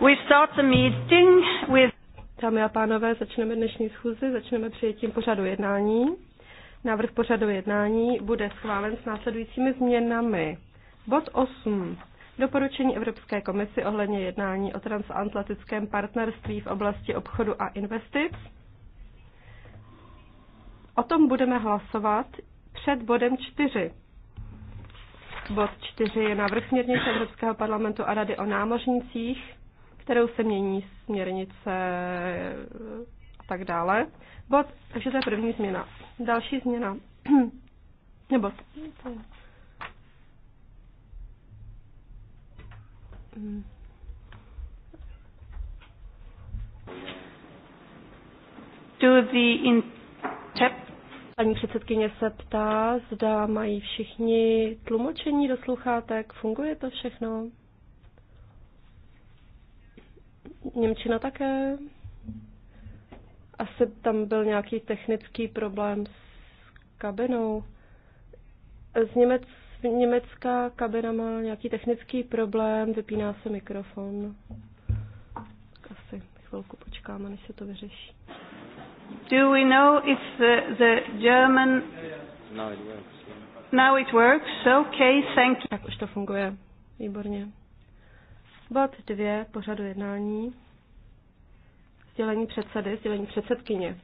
We start the meeting with... Dámy a pánové, začneme dnešní schůzi, začneme přijetím pořadu jednání. Návrh pořadu jednání bude schválen s následujícími změnami. Bod 8. Doporučení Evropské komisi ohledně jednání o transatlantickém partnerství v oblasti obchodu a investic. O tom budeme hlasovat před bodem 4. Bod 4 je návrh směrnice Evropského parlamentu a Rady o námořnicích kterou se mění směrnice a tak dále. Bot. takže to je první změna. Další změna, nebo to je. To the inter... Paní předsedkyně se ptá, zda mají všichni tlumočení do sluchátek. Funguje to všechno? Němčina také. Asi tam byl nějaký technický problém s kabinou. Z Němec, německá kabina má nějaký technický problém, vypíná se mikrofon. Asi chvilku počkáme, než se to vyřeší. Do we know if the, the German... Now it works. Now it works, okay, thank you. Tak už to funguje. Výborně. Bod 2 pořadu jednání. Sdělení předsedy, sdělení předsedkyně.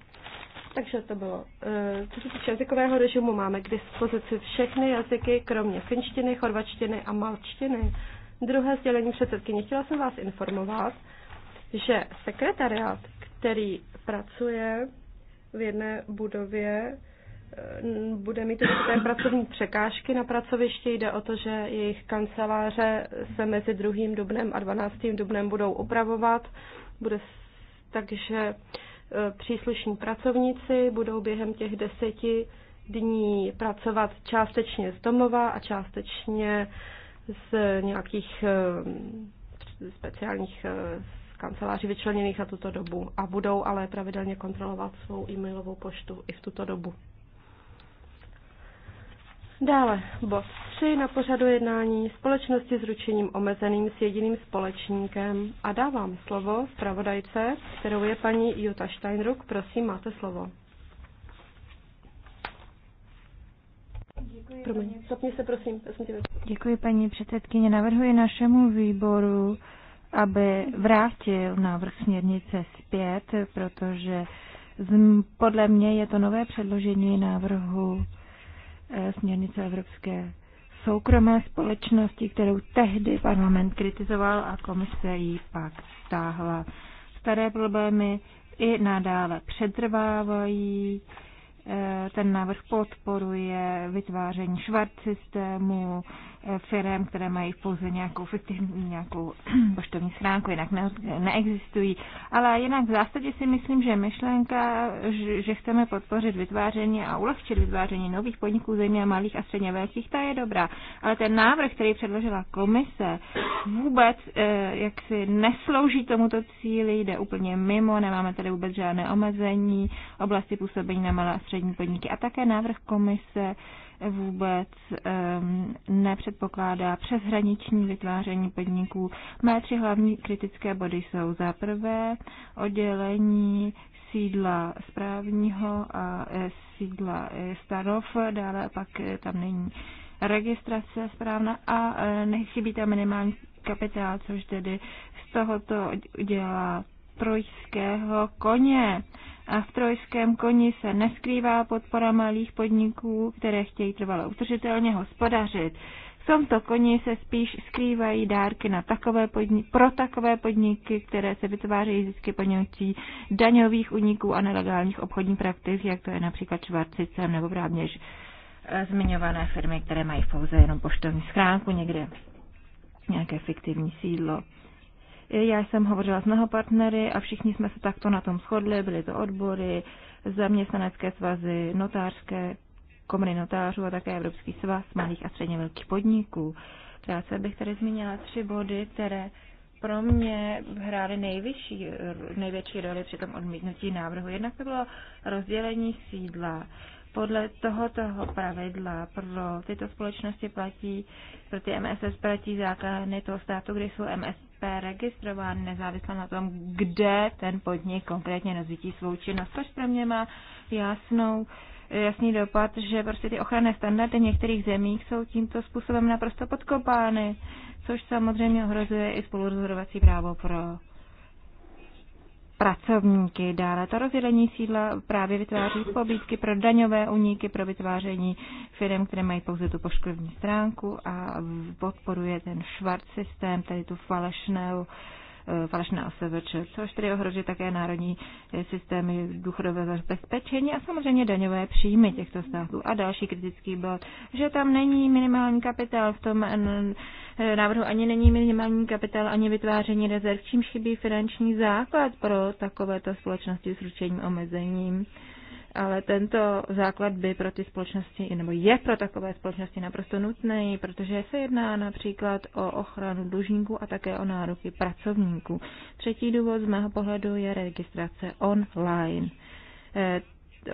Takže to bylo. Eh, co se týče jazykového režimu, máme k dispozici všechny jazyky, kromě finštiny, chorvačtiny a malčtiny. Druhé sdělení předsedkyně. Chtěla jsem vás informovat, že sekretariát, který pracuje v jedné budově Eh, bude mít určité pracovní překážky na pracovišti. Jde o to, že jejich kanceláře se mezi 2. dubnem a 12. dubnem budou upravovat. Bude takže eh, příslušní pracovníci budou během těch deseti dní pracovat částečně z domova a částečně z nějakých eh, speciálních kanceláří vyčleněných na tuto dobu a budou ale pravidelně kontrolovat svou e-mailovou poštu i v tuto dobu. Dále bod 3 na pořadu jednání společnosti s ručením omezeným s jediným společníkem a dávám slovo zpravodajce, kterou je paní Jutta Steinruck. Prosím, máte slovo. Děkuji, se, prosím. Děkuji, paní předsedkyně. Navrhuji našemu výboru, aby vrátil návrh směrnice zpět, protože podle mě je to nové předložení návrhu Eh, směrnice Evropské soukromé společnosti, kterou tehdy parlament kritizoval a komise ji pak stáhla. Staré problémy i nadále přetrvávají. Eh, ten návrh podporuje vytváření švart systému, firm, které mají pouze nějakou fiktivní, nějakou poštovní schránku, jinak ne, neexistují. Ale jinak v zásadě si myslím, že myšlenka, že chceme podpořit vytváření a ulehčit vytváření nových podniků, zejména malých a středně velkých, ta je dobrá. Ale ten návrh, který předložila komise, vůbec eh, jak si neslouží tomuto cíli, jde úplně mimo, nemáme tady vůbec žádné omezení, oblasti působení na malé a střední podniky. A také návrh komise vůbec um, nepředpokládá přeshraniční vytváření podniků. Mé tři hlavní kritické body jsou za prvé oddělení sídla správního a e, sídla e, stanov, dále pak e, tam není registrace správná a nechybí tam minimální kapitál, což tedy z tohoto dělá trojského koně a v trojském koni se neskrývá podpora malých podniků, které chtějí trvalo udržitelně hospodařit. V tomto koni se spíš skrývají dárky na takové podnik, pro takové podniky, které se vytvářejí zisky pomocí daňových uniků a nelegálních obchodních praktik, jak to je například Švarcice nebo právě eh, zmiňované firmy, které mají pouze jenom poštovní schránku někde, nějaké fiktivní sídlo. Já jsem hovořila s mnoha partnery a všichni jsme se takto na tom shodli. Byly to odbory, zaměstnanecké svazy, notářské komory notářů a také Evropský svaz malých a středně velkých podniků. Krátce bych tady zmínila tři body, které pro mě hrály nejvyšší, největší roli při tom odmítnutí návrhu. Jednak to bylo rozdělení sídla. Podle tohoto pravidla pro tyto společnosti platí, pro ty MSS platí základny toho státu, kde jsou MS, registrován nezávisle na tom, kde ten podnik konkrétně rozvítí svou činnost, což pro mě má jasnou jasný dopad, že prostě ty ochranné standardy v některých zemích jsou tímto způsobem naprosto podkopány, což samozřejmě ohrozuje i spolurozhodovací právo pro pracovníky. Dále to rozdělení sídla právě vytváří pobídky pro daňové uniky, pro vytváření firm, které mají pouze tu poškodní stránku a podporuje ten švart systém, tedy tu falešnou Eh, falešné OSVČ, což tedy ohrožuje také národní eh, systémy důchodového zabezpečení a samozřejmě daňové příjmy těchto států. A další kritický bod, že tam není minimální kapitál v tom eh, návrhu, ani není minimální kapitál, ani vytváření rezerv, čímž chybí finanční základ pro takovéto společnosti s ručením omezením ale tento základ by pro ty společnosti, nebo je pro takové společnosti naprosto nutný, protože se jedná například o ochranu dlužníků a také o nároky pracovníků. Třetí důvod z mého pohledu je registrace online. Eh,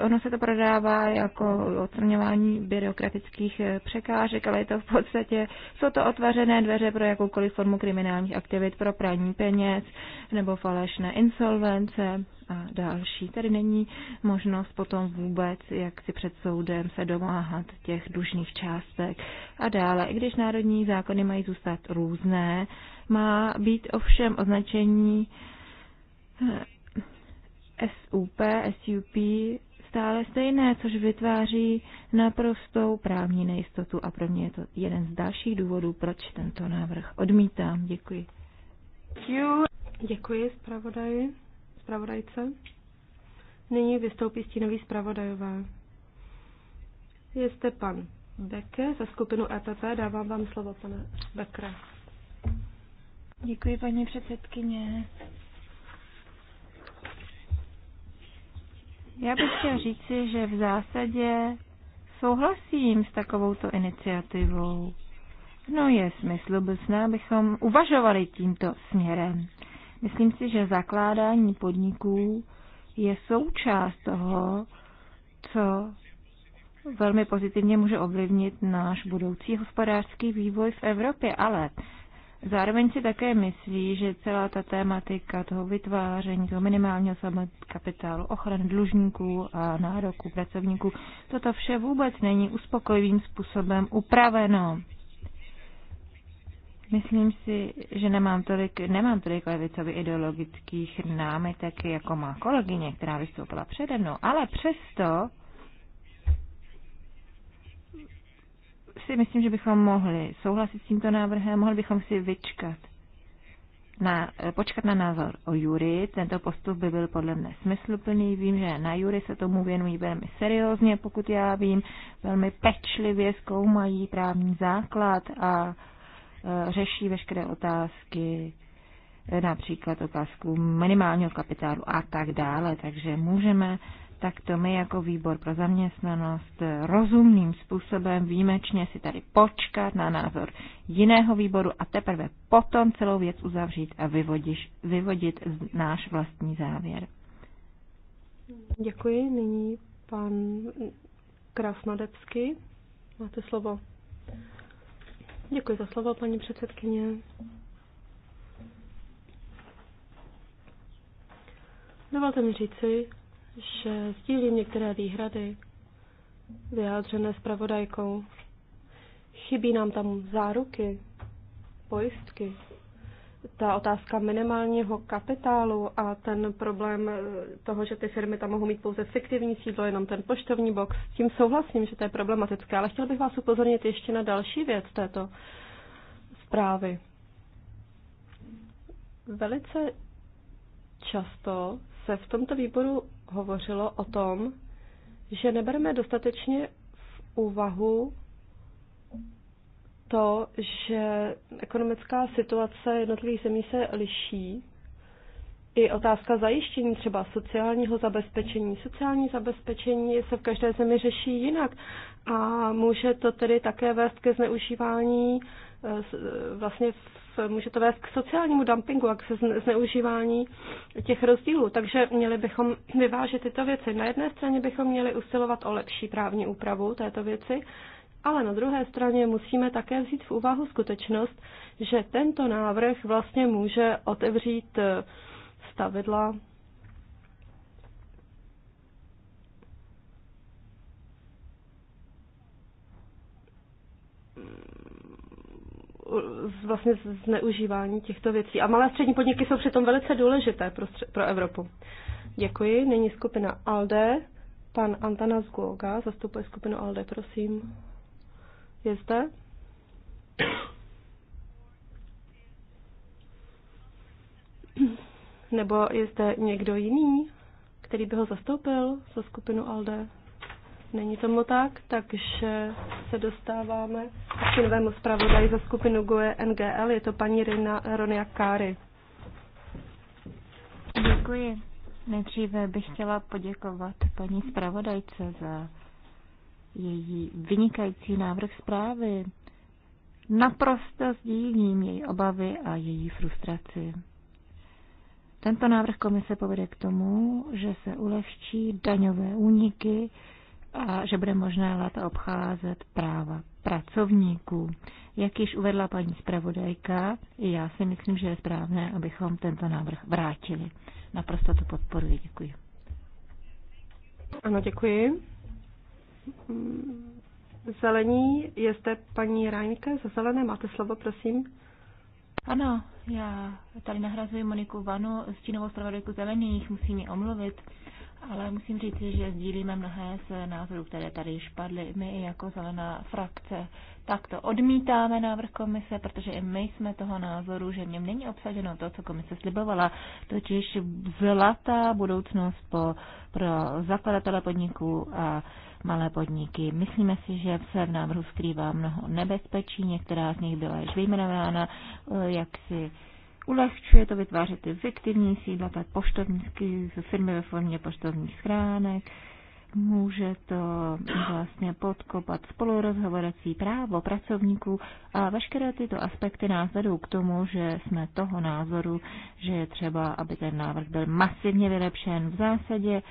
Ono se to prodává jako odstraňování byrokratických eh, překážek, ale je to v podstatě, jsou to otevřené dveře pro jakoukoliv formu kriminálních aktivit, pro praní peněz nebo falešné insolvence a další. Tady není možnost potom vůbec, jak si před soudem se domáhat těch dužných částek. A dále, i když národní zákony mají zůstat různé, má být ovšem označení eh, SUP, SUP stále stejné, což vytváří naprostou právní nejistotu a pro mě je to jeden z dalších důvodů, proč tento návrh odmítám. Děkuji. Děkuji zpravodaji, zpravodajce. Nyní vystoupí stínový zpravodajová. Je pan Beke za skupinu EPP. Dávám vám slovo, pane Bekre. Děkuji, paní předsedkyně. Já bych chtěl říci, že v zásadě souhlasím s takovouto iniciativou. No je smysluplné, abychom uvažovali tímto směrem. Myslím si, že zakládání podniků je součást toho, co velmi pozitivně může ovlivnit náš budoucí hospodářský vývoj v Evropě, ale Zároveň si také myslí, že celá ta tématika toho vytváření, toho minimálního kapitálu, ochrany dlužníků a nároků pracovníků, toto vše vůbec není uspokojivým způsobem upraveno. Myslím si, že nemám tolik, nemám tolik levicově ideologických námitek, jako má kolegyně, která vystoupila přede mnou, ale přesto si myslím, že bychom mohli souhlasit s tímto návrhem, mohli bychom si vyčkat na, eh, počkat na názor o jury. Tento postup by byl podle mne smysluplný. Vím, že na jury se tomu věnují velmi seriózně, pokud já vím, velmi pečlivě zkoumají právní základ a e, řeší veškeré otázky, eh, například otázku minimálního kapitálu a tak dále. Takže můžeme tak to my jako výbor pro zaměstnanost rozumným způsobem výjimečně si tady počkat na názor jiného výboru a teprve potom celou věc uzavřít a vyvodiš, vyvodit náš vlastní závěr. Děkuji. Nyní pan Krasnodebsky. Máte slovo. Děkuji za slovo, paní předsedkyně. Dovolte mi říci, že sdílím některé výhrady vyjádřené zpravodajkou. Chybí nám tam záruky, pojistky, ta otázka minimálního kapitálu a ten problém eh, toho, že ty firmy tam mohou mít pouze fiktivní sídlo, jenom ten poštovní box, s tím souhlasím, že to je problematické, ale chtěl bych vás upozornit ještě na další věc této zprávy. Velice často se v tomto výboru hovořilo o tom, že nebereme dostatečně v úvahu to, že ekonomická situace jednotlivých zemí se liší. I otázka zajištění třeba sociálního zabezpečení. Sociální zabezpečení se v každé zemi řeší jinak a může to tedy také vést ke zneužívání vlastně může to vést k sociálnímu dumpingu a k zneužívání těch rozdílů. Takže měli bychom vyvážit tyto věci. Na jedné straně bychom měli usilovat o lepší právní úpravu této věci, ale na druhé straně musíme také vzít v úvahu skutečnost, že tento návrh vlastně může otevřít eh, stavidla vlastně zneužívání těchto věcí. A malé střední podniky jsou přitom velice důležité pro, pro Evropu. Děkuji. Nyní skupina ALDE. Pan Antanas Goga zastupuje skupinu ALDE, prosím. Je zde? Nebo je zde někdo jiný, který by ho zastoupil za skupinu ALDE? Není tomu tak, takže se dostáváme k novému zpravodaji za skupinu GUE NGL. Je to paní Rina Ronia Káry. Děkuji. Nejdříve bych chtěla poděkovat paní zpravodajce za její vynikající návrh zprávy. Naprosto sdílím její obavy a její frustraci. Tento návrh komise povede k tomu, že se ulehčí daňové úniky, a že bude možné lépe obcházet práva pracovníků. Jak již uvedla paní zpravodajka, já si myslím, že je správné, abychom tento návrh vrátili. Naprosto to podporuji. Děkuji. Ano, děkuji. Zelení, je zde paní Rajnke za zelené, máte slovo, prosím. Ano, já tady nahrazuji Moniku Vanu, stínovou zpravodajku zelených, musím ji omluvit. Ale musím říct, že sdílíme mnohé z názorů, které tady již padly. My jako zelená frakce takto odmítáme návrh komise, protože i my jsme toho názoru, že v něm není obsaženo to, co komise slibovala, totiž zlatá budoucnost po, pro zakladatele podniků a malé podniky. Myslíme si, že se v návrhu skrývá mnoho nebezpečí, některá z nich byla již vyjmenována, eh, jak si ulehčuje to vytvářet ty fiktivní sídla, tak poštovní firmy ve formě poštovních schránek, může to vlastně podkopat spolurozhovorací právo pracovníků a veškeré tyto aspekty nás vedou k tomu, že jsme toho názoru, že je třeba, aby ten návrh byl masivně vylepšen. V zásadě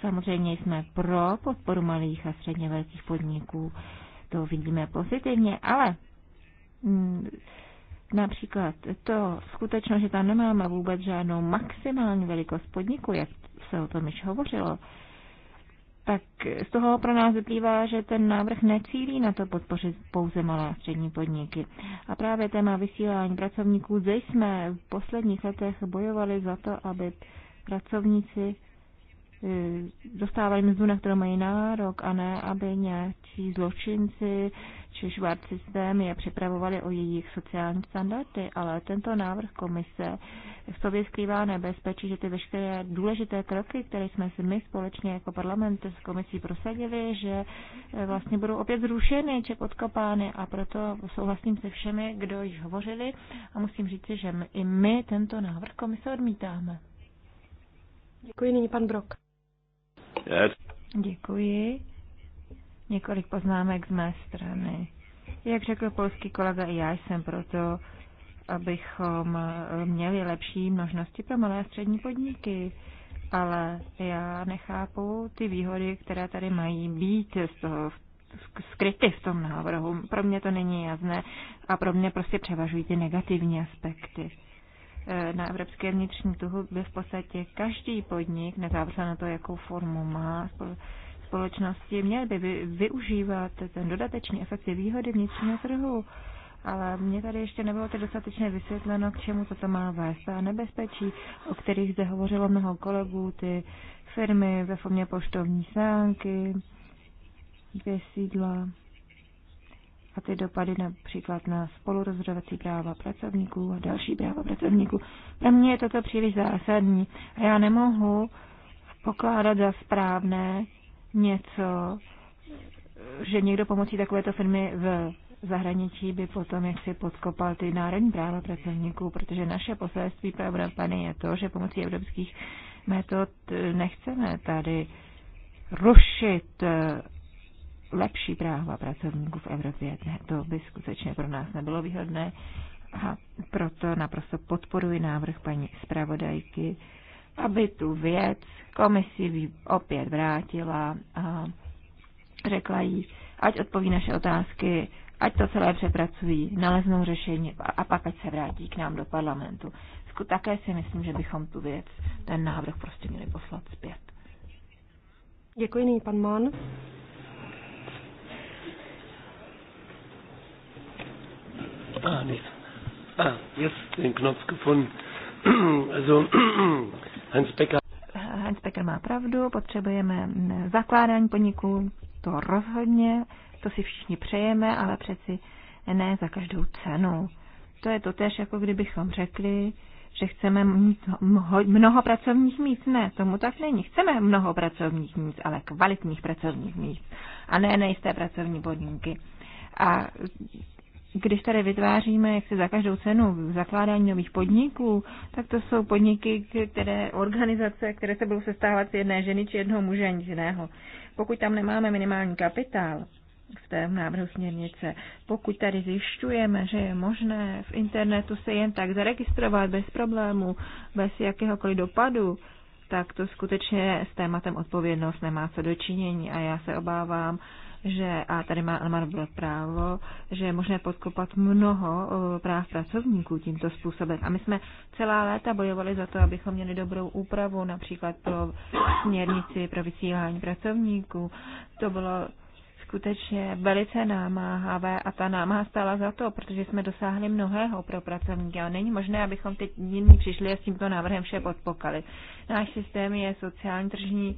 samozřejmě jsme pro podporu malých a středně velkých podniků, to vidíme pozitivně, ale mm, Například to skutečno, že tam nemáme vůbec žádnou maximální velikost podniku, jak se o tom již hovořilo, tak z toho pro nás vyplývá, že ten návrh necílí na to podpořit pouze malé a střední podniky. A právě téma vysílání pracovníků, zde jsme v posledních letech bojovali za to, aby pracovníci eh, dostávali mzdu, na kterou mají nárok, a ne, aby nějací zločinci Šušvart systém je připravovali o jejich sociální standardy, ale tento návrh komise v sobě skrývá nebezpečí, že ty veškeré důležité kroky, které jsme si my společně jako parlament s komisí prosadili, že eh, vlastně budou opět zrušeny či podkopány a proto souhlasím se všemi, kdo již hovořili a musím říci, že my, i my tento návrh komise odmítáme. Děkuji, nyní pan Brok. Děkuji. Několik poznámek z mé strany. Jak řekl polský kolega, i já jsem proto, abychom eh, měli lepší možnosti pro malé a střední podniky, ale já nechápu ty výhody, které tady mají být z toho skryty v tom návrhu. Pro mě to není jasné a pro mě prostě převažují ty negativní aspekty eh, na evropské vnitřní tuhu by v podstatě každý podnik, nezávisle na to, jakou formu má, společnosti měly by využívat ten dodatečný efekt výhody vnitřního trhu, ale mně tady ještě nebylo to dostatečně vysvětleno, k čemu toto má vést. A nebezpečí, o kterých zde hovořilo mnoho kolegů, ty firmy ve formě poštovní sánky, dvě sídla a ty dopady například na spolurozhodovací práva pracovníků a další práva pracovníků. Pro mě je toto příliš zásadní a já nemohu pokládat za správné, něco, že někdo pomocí takovéto firmy v zahraničí by potom jaksi podkopal ty národní práva pracovníků, protože naše poselství pro je to, že pomocí evropských metod nechceme tady rušit eh, lepší práva pracovníků v Evropě. Ne, to by skutečně pro nás nebylo výhodné a proto naprosto podporuji návrh paní zpravodajky aby tu věc komisi opět vrátila a řekla jí, ať odpoví naše otázky, ať to celé přepracují, naleznou řešení a pak ať se vrátí k nám do parlamentu. Také si myslím, že bychom tu věc, ten návrh prostě měli poslat zpět. Děkuji, nyní pan Mon. Ah, nicht. Ah, jetzt den Knopf gefunden. Also, Hans Becker. Hans Becker má pravdu, potřebujeme zakládání podniků, to rozhodně, to si všichni přejeme, ale přeci ne za každou cenu. To je totéž, jako kdybychom řekli, že chceme mít mnoho pracovních míst. Ne, tomu tak není. Chceme mnoho pracovních míst, ale kvalitních pracovních míst. A ne nejisté pracovní podmínky. A když tady vytváříme jak se za každou cenu zakládání nových podniků, tak to jsou podniky, které organizace, které se budou sestávat z jedné ženy či jednoho muže jiného. Pokud tam nemáme minimální kapitál v té návrhu směrnice, pokud tady zjišťujeme, že je možné v internetu se jen tak zaregistrovat bez problému, bez jakéhokoliv dopadu, tak to skutečně s tématem odpovědnost nemá co dočinění a já se obávám, že, a tady má Alman bylo právo, že je možné podkopat mnoho práv pracovníků tímto způsobem. A my jsme celá léta bojovali za to, abychom měli dobrou úpravu, například pro směrnici pro vysílání pracovníků. To bylo skutečně velice námáhavé a ta námaha stála za to, protože jsme dosáhli mnohého pro pracovníky a není možné, abychom teď jiní přišli a s tímto návrhem vše podpokali. Náš systém je sociální tržní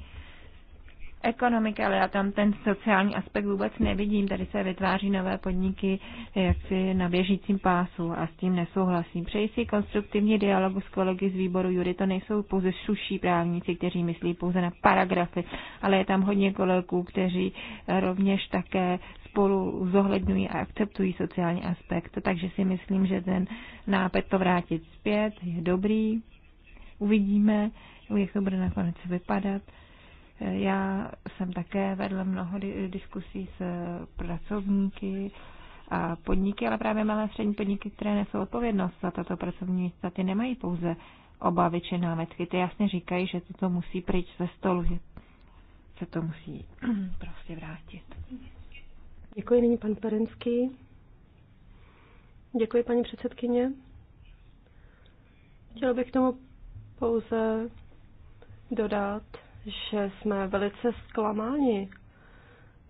ekonomiky, ale já tam ten sociální aspekt vůbec nevidím. Tady se vytváří nové podniky jaksi na běžícím pásu a s tím nesouhlasím. Přeji si konstruktivní dialogu s kolegy z výboru Jury. To nejsou pouze suší právníci, kteří myslí pouze na paragrafy, ale je tam hodně kolegů, kteří rovněž také spolu zohledňují a akceptují sociální aspekt. Takže si myslím, že ten nápad to vrátit zpět je dobrý. Uvidíme, jak to bude nakonec vypadat. Já jsem také vedla mnoho diskusí s pracovníky a podniky, ale právě malé a střední podniky, které nesou odpovědnost za tato pracovní místa, ty nemají pouze obavy či námetky. Ty jasně říkají, že toto musí pryč ze stolu, že se to musí prostě vrátit. Děkuji, nyní pan Perenský. Děkuji, paní předsedkyně. Chtěla bych k tomu pouze dodat, že jsme velice zklamáni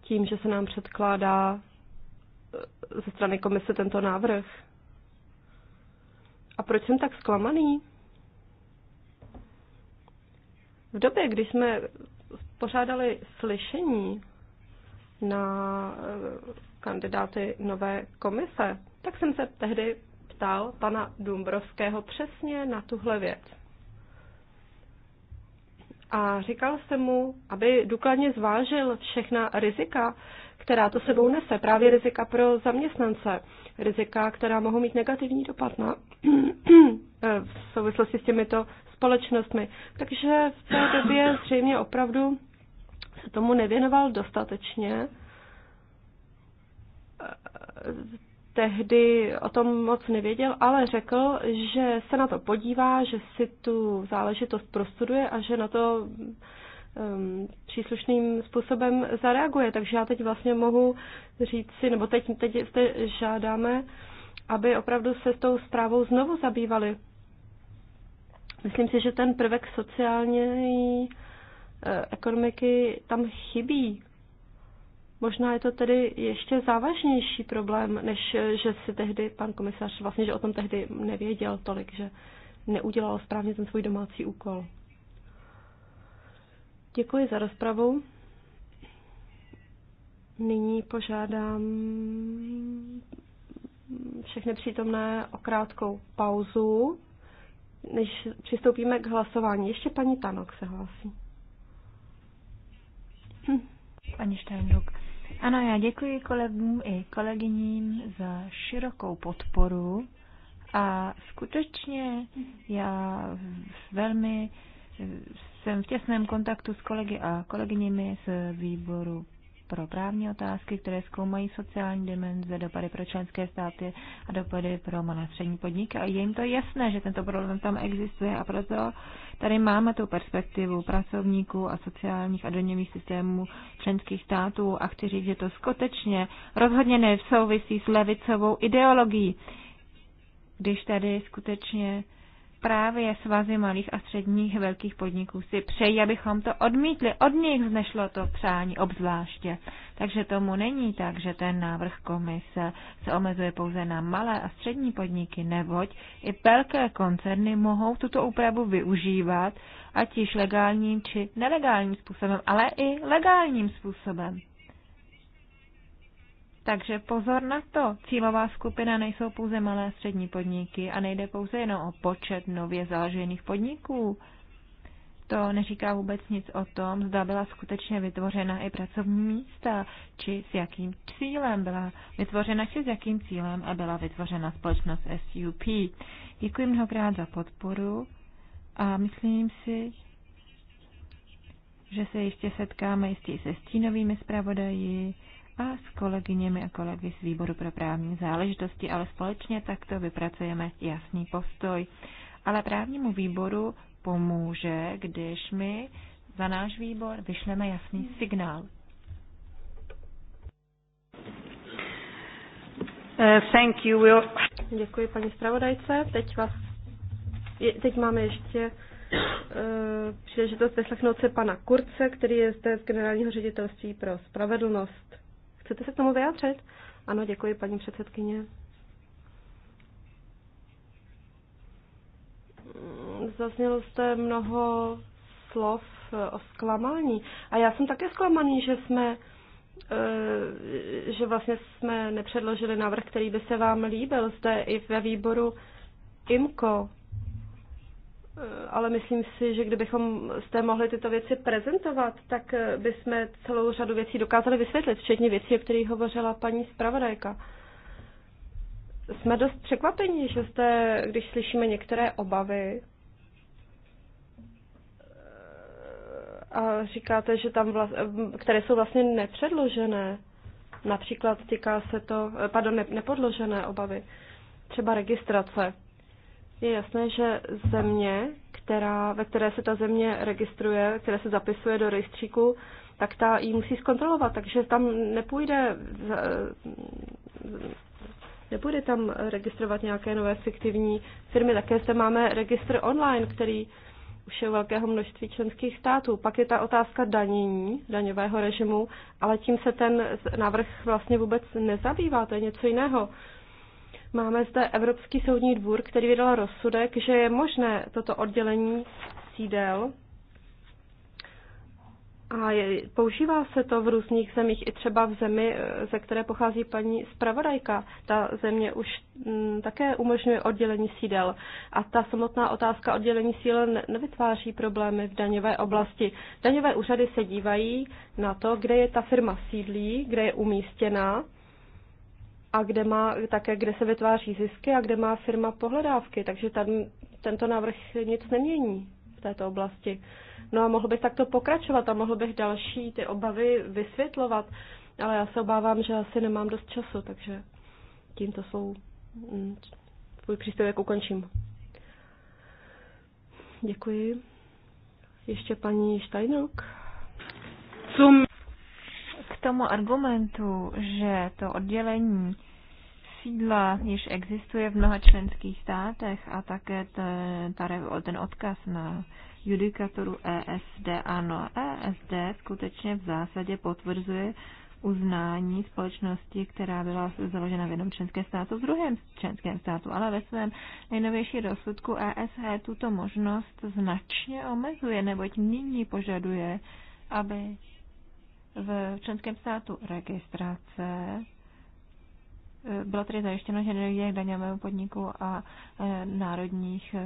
tím, že se nám předkládá eh, ze strany komise tento návrh. A proč jsem tak zklamaný? V době, kdy jsme pořádali slyšení na eh, kandidáty nové komise, tak jsem se tehdy ptal pana Dumbrovského přesně na tuhle věc a říkal jsem mu, aby důkladně zvážil všechna rizika, která to sebou nese, právě rizika pro zaměstnance, rizika, která mohou mít negativní dopad na, v souvislosti s těmito společnostmi. Takže v té době zřejmě opravdu se tomu nevěnoval dostatečně tehdy o tom moc nevěděl, ale řekl, že se na to podívá, že si tu záležitost prostuduje a že na to um, příslušným způsobem zareaguje. Takže já teď vlastně mohu říct si, nebo teď, teď jste žádáme, aby opravdu se s tou zprávou znovu zabývali. Myslím si, že ten prvek sociální eh, ekonomiky tam chybí. Možná je to tedy ještě závažnější problém, než že si tehdy pan komisař vlastně, že o tom tehdy nevěděl tolik, že neudělal správně ten svůj domácí úkol. Děkuji za rozpravu. Nyní požádám všechny přítomné o krátkou pauzu, než přistoupíme k hlasování. Ještě paní Tanok se hlásí. Hm. Pani Steinruck. Ano, já děkuji kolegům i kolegyním za širokou podporu a skutečně já velmi jsem v těsném kontaktu s kolegy a kolegyněmi z výboru pro právní otázky, které zkoumají sociální dimenze, dopady pro členské státy a dopady pro malé střední podniky. A je jim to jasné, že tento problém tam existuje a proto Tady máme tu perspektivu pracovníků a sociálních a doněvých systémů členských států a chci říct, že to skutečně rozhodně nesouvisí s levicovou ideologií, když tady skutečně právě svazy malých a středních velkých podniků si přejí, abychom to odmítli. Od nich znešlo to přání obzvláště. Takže tomu není tak, že ten návrh komise se omezuje pouze na malé a střední podniky, neboť i velké koncerny mohou tuto úpravu využívat, ať již legálním či nelegálním způsobem, ale i legálním způsobem. Takže pozor na to, cílová skupina nejsou pouze malé a střední podniky a nejde pouze jenom o počet nově založených podniků. To neříká vůbec nic o tom, zda byla skutečně vytvořena i pracovní místa, či s jakým cílem byla vytvořena, či s jakým cílem a byla vytvořena společnost SUP. Děkuji mnohokrát za podporu a myslím si, že se ještě setkáme jistě se stínovými zpravodaji, a s kolegyněmi a kolegy z Výboru pro právní záležitosti, ale společně takto vypracujeme jasný postoj. Ale právnímu výboru pomůže, když my za náš výbor vyšleme jasný signál. Uh, thank you, Will. Děkuji paní zpravodajce. Teď, vás, teď máme ještě uh, příležitost vyslechnout se pana Kurce, který je zde z Generálního ředitelství pro spravedlnost. Chcete se k tomu vyjádřit? Ano, děkuji, paní předsedkyně. Zaznělo jste mnoho slov eh, o zklamání. A já jsem také zklamaný, že jsme eh, že vlastně jsme nepředložili návrh, který by se vám líbil. Zde i ve výboru IMKO Eh, ale myslím si, že kdybychom jste mohli tyto věci prezentovat, tak eh, bychom celou řadu věcí dokázali vysvětlit, včetně věcí, o kterých hovořila paní zpravodajka. Jsme dost překvapeni, že jste, když slyšíme některé obavy, eh, a říkáte, že tam vlast, které jsou vlastně nepředložené, například týká se to, pardon, nepodložené obavy, třeba registrace je jasné, že země, která, ve které se ta země registruje, které se zapisuje do rejstříku, tak ta ji musí zkontrolovat, takže tam nepůjde, nepůjde tam registrovat nějaké nové fiktivní firmy. Také zde máme registr online, který už je velkého množství členských států. Pak je ta otázka danění, daňového režimu, ale tím se ten návrh vlastně vůbec nezabývá, to je něco jiného. Máme zde Evropský soudní dvůr, který vydal rozsudek, že je možné toto oddělení sídel a je, používá se to v různých zemích, i třeba v zemi, eh, ze které pochází paní zpravodajka. Ta země už m, mm, také umožňuje oddělení sídel. A ta samotná otázka oddělení sídel ne, nevytváří problémy v daňové oblasti. Daňové úřady se dívají na to, kde je ta firma sídlí, kde je umístěná a kde má také, kde se vytváří zisky a kde má firma pohledávky, takže tam tento návrh nic nemění v této oblasti. No a mohl bych takto pokračovat a mohl bych další ty obavy vysvětlovat, ale já se obávám, že asi nemám dost času, takže tímto svou mm, svůj příspěvek ukončím. Děkuji. Ještě paní Steinrock. Zum tomu argumentu, že to oddělení sídla již existuje v mnoha členských státech a také ten odkaz na judikaturu ESD. Ano, ESD skutečně v zásadě potvrzuje uznání společnosti, která byla založena v jednom členském státu, v druhém členském státu, ale ve svém nejnovější rozsudku ESH tuto možnost značně omezuje, neboť nyní požaduje, aby v členském státu registrace bylo tedy zajištěno, že nedojde k daňovému podniku a e, národních e,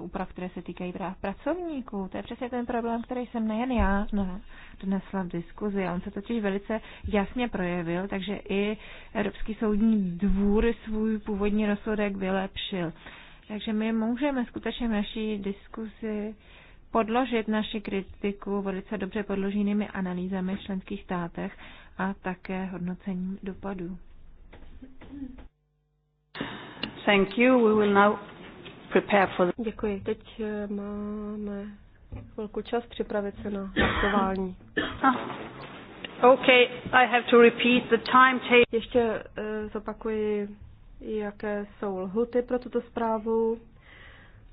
úprav, které se týkají práv pracovníků. To je přesně ten problém, který jsem nejen já donesla v diskuzi. On se totiž velice jasně projevil, takže i Evropský soudní dvůr svůj původní rozsudek vylepšil. Takže my můžeme skutečně v naší diskuzi podložit naši kritiku velice dobře podloženými analýzami v členských státech a také hodnocením dopadů. Thank you. We will now prepare for the... Děkuji. Teď eh, máme chvilku čas připravit se na hlasování. Ah. Okay, I have to repeat the timetable. Ještě uh, zopakuji, jaké jsou lhuty pro tuto zprávu.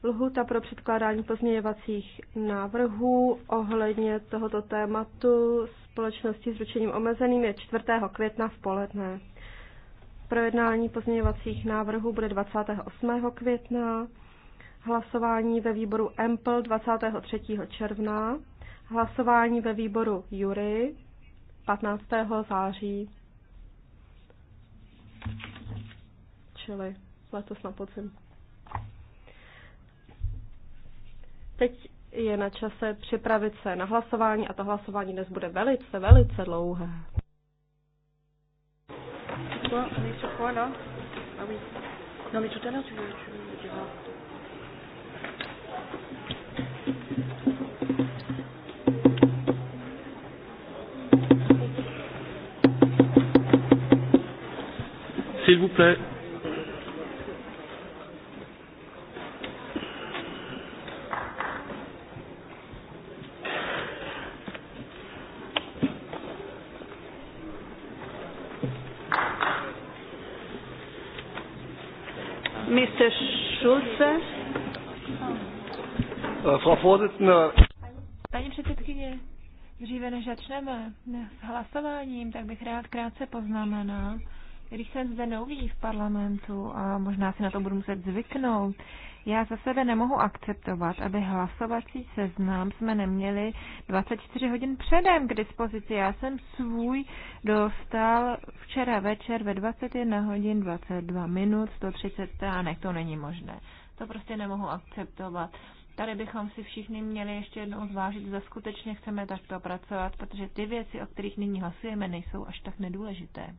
Lhuta pro předkládání pozměňovacích návrhů ohledně tohoto tématu společnosti s ručením omezeným je 4. května v poledne. Projednání pozměňovacích návrhů bude 28. května, hlasování ve výboru EMPL 23. června, hlasování ve výboru JURY 15. září, čili letos na podzim. Teď je na čase připravit se na hlasování a to hlasování dnes bude velice, velice dlouhé. S'il vous plaît. Paní předsedkyně, dříve než začneme s hlasováním, tak bych rád krátce poznamenal, když jsem zde nový v parlamentu a možná si na to budu muset zvyknout, já za sebe nemohu akceptovat, aby hlasovací seznam jsme neměli 24 hodin předem k dispozici. Já jsem svůj dostal včera večer ve 21 hodin 22 minut 130 stránek. To není možné. To prostě nemohu akceptovat. Tady bychom si všichni měli ještě jednou zvážit, zda skutečně chceme takto pracovat, protože ty věci, o kterých nyní hlasujeme, nejsou až tak nedůležité.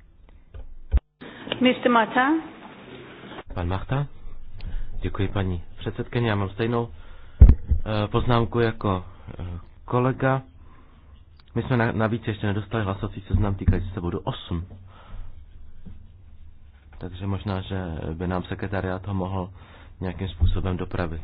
Mr. Mata? Pan Machta? Děkuji, paní předsedkyně. Já mám stejnou eh, poznámku jako eh, kolega. My jsme navíc ještě nedostali hlasovací seznam týkající se bodu 8. Takže možná, že by nám sekretariát ho mohl nějakým způsobem dopravit.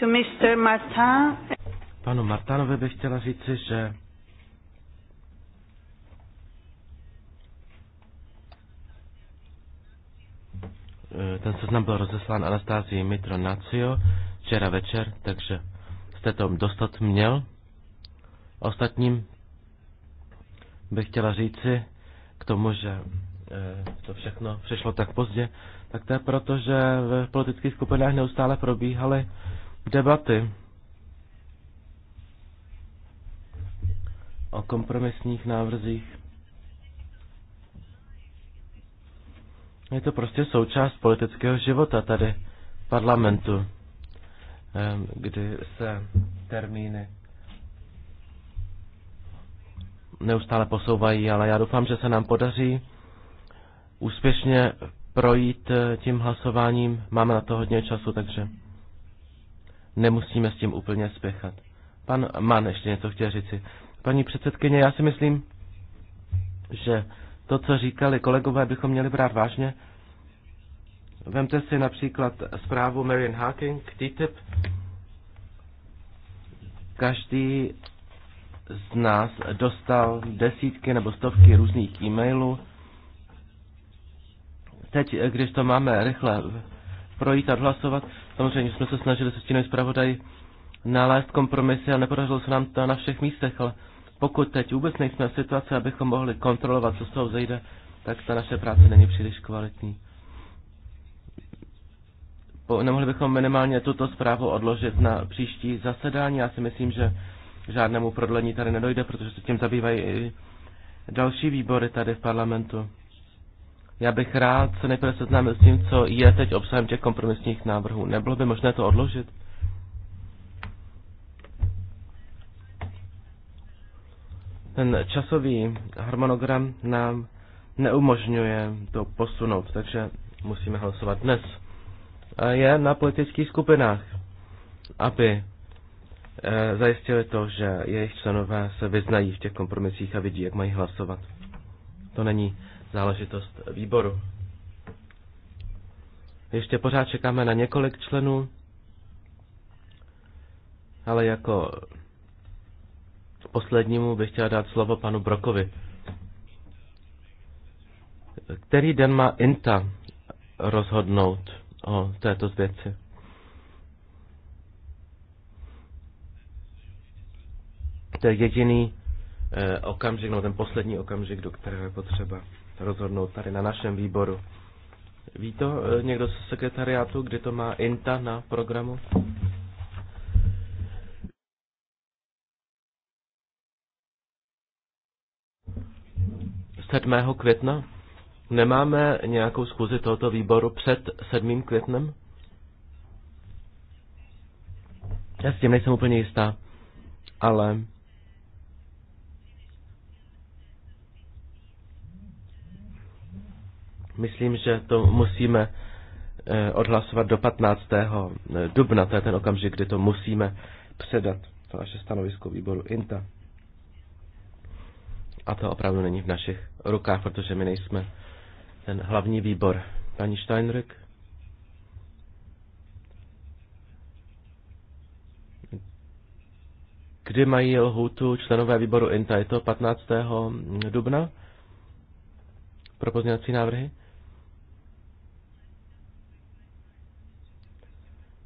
To Mr. Martin. Panu Martanovi bych chtěla říci, že e, ten seznam byl rozeslán Anastázii Nacio včera večer, takže jste to dostat měl. Ostatním bych chtěla říci k tomu, že e, to všechno přišlo tak pozdě, tak to je proto, že v politických skupinách neustále probíhaly debaty o kompromisních návrzích. Je to prostě součást politického života tady v parlamentu, kdy se termíny neustále posouvají, ale já doufám, že se nám podaří úspěšně projít eh, tím hlasováním. Máme na to hodně času, takže nemusíme s tím úplně spěchat. Pan Man ještě něco chtěl říci. Paní předsedkyně, já si myslím, že to, co říkali kolegové, bychom měli brát vážně. Vemte si například zprávu Marian Hawking k TTIP. Každý z nás dostal desítky nebo stovky různých e-mailů. Teď, když to máme rychle projít a odhlasovat. Samozřejmě jsme se snažili se stínovým zpravodaj nalézt kompromisy a nepodařilo se nám to na všech místech, ale pokud teď vůbec nejsme v situaci, abychom mohli kontrolovat, co z toho vzejde, tak ta naše práce není příliš kvalitní. Po, nemohli bychom minimálně tuto zprávu odložit na příští zasedání. Já si myslím, že žádnému prodlení tady nedojde, protože se tím zabývají i další výbory tady v parlamentu. Já bych rád se nejprve seznámil s tím, co je teď obsahem těch kompromisních návrhů. Nebylo by možné to odložit? Ten časový harmonogram nám neumožňuje to posunout, takže musíme hlasovat dnes. A je na politických skupinách, aby e, zajistili to, že jejich členové se vyznají v těch kompromisích a vidí, jak mají hlasovat. To není záležitost výboru. Ještě pořád čekáme na několik členů, ale jako poslednímu bych chtěl dát slovo panu Brokovi. Který den má INTA rozhodnout o této věci? To je jediný eh, okamžik, no ten poslední okamžik, do kterého je potřeba rozhodnout tady na našem výboru. Ví to eh, někdo z sekretariátu, kdy to má INTA na programu? Sedmého května? Nemáme nějakou schůzi tohoto výboru před 7. květnem? Já s tím nejsem úplně jistá, ale Myslím, že to musíme eh, odhlasovat do 15. Eh, dubna. To je ten okamžik, kdy to musíme předat, to naše stanovisko výboru INTA. A to opravdu není v našich rukách, protože my nejsme ten hlavní výbor. Paní Steinrück? Kdy mají lhůtu členové výboru INTA? Je to 15. dubna pro pozměňovací návrhy?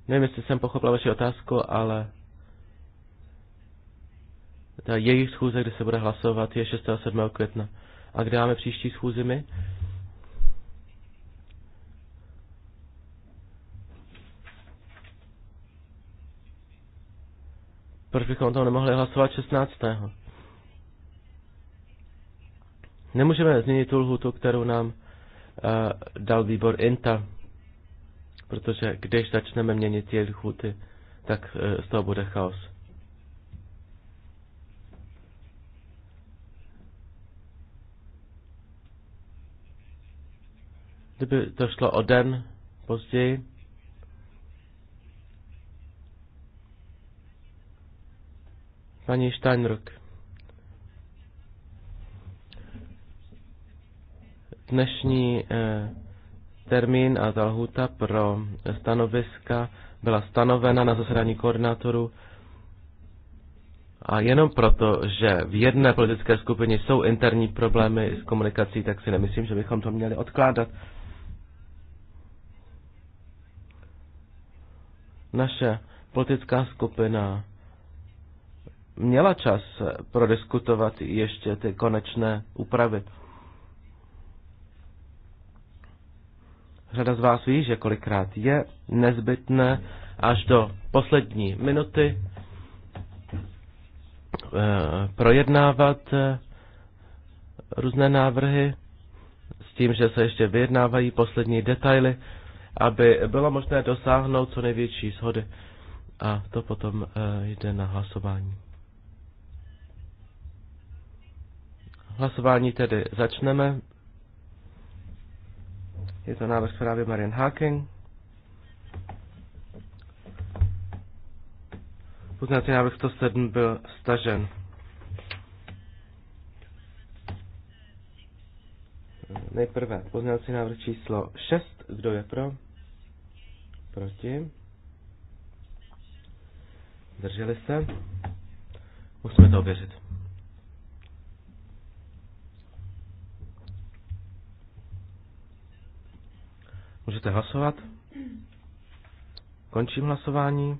Nevím, jestli jsem pochopil vaši otázku, ale ta jejich schůze, kde se bude hlasovat, je 6. a 7. května. A kde máme příští schůzi my? Proč bychom tam nemohli hlasovat 16. Nemůžeme změnit tu lhutu, kterou nám uh, dal výbor INTA protože když začneme měnit ty lhuty, tak e, z toho bude chaos. Kdyby to šlo o den později, paní Steinruck. Dnešní eh, termín a ta lhuta pro stanoviska byla stanovena na zasedání koordinátorů a jenom proto, že v jedné politické skupině jsou interní problémy s komunikací, tak si nemyslím, že bychom to měli odkládat. Naše politická skupina měla čas prodiskutovat ještě ty konečné úpravy. Řada z vás ví, že kolikrát je nezbytné až do poslední minuty eh, projednávat eh, různé návrhy s tím, že se ještě vyjednávají poslední detaily, aby bylo možné dosáhnout co největší shody. A to potom eh, jde na hlasování. Hlasování tedy začneme. Je to návrh zprávy Marian Haken. Poznací návrh 107 byl stažen. Nejprve pozměňovací návrh číslo 6. Kdo je pro? Proti? Drželi se? Musíme to ověřit. Můžete hlasovat. Končím hlasování.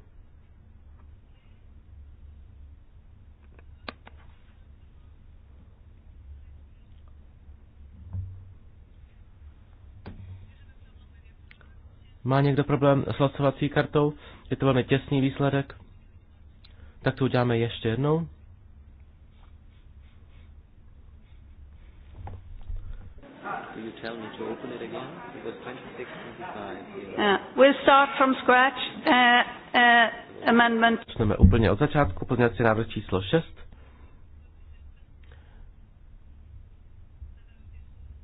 Má někdo problém s hlasovací kartou? Je to velmi těsný výsledek. Tak to uděláme ještě jednou. tell me to open it again? It was 26.25. Yeah. We'll start from scratch. Uh, uh, amendment. Začneme úplně od začátku, pozměňovací návrh číslo 6.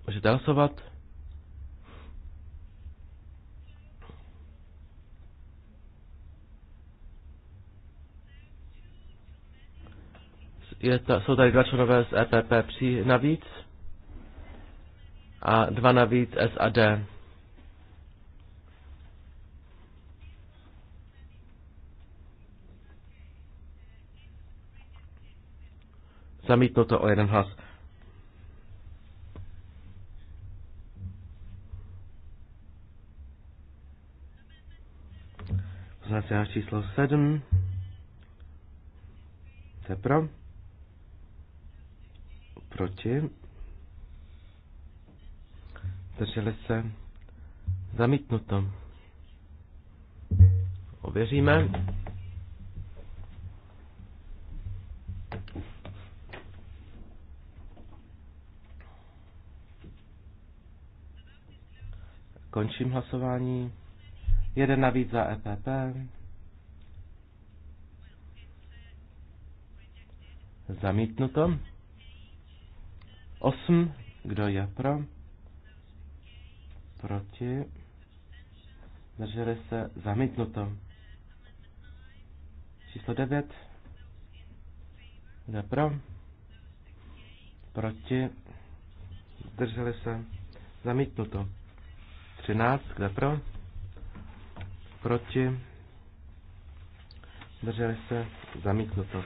Můžete hlasovat. Je to, jsou tady dva členové z EPP při, navíc a dva navíc SAD. Zamítnuto o jeden hlas. Poznáte náš číslo 7. To je pro. Proti drželi se? Zamítnuto. Ověříme. Končím hlasování. Jeden navíc za EPP. Zamítnuto. Osm, Kdo je pro? proti, zdrželi se, zamítnuto. Číslo 9, kdo pro, proti, zdrželi se, zamítnuto. 13, kdo pro, proti, zdrželi se, zamítnuto.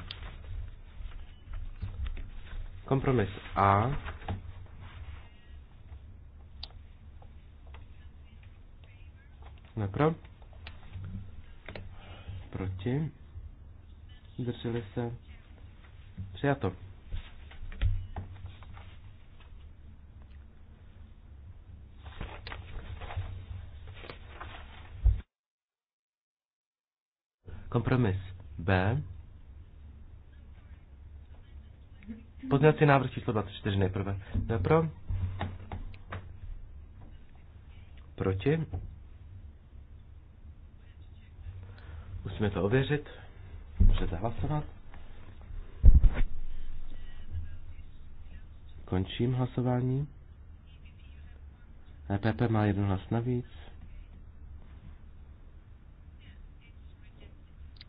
Kompromis A, Jsme pro? Proti? Zdrželi se? Přijato. Kompromis B. Pozměňovací návrh číslo 24 nejprve. Kdo pro? Proti? Musíme to ověřit. Můžete hlasovat. Končím hlasování. EPP má jeden hlas navíc.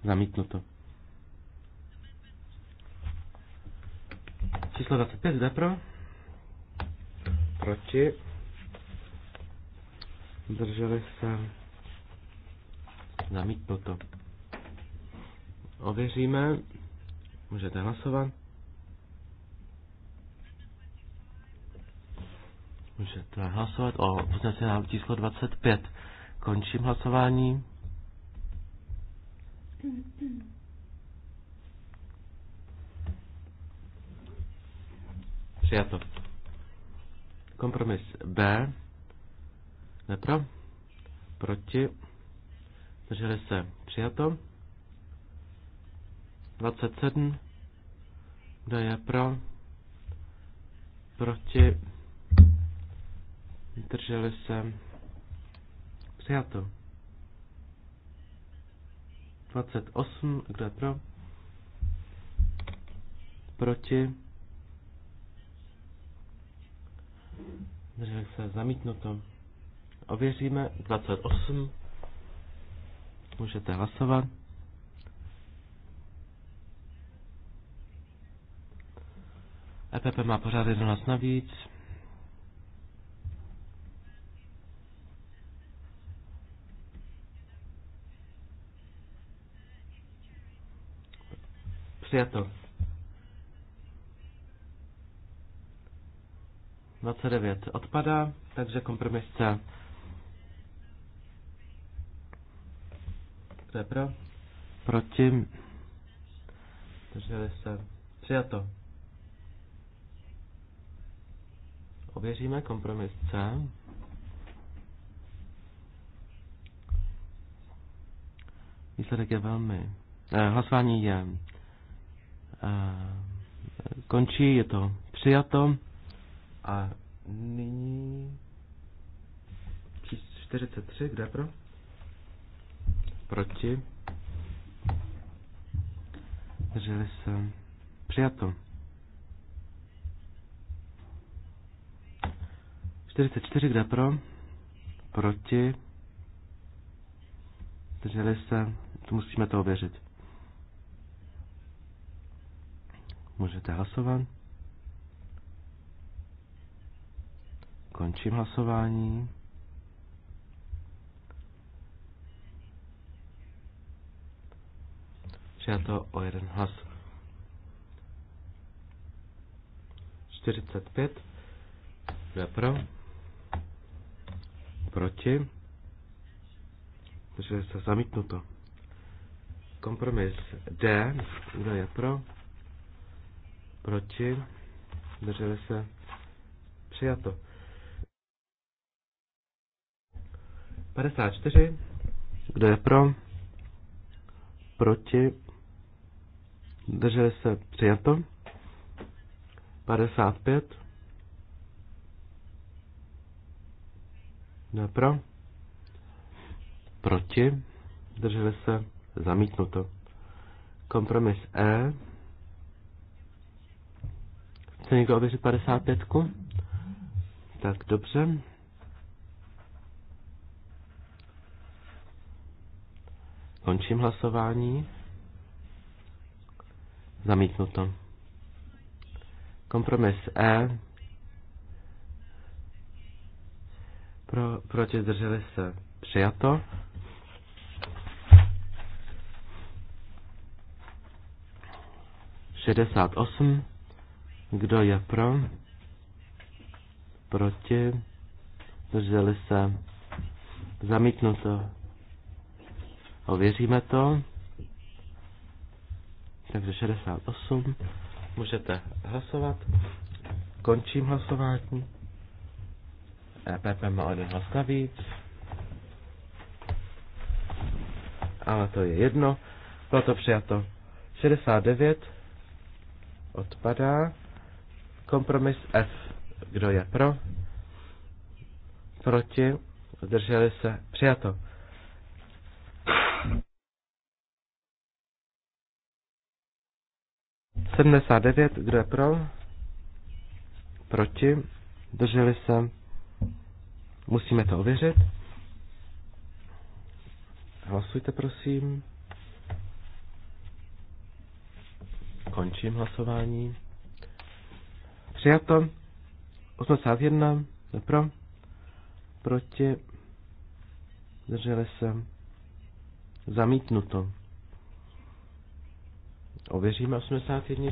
Zamítnuto. Číslo 25 jde pro. Proti. Drželi se. Zamítnuto. Ověříme. Můžete hlasovat. Můžete hlasovat o pozměňovací návrh číslo 25. Končím hlasování. Přijato. Kompromis B. Nepro. Proti. Drželi se. Přijato. 27. Kdo je pro? Proti? Drželi se? Přijato. 28. Kdo je pro? Proti? Drželi se? Zamítnuto. Ověříme. 28. Můžete hlasovat. EPP má pořád jeden hlas navíc. Přijato. 29 odpadá, takže kompromis C. pro? Proti. Drželi se. Přijato. Ověříme kompromis C. Výsledek je velmi... Eh, hlasování je... Eh, končí, je to přijato. A nyní... 43, kde pro? Proti. Drželi se. Přijato. 44, kde pro? Proti? Drželi se? To musíme to ověřit. Můžete hlasovat. Končím hlasování. Přijato o jeden hlas. 45. Kdo je pro? proti? Zdrželi se zamítnuto. Kompromis D. Kdo je pro? Proti? drželi se přijato. 54. Kdo je pro? Proti? drželi se přijato. 55. Kdo pro? Proti? Drželi se? Zamítnuto. Kompromis E. Chce někdo ověřit 55? -ku? Tak dobře. Končím hlasování. Zamítnuto. Kompromis E. Pro, proti zdrželi se přijato. Šedesát osm. Kdo je pro? Proti. Zdrželi se. Zamítnuto. Ověříme to. Takže 68. Můžete hlasovat. Končím hlasování. Pepe má jeden hlas navíc. Ale to je jedno. Bylo to přijato. 69 odpadá. Kompromis F. Kdo je pro? Proti? Zdrželi se? Přijato. Sedmdesát devět, kdo je pro? Proti? Drželi se? Musíme to ověřit. Hlasujte, prosím. Končím hlasování. Přijato. 81. Pro. Proti. Drželi se. Zamítnuto. Ověříme 81.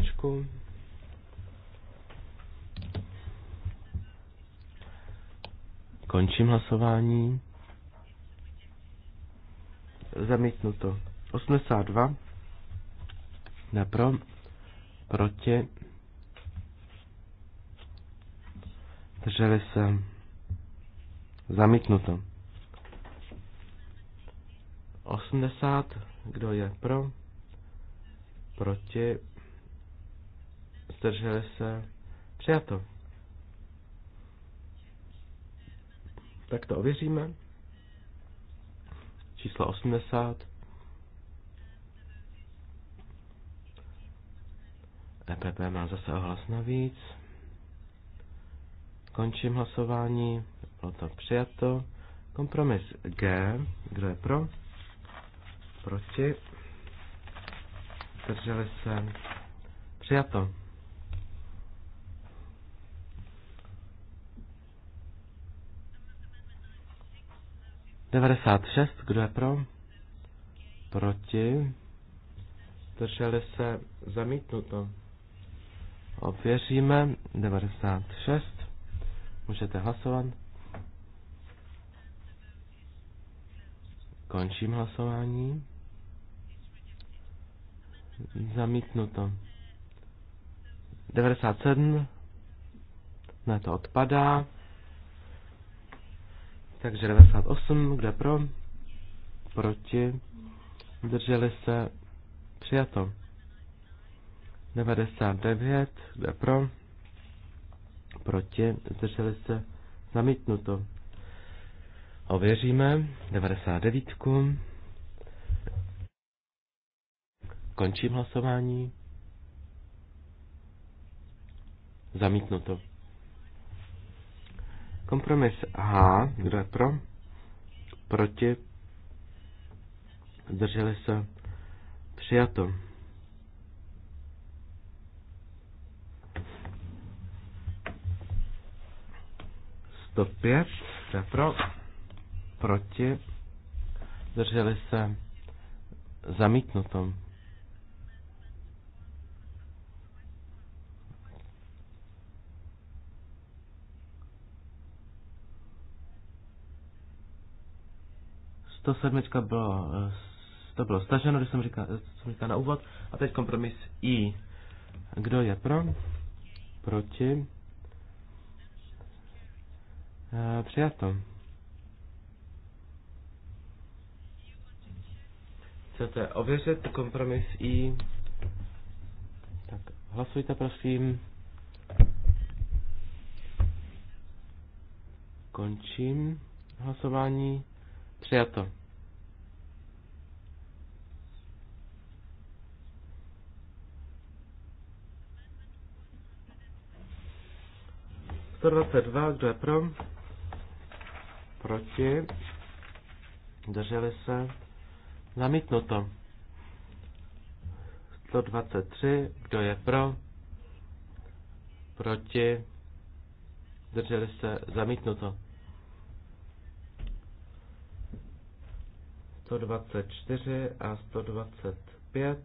Končím hlasování. Zamítnuto. 82. Napro. Proti. Drželi se. Zamítnuto. 80. Kdo je pro? Proti. Zdrželi se. Přijato. Tak to ověříme. Číslo 80. EPP má zase ohlas navíc. Končím hlasování. Bylo to přijato. Kompromis G. Kdo je pro? Proti. Zdrželi se. Přijato. 96, kdo je pro? Proti. Zdrželi se zamítnuto. Ověříme 96. Můžete hlasovat. Končím hlasování. Zamítnuto. 97. Ne, to odpadá. Takže 98, kde pro? Proti. Drželi se. Přijato. 99, kde pro? Proti. Drželi se. Zamítnuto. Ověříme 99. Končím hlasování. Zamítnuto. Kompromis H, kdo je pro? Proti? Zdrželi se? Přijato. Sto pět, kdo je pro? Proti? Zdrželi se? zamítnutom. 107 bylo, eh, to bylo staženo, když jsem říkal, eh, jsem říkal na úvod. A teď kompromis I. Kdo je pro? Proti? Eh, přijato. Chcete ověřit kompromis I? Tak hlasujte prosím. Končím hlasování. Přijato. dva, kdo je pro? Proti. Drželi se. Zamítnuto. 123, kdo je pro? Proti. Drželi se. Zamítnuto. 124 a 125.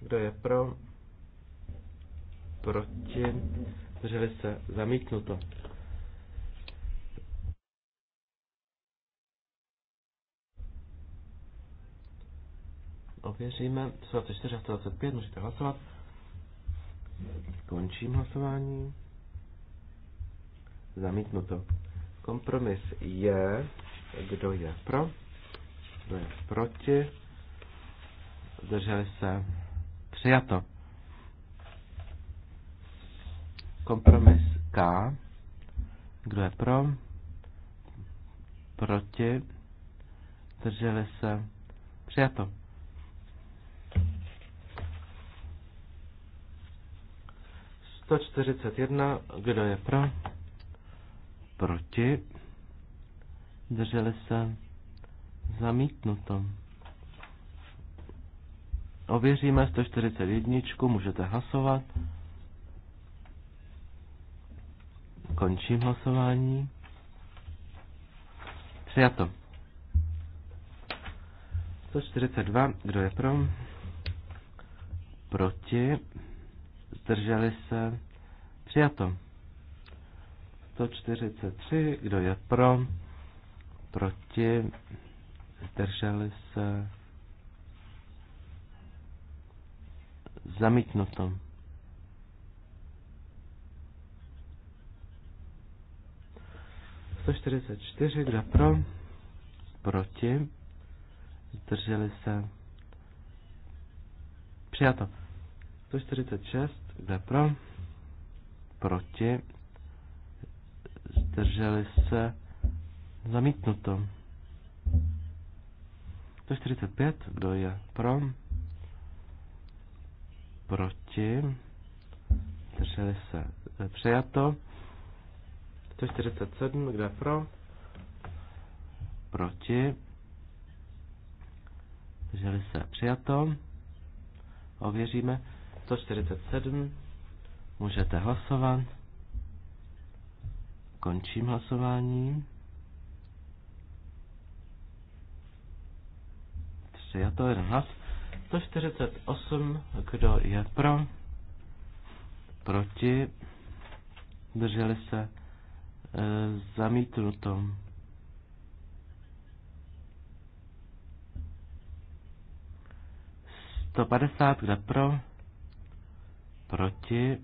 Kdo je pro? Proti? Zdrželi se? Zamítnuto. Ověříme. 124 a 125 můžete hlasovat. Končím hlasování. Zamítnuto. Kompromis je, kdo je pro. Kdo je proti? Zdrželi se? Přijato. Kompromis K. Kdo je pro? Proti? Zdrželi se? Přijato. Sto čtyřicet jedna. Kdo je pro? Proti? Zdrželi se? Zamítnuto. Ověříme 141, můžete hlasovat. Končím hlasování. Přijato. 142, kdo je pro? Proti. Zdrželi se. Přijato. 143, kdo je pro? Proti zdrželi se, zamítnuto. čtyři, kdo pro, proti, zdrželi se, přijato. 146, kdo pro, proti, zdrželi se, zamítnuto. 145, kdo je pro? Proti? Drželi se e, přijato. 147, kdo je pro? Proti? Drželi se přijato. Ověříme. 147, můžete hlasovat. Končím hlasování. to jeden hlas. 148, kdo je pro, proti, drželi se, e, zamítnuto. To 50, kde pro, proti,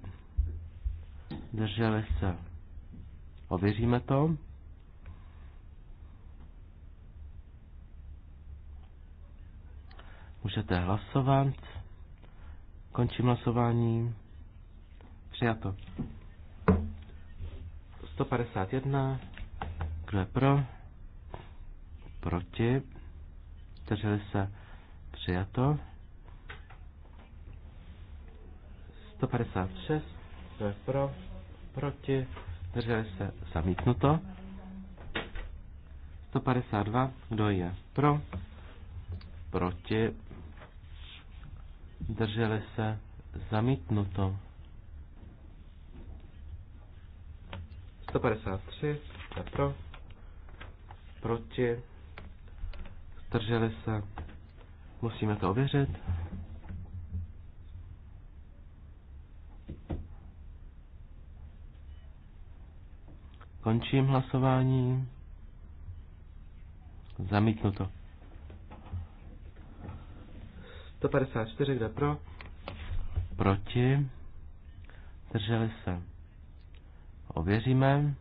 drželi se. Ověříme to. Můžete hlasovat. Končím hlasování. Přijato. 151. Kdo je pro? Proti? Drželi se? Přijato. 156. Kdo je pro? Proti? Drželi se? Zamítnuto. 152. Kdo je pro? Proti? zdrželi se, zamítnuto. 153, je pro, proti, zdrželi se, musíme to ověřit. Končím hlasování. Zamítnuto. 154, kde pro? Proti. Drželi se. Ověříme.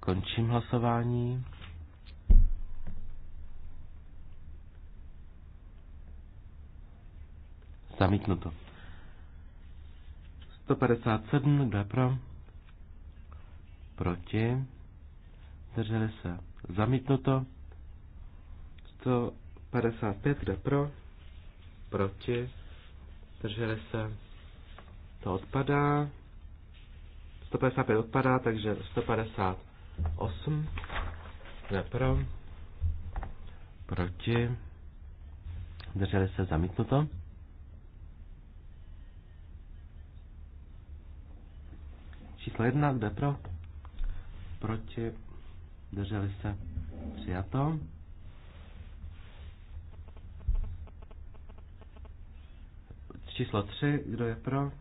Končím hlasování. Zamítnuto. 157, kdo pro? Proti zdrželi se zamítnuto. 155, kde pro, proti, zdrželi se, to odpadá. 155 odpadá, takže 158, kde pro, proti, zdrželi se zamítnuto. Číslo 1, kde pro, proti, Drželi se? Přijato. Číslo 3. Kdo je pro?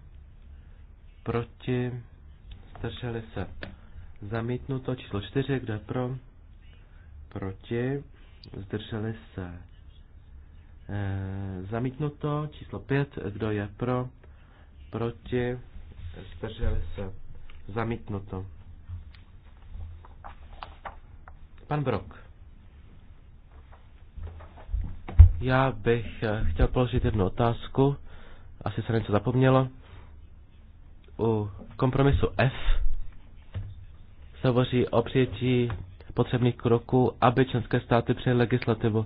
Proti? Zdrželi se? Zamítnuto. Číslo 4. Kdo je pro? Proti? Zdrželi se? E, zamítnuto. Číslo 5. Kdo je pro? Proti? Zdrželi se? Zamítnuto. Pan Brok. Já bych eh, chtěl položit jednu otázku. Asi se něco zapomnělo. U kompromisu F se hovoří o přijetí potřebných kroků, aby členské státy přijeli legislativu.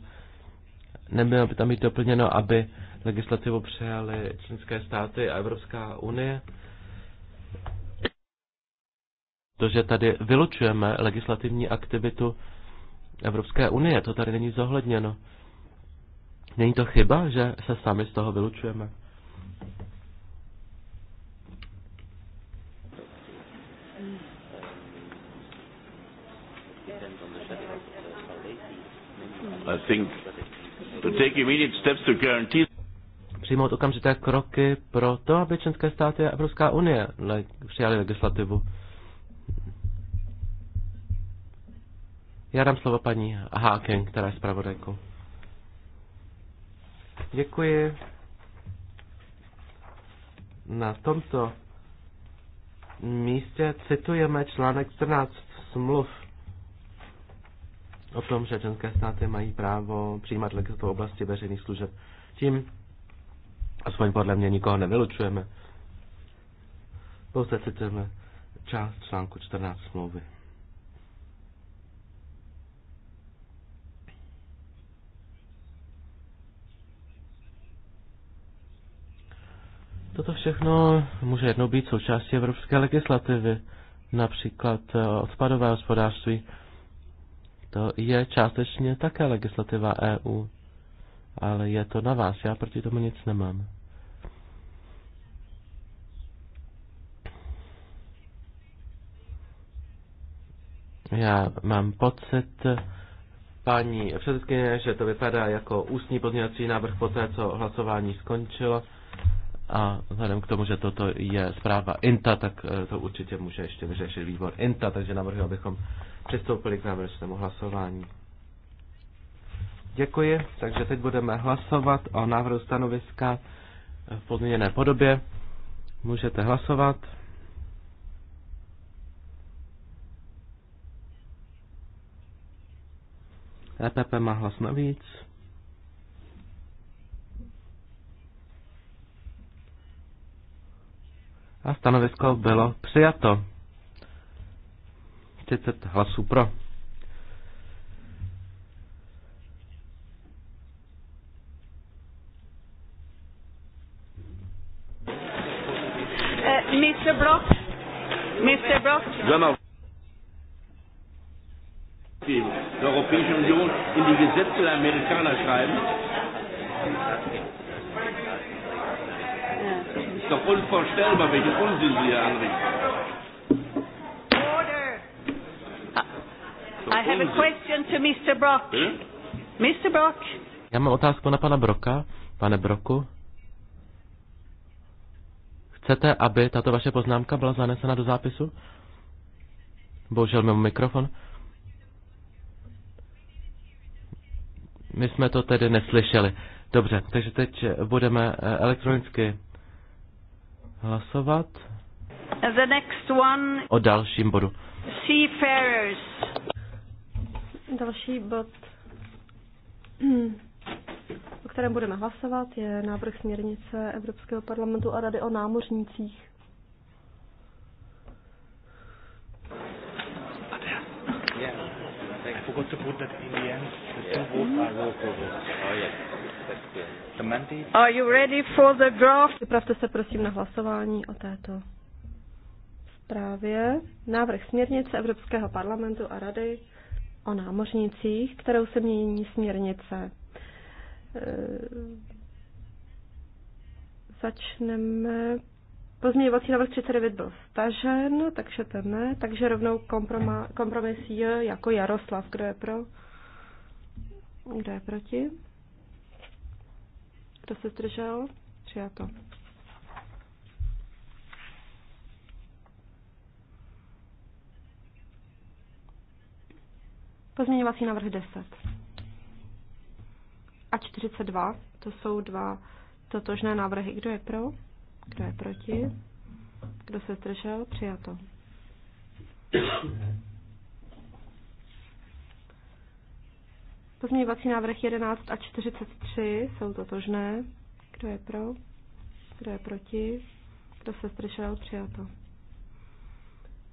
Nemělo by tam být doplněno, aby legislativu přijali členské státy a Evropská unie. To, že tady vylučujeme legislativní aktivitu Evropské unie. To tady není zohledněno. Není to chyba, že se sami z toho vylučujeme? I think to take immediate steps to guarantee přijmout okamžité kroky pro to, aby členské státy a Evropská unie přijali legislativu Já dám slovo paní Háken, která je zpravodajkou. Děkuji. Na tomto místě citujeme článek 14 smluv o tom, že členské státy mají právo přijímat legislativu oblasti veřejných služeb. Tím, aspoň podle mě, nikoho nevylučujeme. Pouze citujeme část článku 14 smlouvy. Toto všechno může jednou být součástí evropské legislativy, například eh, odpadové hospodářství. To je částečně také legislativa EU, ale je to na vás, já proti tomu nic nemám. Já mám pocit, paní předsedkyně, že to vypadá jako ústní pozměňovací návrh po té, co hlasování skončilo. A vzhledem k tomu, že toto je zpráva INTA, tak eh, to určitě může ještě vyřešit výbor INTA, takže navrhuji, abychom přistoupili k závěrečnému hlasování. Děkuji, takže teď budeme hlasovat o návrhu stanoviska v podměněné podobě. Můžete hlasovat. EPP má hlas navíc. a stanovisko bylo přijato. 30 hlasů pro. Eh, Mr. Brock. Mr. Brock. Sondern die Europäische Union in die Gesetze der Amerikaner schreiben doch unvorstellbar, welche Unsinn Sie hier anrichten. Ah. I have a question to Mr. Brock. Hm? Mr. Brock. Já mám otázku na pana Broka. Pane Broku, chcete, aby tato vaše poznámka byla zanesena do zápisu? Bohužel mimo mikrofon. My jsme to tedy neslyšeli. Dobře, takže teď budeme eh, elektronicky hlasovat The next one o dalším bodu. Seafarers. Další bod, o kterém budeme hlasovat, je návrh směrnice Evropského parlamentu a Rady o námořnících. Yeah, I forgot to put that in the end. The yeah. votes are local votes. Oh, yeah. Are you ready for the draft? Připravte se prosím na hlasování o této zprávě. Návrh směrnice Evropského parlamentu a rady o námořnicích, kterou se mění směrnice. Eh, začneme. Pozměňovací návrh 39 byl stažen, takže ten ne, takže rovnou kompromis je jako Jaroslav. Kdo je pro? Kdo je proti? Kdo se zdržel? Přijato. Pozměňovací návrh 10 a 42, to jsou dva totožné návrhy. Kdo je pro? Kdo je proti? Kdo se zdržel? Přijato. Pozměňovací návrh 11 a 43 jsou totožné. Kdo je pro? Kdo je proti? Kdo se zdržel? Přijato.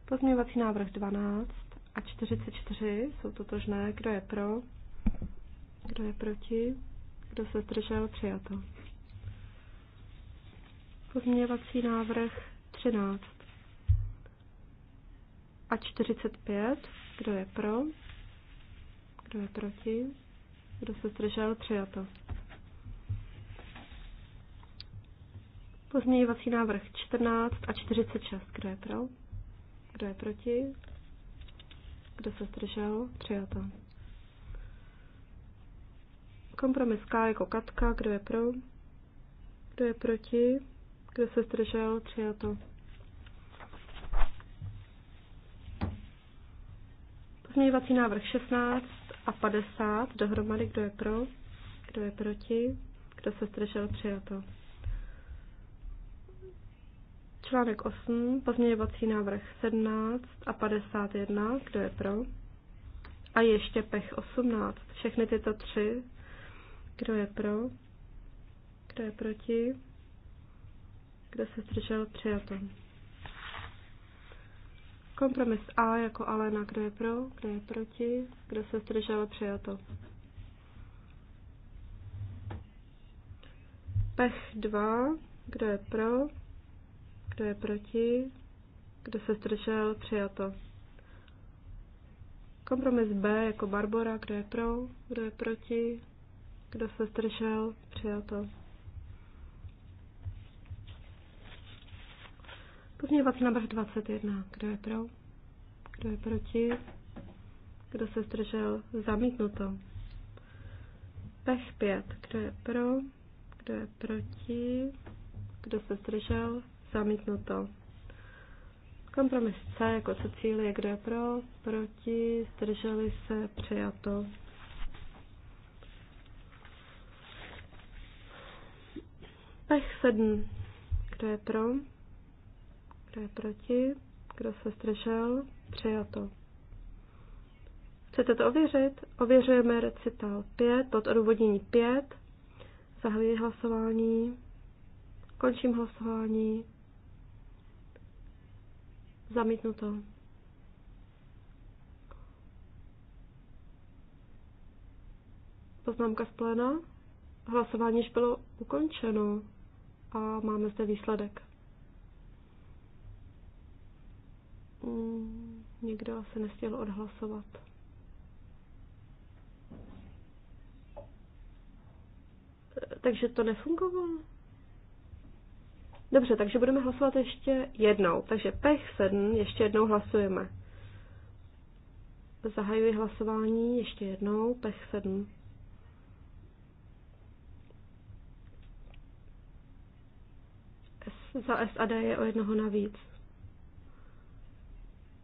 Pozměňovací návrh 12 a 44 jsou totožné. Kdo je pro? Kdo je proti? Kdo se zdržel? Přijato. Pozměňovací návrh 13 a 45. Kdo je pro? Kdo je proti? Kdo se zdržel? Přijato. Pozměňovací návrh 14 a 46. Kdo je pro? Kdo je proti? Kdo se zdržel? Přijato. Kompromis K jako Katka. Kdo je pro? Kdo je proti? Kdo se zdržel? Přijato. Pozměňovací návrh 16 a 50 dohromady, kdo je pro, kdo je proti, kdo se zdržel, přijato. Článek 8, pozměňovací návrh 17 a 51, kdo je pro? A ještě pech 18, všechny tyto tři, kdo je pro? Kdo je proti? Kdo se zdržel, přijato. Kompromis A jako Alena, kdo je pro, kdo je proti, kdo se zdržel, přijato. Pech 2, kdo je pro, kdo je proti, kdo se zdržel, přijato. Kompromis B jako Barbora, kdo je pro, kdo je proti, kdo se zdržel, přijato. Pozměňovací návrh 21. Kdo je pro? Kdo je proti? Kdo se zdržel? Zamítnuto. Pech 5. Kdo je pro? Kdo je proti? Kdo se zdržel? Zamítnuto. Kompromis C jako Cecílie, kdo je pro, proti, zdrželi se, přijato. Pech 7, kdo je pro, kdo je proti? Kdo se zdržel? Přijato. Chcete to ověřit? Ověřujeme recital 5, pod odůvodnění 5. Zahajuji hlasování. Končím hlasování. Zamítnuto. Poznámka z pléna. Hlasování již bylo ukončeno a máme zde výsledek. Mm, Někdo se nestihl odhlasovat. Takže to nefungovalo. Dobře, takže budeme hlasovat ještě jednou. Takže pech 7 ještě jednou hlasujeme. Zahajuji hlasování ještě jednou, pech 7. S, za SAD je o jednoho navíc.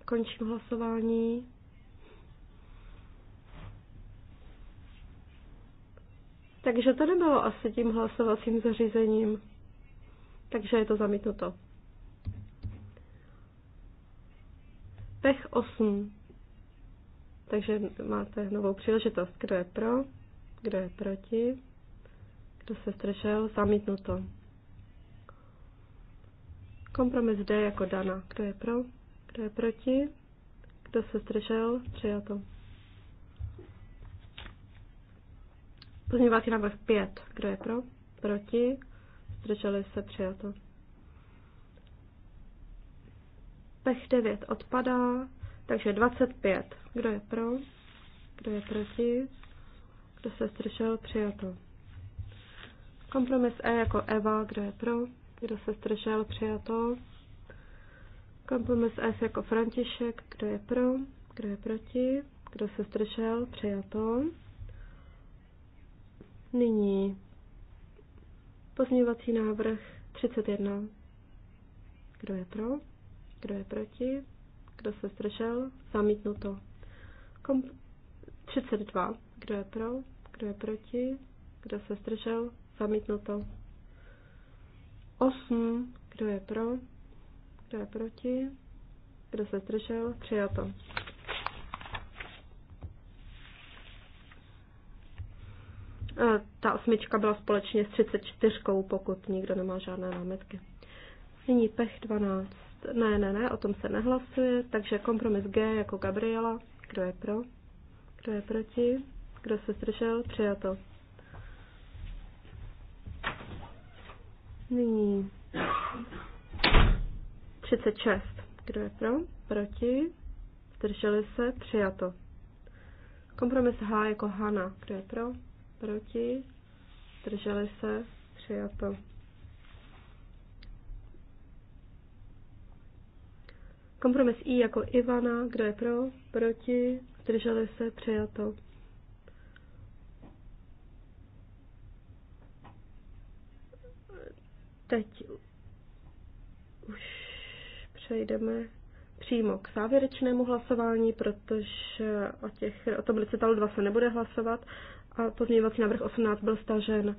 Končím hlasování. Takže to nebylo asi tím hlasovacím zařízením. Takže je to zamítnuto. Pech 8. Takže máte novou příležitost. Kdo je pro? Kdo je proti? Kdo se zdržel? Zamítnuto. Kompromis D jako Dana. Kdo je pro? Kdo je proti? Kdo se zdržel? Přijato. Pozměňovací návrh 5. Kdo je pro? Proti? Zdrželi se? Přijato. Pech 9 odpadá, takže 25. Kdo je pro? Kdo je proti? Kdo se zdržel? Přijato. Kompromis E jako Eva. Kdo je pro? Kdo se zdržel? Přijato. Kompromis S jako František, kdo je pro, kdo je proti, kdo se zdržel, přijato. Nyní pozměňovací návrh 31. Kdo je pro, kdo je proti, kdo se zdržel, zamítnuto. Kom 32. Kdo je pro, kdo je proti, kdo se zdržel, zamítnuto. 8. Kdo je pro, kdo je proti? Kdo se zdržel? Přijato. E, ta osmička byla společně s 34, pokud nikdo nemá žádné námitky. Nyní pech 12. Ne, ne, ne, o tom se nehlasuje, takže kompromis G jako Gabriela. Kdo je pro? Kdo je proti? Kdo se zdržel? Přijato. Nyní 36. Kdo je pro? Proti? Zdrželi se? Přijato. Kompromis H jako Hana. Kdo je pro? Proti? Zdrželi se? Přijato. Kompromis I jako Ivana. Kdo je pro? Proti? Zdrželi se? Přijato. Teď přejdeme přímo k závěrečnému hlasování, protože o, těch, o tom recitalu 2 se nebude hlasovat a pozměňovací návrh 18 byl stažen.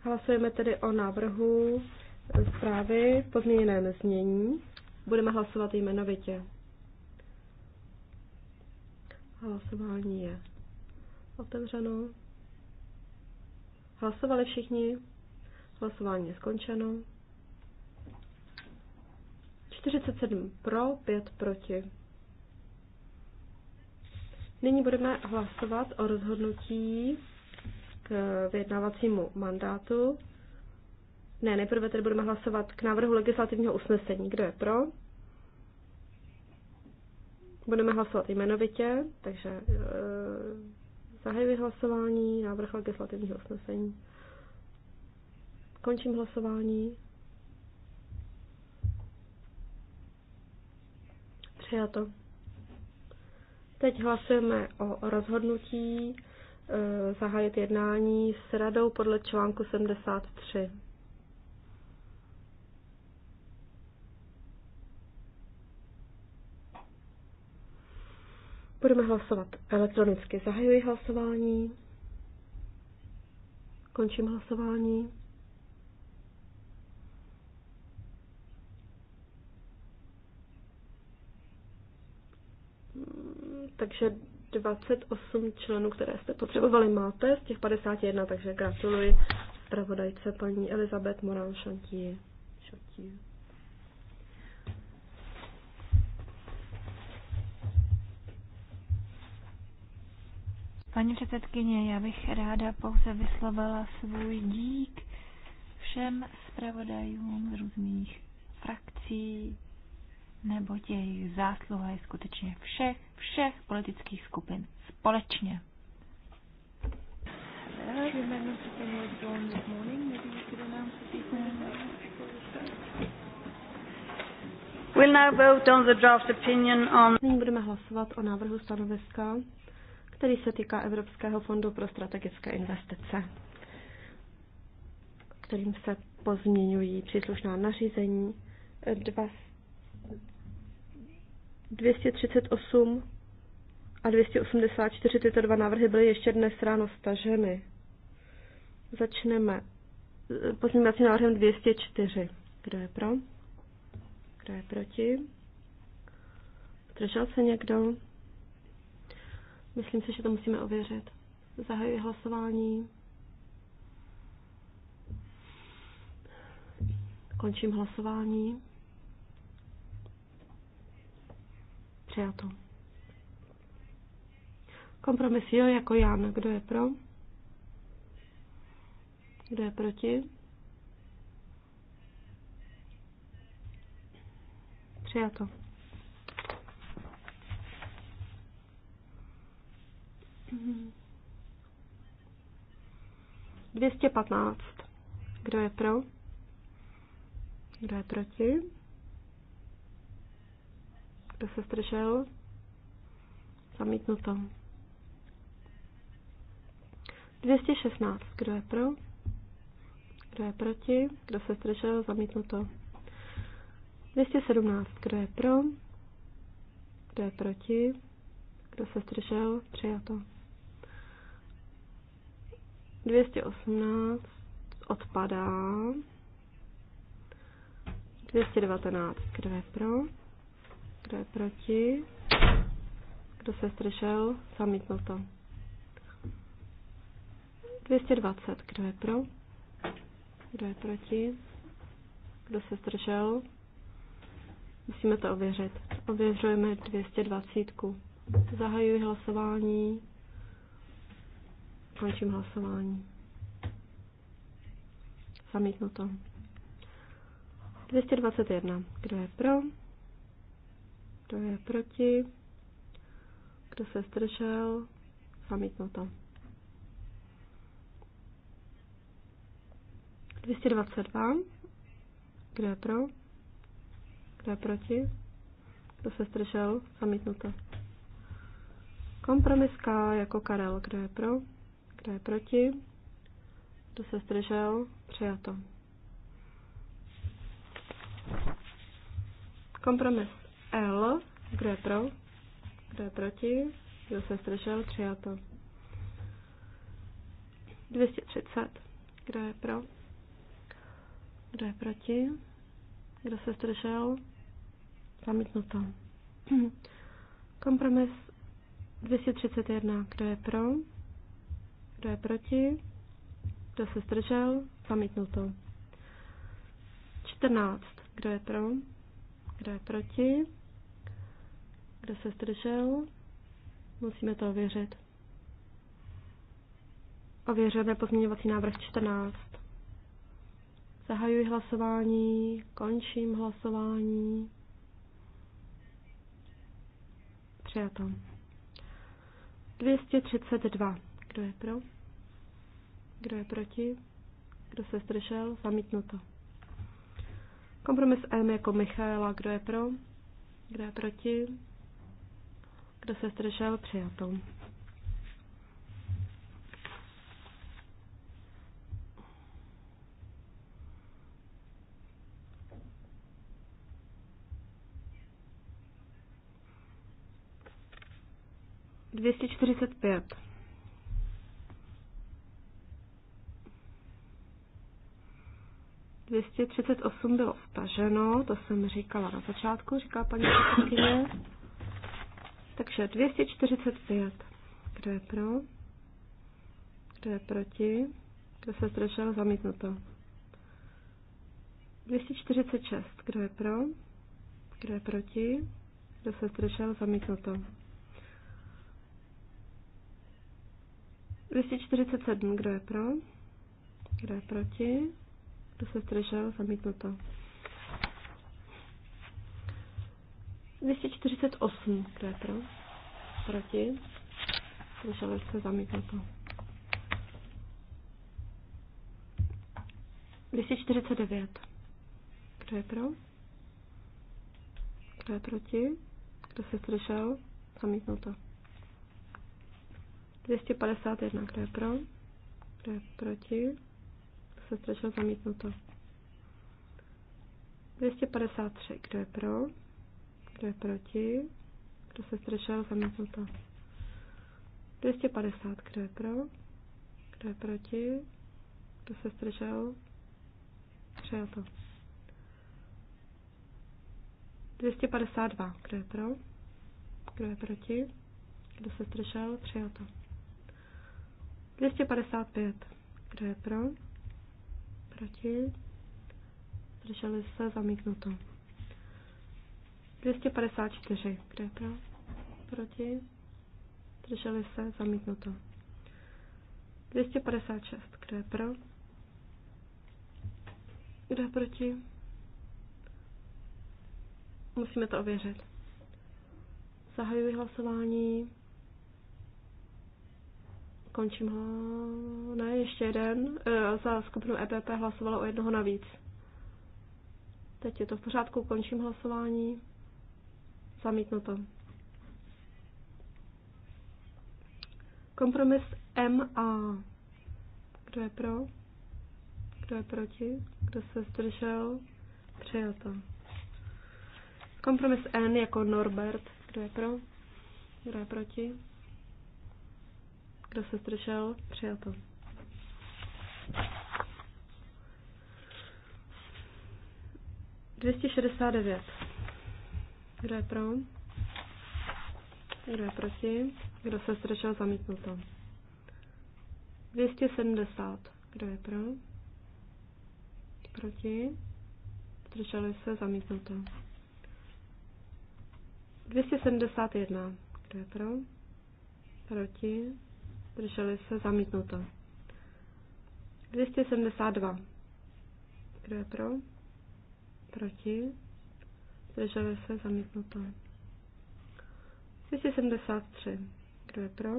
Hlasujeme tedy o návrhu zprávy v pozměněném znění. Budeme hlasovat jmenovitě. Hlasování je otevřeno. Hlasovali všichni. Hlasování je skončeno. 47 pro, 5 proti. Nyní budeme hlasovat o rozhodnutí k vyjednávacímu mandátu. Ne, nejprve tedy budeme hlasovat k návrhu legislativního usnesení. Kdo je pro? Budeme hlasovat jmenovitě, takže e, zahajuji hlasování, návrh legislativního usnesení. Končím hlasování. Přijato. Teď hlasujeme o rozhodnutí e, zahájit jednání s radou podle článku 73. Budeme hlasovat elektronicky. Zahajuji hlasování. Končím hlasování. takže 28 členů, které jste potřebovali, máte z těch 51, takže gratuluji zpravodajce paní Elizabeth Morán Šantí. Paní předsedkyně, já bych ráda pouze vyslovila svůj dík všem zpravodajům z různých frakcí, neboť jejich zásluha je skutečně všech, všech politických skupin společně. We'll now vote on the draft opinion on... Nyní budeme hlasovat o návrhu stanoviska, který se týká Evropského fondu pro strategické investice, kterým se pozměňují příslušná nařízení 2 238 a 284, tyto dva návrhy byly ještě dnes ráno staženy. Začneme eh, pozměňovacím návrhem 204. Kdo je pro? Kdo je proti? Zdržel se někdo? Myslím si, že to musíme ověřit. Zahajuji hlasování. Končím hlasování. Přijato. Kompromis jo jako Jan. Kdo je pro? Kdo je proti? Přijato. Dvěstě patnáct. Kdo je pro? Kdo je proti? Kdo se stržel. Zamítnuto. 216. Kdo je pro? Kdo je proti? Kdo se stržel? Zamítnuto. 217. Kdo je pro? Kdo je proti? Kdo se stržel? Přijato. 218 odpadá. 219. Kdo je pro? Kdo je proti? Kdo se zdržel? Zamítnuto. 220. Kdo je pro? Kdo je proti? Kdo se zdržel? Musíme to ověřit. Ověřujeme 220. Zahajuji hlasování. Končím hlasování. Zamítnuto. 221. Kdo je pro? Kdo je proti? Kdo se zdržel? Zamítnuto. 222. Kdo je pro? Kdo je proti? Kdo se zdržel? Zamítnuto. Kompromis K jako Karel. Kdo je pro? Kdo je proti? Kdo se zdržel? Přijato. Kompromis L, kdo je pro, kdo je proti, kdo se zdržel, přijato. 230, kdo je pro, kdo je proti, kdo se zdržel, zamítnuto. Kompromis 231, kdo je pro, kdo je proti, kdo se zdržel, zamítnuto. 14, kdo je pro, kdo je proti, kdo se zdržel? Musíme to ověřit. Ověřujeme pozměňovací návrh 14. Zahajuji hlasování, končím hlasování. Přijato. 232. Kdo je pro? Kdo je proti? Kdo se zdržel? Zamítnuto. Kompromis M jako Michaela. Kdo je pro? Kdo je proti? Kdo se zdržel? přijatou. Dvěstě čtyřicet pět. Dvěstě třicet osm bylo vtaženo, to jsem říkala na začátku, říká paní předsedkyně. Takže 245. Kdo je pro? Kdo je proti? Kdo se zdržel? Zamítnuto. 246. Kdo je pro? Kdo je proti? Kdo se zdržel? Zamítnuto. 247. Kdo je pro? Kdo je proti? Kdo se zdržel? Zamítnuto. 248, kdo pro? Proti? Zdrželi se zamítnuto. 249. Kdo je pro? Kdo je proti? Kdo se zdržel? Zamítnuto. 251. Kdo je pro? Kdo je proti? Kdo se zdržel? Zamítnuto. 253. Kdo je pro? Kdo je proti? Kdo se zdržel? to. 250. Kdo je pro? Kdo je proti? Kdo se zdržel? to. 252. Kdo je pro? Kdo je proti? Kdo se zdržel? to. 255. Kdo je pro? Proti? Zdrželi se? Zamítnuto. 254. Kdo je pro? Proti? Drželi se? Zamítnuto. 256. Kdo je pro? Kdo je proti? Musíme to ověřit. Zahajuji hlasování. Končím ho. Ne, ještě jeden. E, za skupinu EPP hlasovalo o jednoho navíc. Teď je to v pořádku, končím hlasování. Zamítnuto. Kompromis MA. Kdo je pro? Kdo je proti? Kdo se zdržel? to. Kompromis N jako Norbert. Kdo je pro? Kdo je proti? Kdo se zdržel? to. Dvěstě šedesát devět. Kdo je pro? Kdo je proti? Kdo se zdržel? Zamítnuto. 270. Kdo je pro? Proti? Zdrželi se? Zamítnuto. 271. Kdo je pro? Proti? Zdrželi se? Zamítnuto. 272. Kdo je pro? Proti? Zdrželi se zamítnuto. 273. Kdo je pro?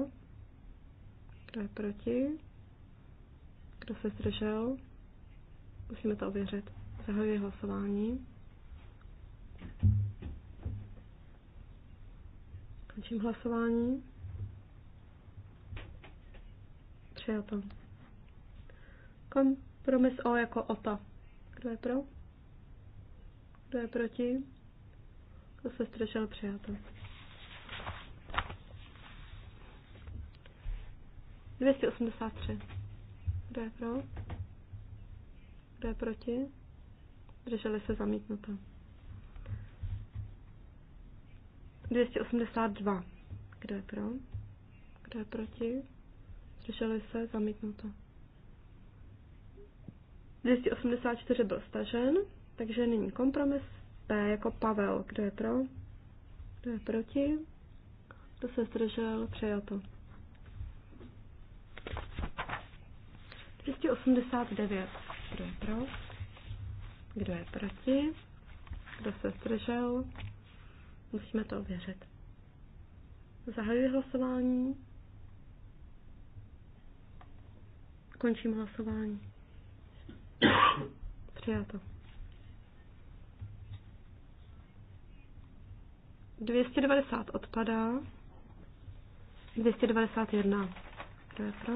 Kdo je proti? Kdo se zdržel? Musíme to ověřit. Zahajuji hlasování. Končím hlasování. Přijato. Kompromis O jako OTA. Kdo je pro? Kdo je proti? To se strašil Přijato. 283. Kdo je pro? Kdo je proti? Drželi se zamítnuto. 282. Kdo je pro? Kdo je proti? Drželi se zamítnuto. 284 byl stažen, takže nyní kompromis P jako Pavel. Kdo je pro? Kdo je proti? Kdo se zdržel? Přijato. 289. Kdo je pro? Kdo je proti? Kdo se zdržel? Musíme to ověřit. Zahajuji hlasování. Končím hlasování. Přijato. 290 odpadá. 291. Kdo je pro?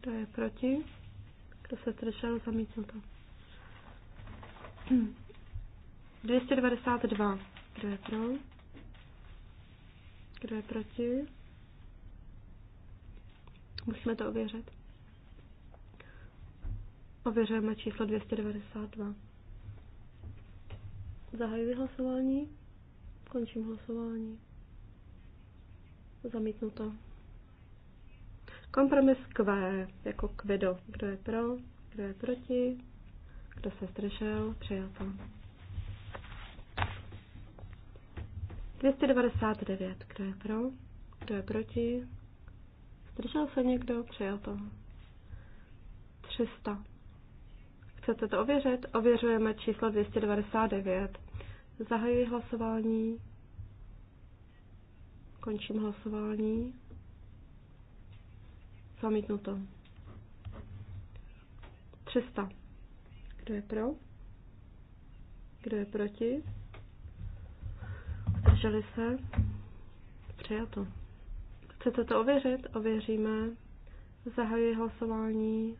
Kdo je proti? Kdo se zdržel? Zamítnuto. 292. Kdo je pro? Kdo je proti? Musíme to ověřit. Ověřujeme číslo 292. Zahajuji hlasování. Končím hlasování. Zamítnuto. Kompromis Q, jako kvido. Kdo je pro, kdo je proti, kdo se zdržel, přijato. 299, kdo je pro, kdo je proti, zdržel se někdo, přijato. 300. Chcete to ověřit? Ověřujeme číslo 299. Zahajuji hlasování. Končím hlasování. Zamítnuto. 300. Kdo je pro? Kdo je proti? Zdrželi se? Přijato. Chcete to ověřit? Ověříme. Zahajuji hlasování.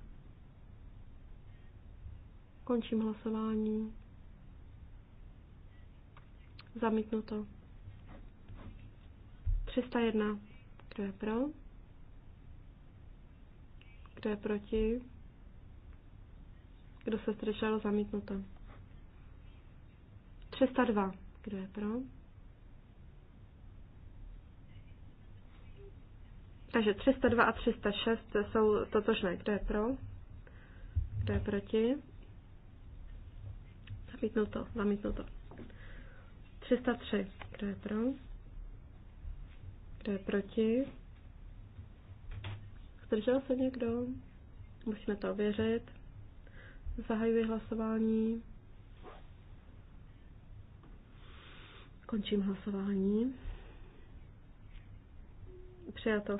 Končím hlasování. Zamítnuto. 301. Kdo je pro? Kdo je proti? Kdo se zdržel? Zamítnuto. 302. Kdo je pro? Takže 302 a 306 jsou totožné. Kdo je pro? Kdo je proti? Zamítnuto, zamítnuto. 303. Kdo je pro? Kdo je proti? Zdržel se někdo? Musíme to ověřit. Zahajuji hlasování. Končím hlasování. Přijato.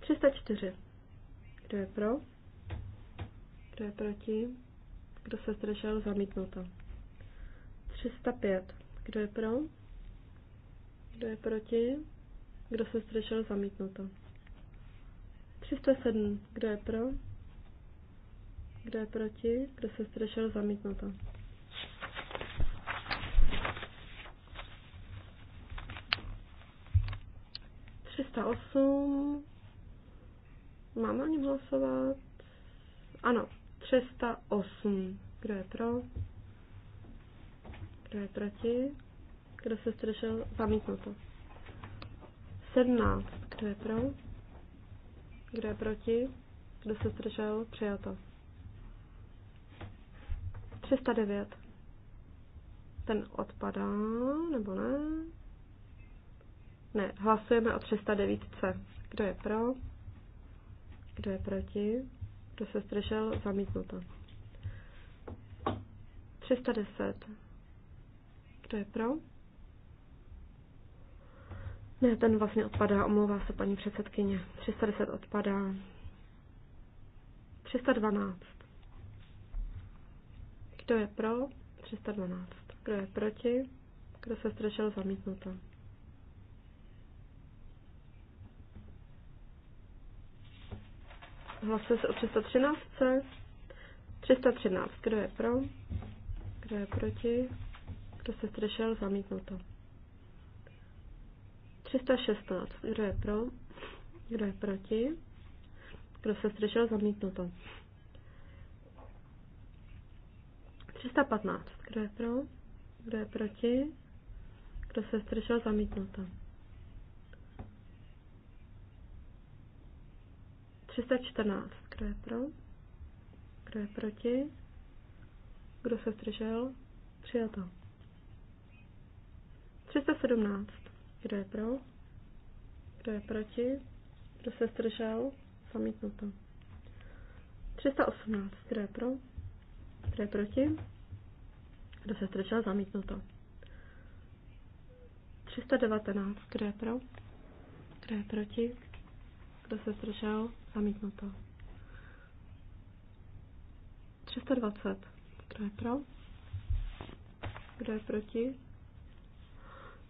304. Kdo je pro? Kdo je proti? Kdo se zdržel? Zamítnuto. 305. Kdo je pro? Kdo je proti? Kdo se zdržel? Zamítnuto. 307. Kdo je pro? Kdo je proti? Kdo se zdržel? Zamítnuto. osm. Mám o něm hlasovat? Ano, 308. Kdo je pro? Kdo je proti? Kdo se zdržel? Zamítnuto. 17. Kdo je pro? Kdo je proti? Kdo se zdržel? Přijato. 309. Ten odpadá, nebo ne? Ne, hlasujeme o 309. Kdo je pro? Kdo je proti? Kdo se zdržel? Zamítnuto. 310. Kdo je pro? Ne, ten vlastně odpadá, omlouvá se paní předsedkyně. 310 odpadá. 312. Kdo je pro? 312. Kdo je proti? Kdo se strašil zamítnuto? Hlasuje se o 313. 313. Kdo je pro? Kdo je proti? kdo se zdržel, zamítnuto. 316. Kdo je pro? Kdo je proti? Kdo se zdržel, zamítnuto. 315. Kdo je pro? Kdo je proti? Kdo se zdržel, zamítnuto. 314. Kdo je pro? Kdo je proti? Kdo se zdržel? to. 317. Kdo je pro? Kdo je proti? Kdo se zdržel? Zamítnuto. 318. Kdo je pro? Kdo je proti? Kdo se zdržel? Zamítnuto. 319. Kdo je pro? Kdo je proti? Kdo se zdržel? Zamítnuto. 320. Kdo je pro? Kdo je proti?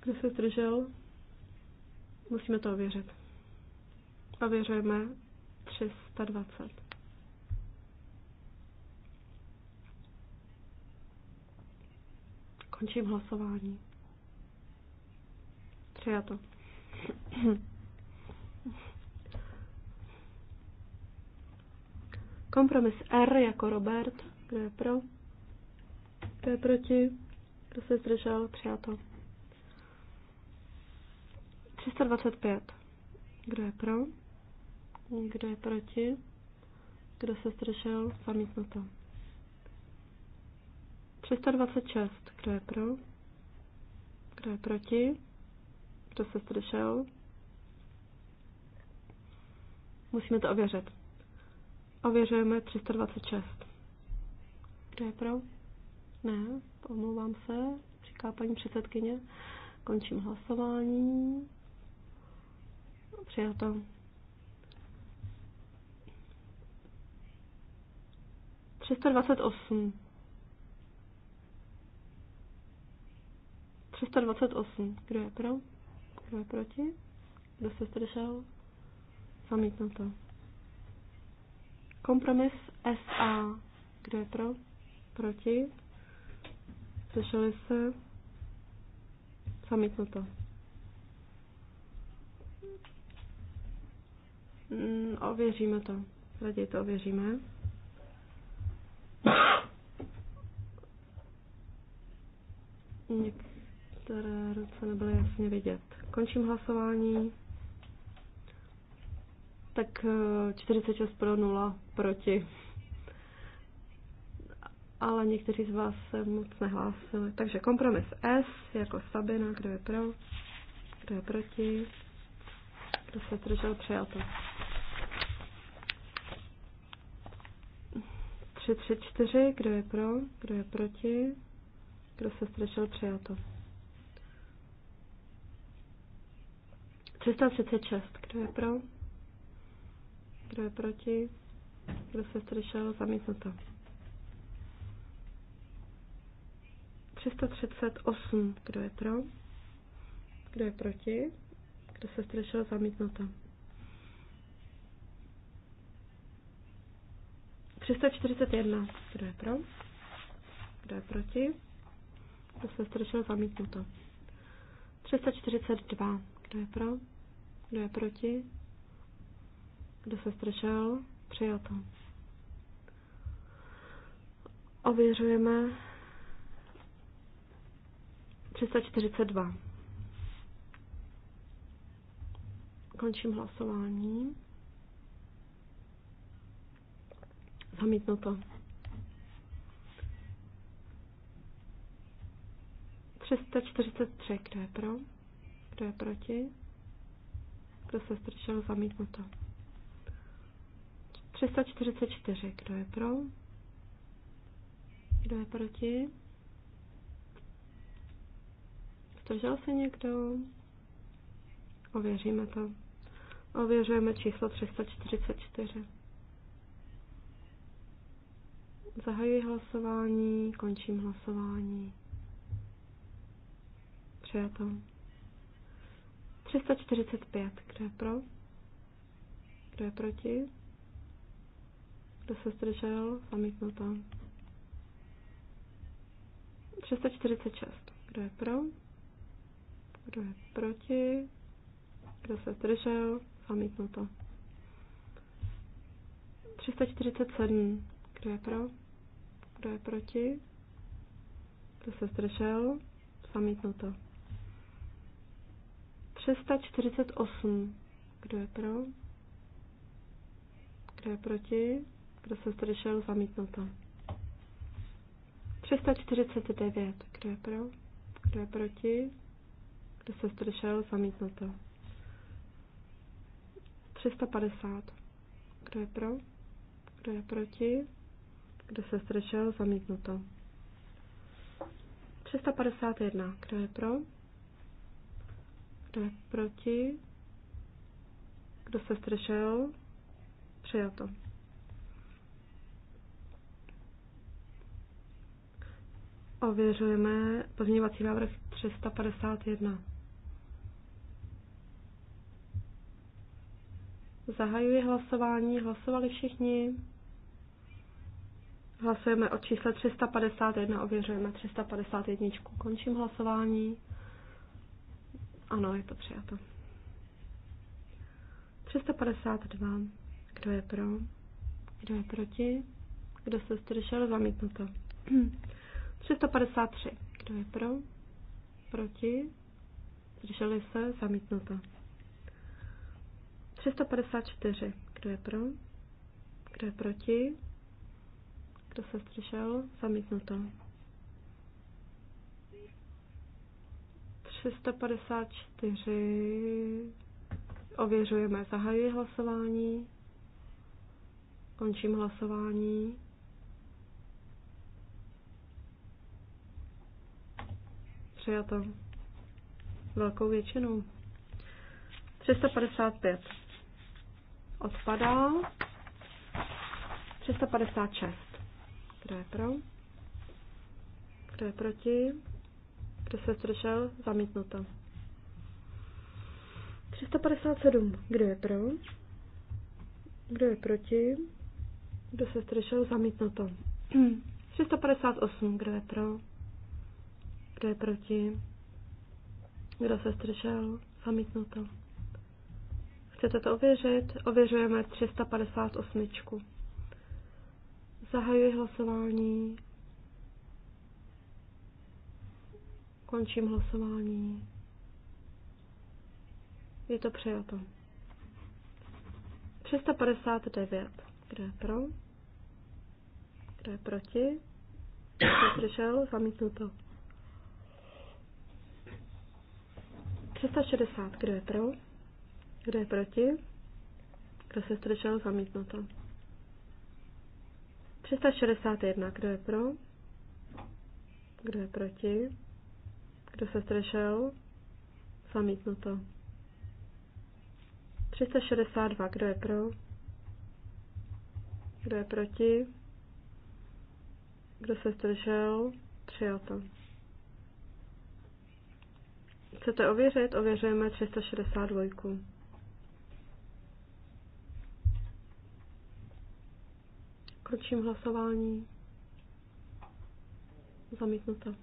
Kdo se zdržel? Musíme to ověřit. Ověřujeme 320. Končím hlasování. Přijato. Kompromis R jako Robert. Kdo je pro? Kdo je proti? Kdo se zdržel? Přijato. 325. Kdo je pro? Kdo je proti? Kdo se zdržel? Zamítnuto. 326. Kdo je pro? Kdo je proti? Kdo se zdržel? Musíme to ověřit. Ověřujeme 326. Kdo je pro? Ne, omlouvám se, říká paní předsedkyně. Končím hlasování. Přijato. Třista dvacet osm. dvacet osm. Kdo je pro? Kdo je proti? Kdo se zdržel? Zamítnuto. Kompromis SA. Kdo je pro? Proti? Zdrželi se? Zamítnuto. Mm, ověříme to. Raději to ověříme. Některé ruce nebyly jasně vidět. Končím hlasování. Tak 46 eh, pro 0 proti. Ale někteří z vás se moc nehlásili. Takže kompromis S jako Sabina, kdo je pro, kdo je proti, kdo se držel přijato. tři, tři, čtyři. kdo je pro, kdo je proti, kdo se zdržel, přijato. 336, kdo je pro, kdo je proti, kdo se zdržel, zamítnuto. 338, kdo je pro, kdo je proti, kdo se zdržel, zamítnuto. 341. Kdo je pro? Kdo je proti? To se zdržel? Zamítnuto. 342. Kdo je pro? Kdo je proti? Kdo se zdržel? Přijato. Ověřujeme 342. Končím hlasování. Zamítnuto. 343. Kdo je pro? Kdo je proti? Kdo se strčil? Zamítnuto. 344. Kdo je pro? Kdo je proti? Zdržel se někdo? Ověříme to. Ověřujeme číslo 344. Zahajuji hlasování, končím hlasování. Přijato. 345. Kdo je pro? Kdo je proti? Kdo se zdržel? Zamítnuto. 346. Kdo je pro? Kdo je proti? Kdo se zdržel? Zamítnuto. 347. Kdo je pro? Kdo je proti? Kdo se zdržel? Zamítnuto. 348. Kdo je pro? Kdo je proti? Kdo se zdržel? Zamítnuto. 349. Kdo je pro? Kdo je proti? Kdo se zdržel? Zamítnuto. 350. Kdo je pro? Kdo je proti? Kdo se zdržel? Zamítnuto. 351. Kdo je pro? Kdo je proti? Kdo se zdržel? Přijato. Ověřujeme pozměňovací návrh 351. Zahajuji hlasování. Hlasovali všichni. Hlasujeme o čísle 351, ověřujeme 351. Končím hlasování. Ano, je to přijato. 352. Kdo je pro? Kdo je proti? Kdo se zdržel? Zamítnuto. 353. Kdo je pro? Proti? Zdrželi se? Zamítnuto. 354. Kdo je pro? Kdo je proti? Kdo se střešel, Zamítnuto. 354. Ověřujeme. Zahajuji hlasování. Končím hlasování. Přijato. Velkou většinou. 355. Odpadá. 356. Kdo je pro? Kdo je proti? Kdo se zdržel? Zamítnuto. 357. Kdo je pro? Kdo je proti? Kdo se zdržel? Zamítnuto. 358. Kdo je pro? Kdo je proti? Kdo se zdržel? Zamítnuto. Chcete to ověřit? Ověřujeme 358. Zahajuji hlasování. Končím hlasování. Je to přijato. 359. Kdo je pro? Kdo je proti? Kdo přišel? Zamítnuto. 360. Kdo je pro? Kdo je proti? Kdo se zdržel? Zamítnuto. 361. Kdo je pro? Kdo je proti? Kdo se zdržel? Zamítnuto. 362. Kdo je pro? Kdo je proti? Kdo se zdržel? Přijato. Chcete ověřit? Ověřujeme 362. Končím hlasování. Zamítnuto.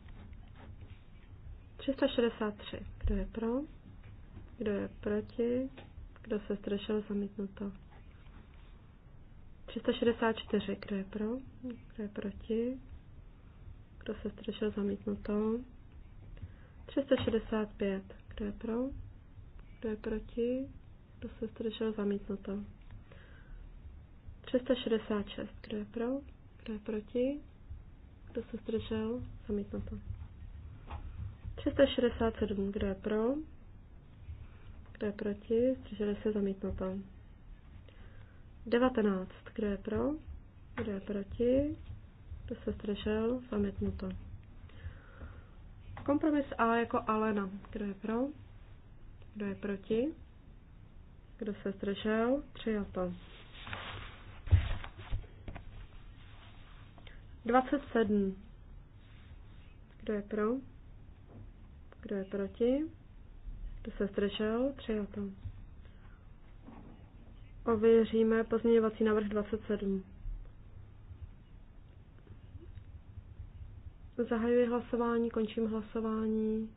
363. Kdo je pro? Kdo je proti? Kdo se zdržel? Zamítnuto. 364. Kdo je pro? Kdo je proti? Kdo se zdržel? Zamítnuto. 365. Kdo je pro? Kdo je proti? Kdo se zdržel? Zamítnuto. 366. Kdo je pro? Kdo je proti? Kdo se zdržel? to. 367. Kdo je pro? Kdo je proti? Zdrželi se to. 19. Kdo je pro? Kdo je proti? Kdo se zdržel? to. Kompromis A jako Alena. Kdo je pro? Kdo je proti? Kdo se zdržel? Přijato. 27. Kdo je pro? Kdo je proti? Kdo se zdržel? Přijato. Ověříme pozměňovací návrh 27. Zahajuji hlasování, končím hlasování.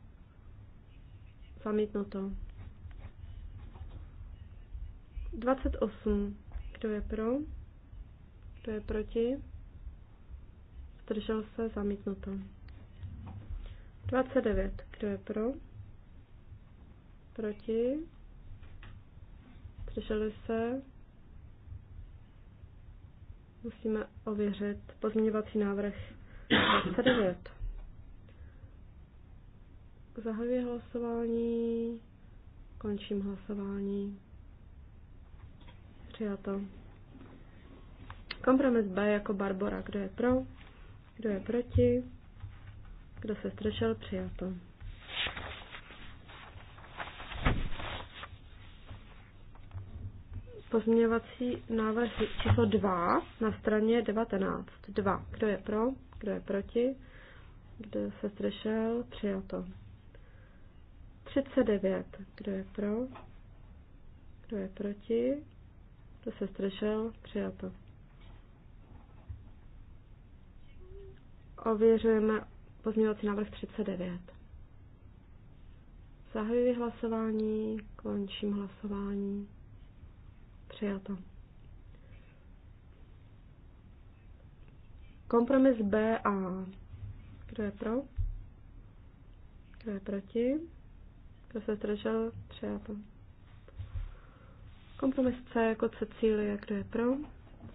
Zamítnuto. 28. Kdo je pro? Kdo je proti? zdržel se, zamítnuto. 29. Kdo je pro? Proti? Zdrželi se? Musíme ověřit pozměňovací návrh 29. Zahajuji hlasování, končím hlasování. Přijato. Kompromis B jako Barbora. Kdo je pro? Kdo je proti? Kdo se zdržel? Přijato. Pozměňovací návrh číslo 2 na straně 19. 2. Kdo je pro? Kdo je proti? Kdo se zdržel? Přijato. 39. Kdo je pro? Kdo je proti? Kdo se zdržel? Přijato. Ověřujeme pozměňovací návrh 39. Zahajuji hlasování, končím hlasování. Přijato. Kompromis B a kdo je pro? Kdo je proti? Kdo se zdržel? Přijato. Kompromis C jako Cecílie. Kdo je pro?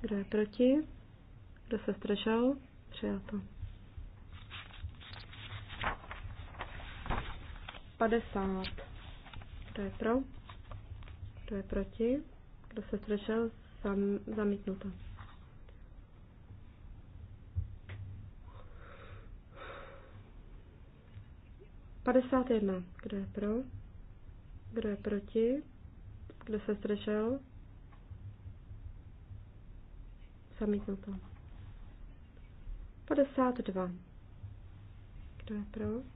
Kdo je proti? Kdo se zdržel? Přijato. 50. Kdo je pro? Kdo je proti? Kdo se zdržel? Zam, zamítnuto. Padesát jedna. Kdo je pro? Kdo je proti? Kdo se zdržel? Zamítnuto. 52. Kdo je pro?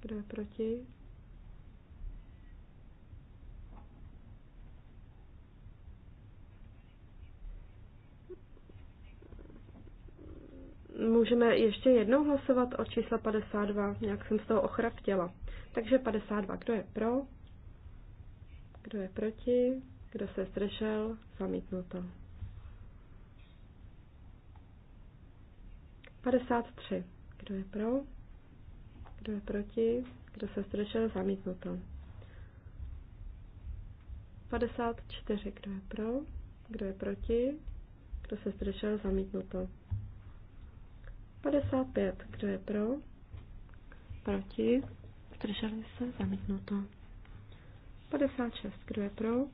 Kdo je proti? Můžeme ještě jednou hlasovat o čísle 52, nějak jsem z toho ochraptěla. Takže 52, kdo je pro? Kdo je proti? Kdo se zdržel? Zamítnuto. 53. Kdo je pro? Kdo je proti? Kdo se zdržel? Zamítnuto. 54. Kdo je pro? Kdo je proti? Kdo se zdržel? Zamítnuto. 55. Kdo je pro? Proti? Zdrželi se? Zamítnuto. 56. Kdo je pro?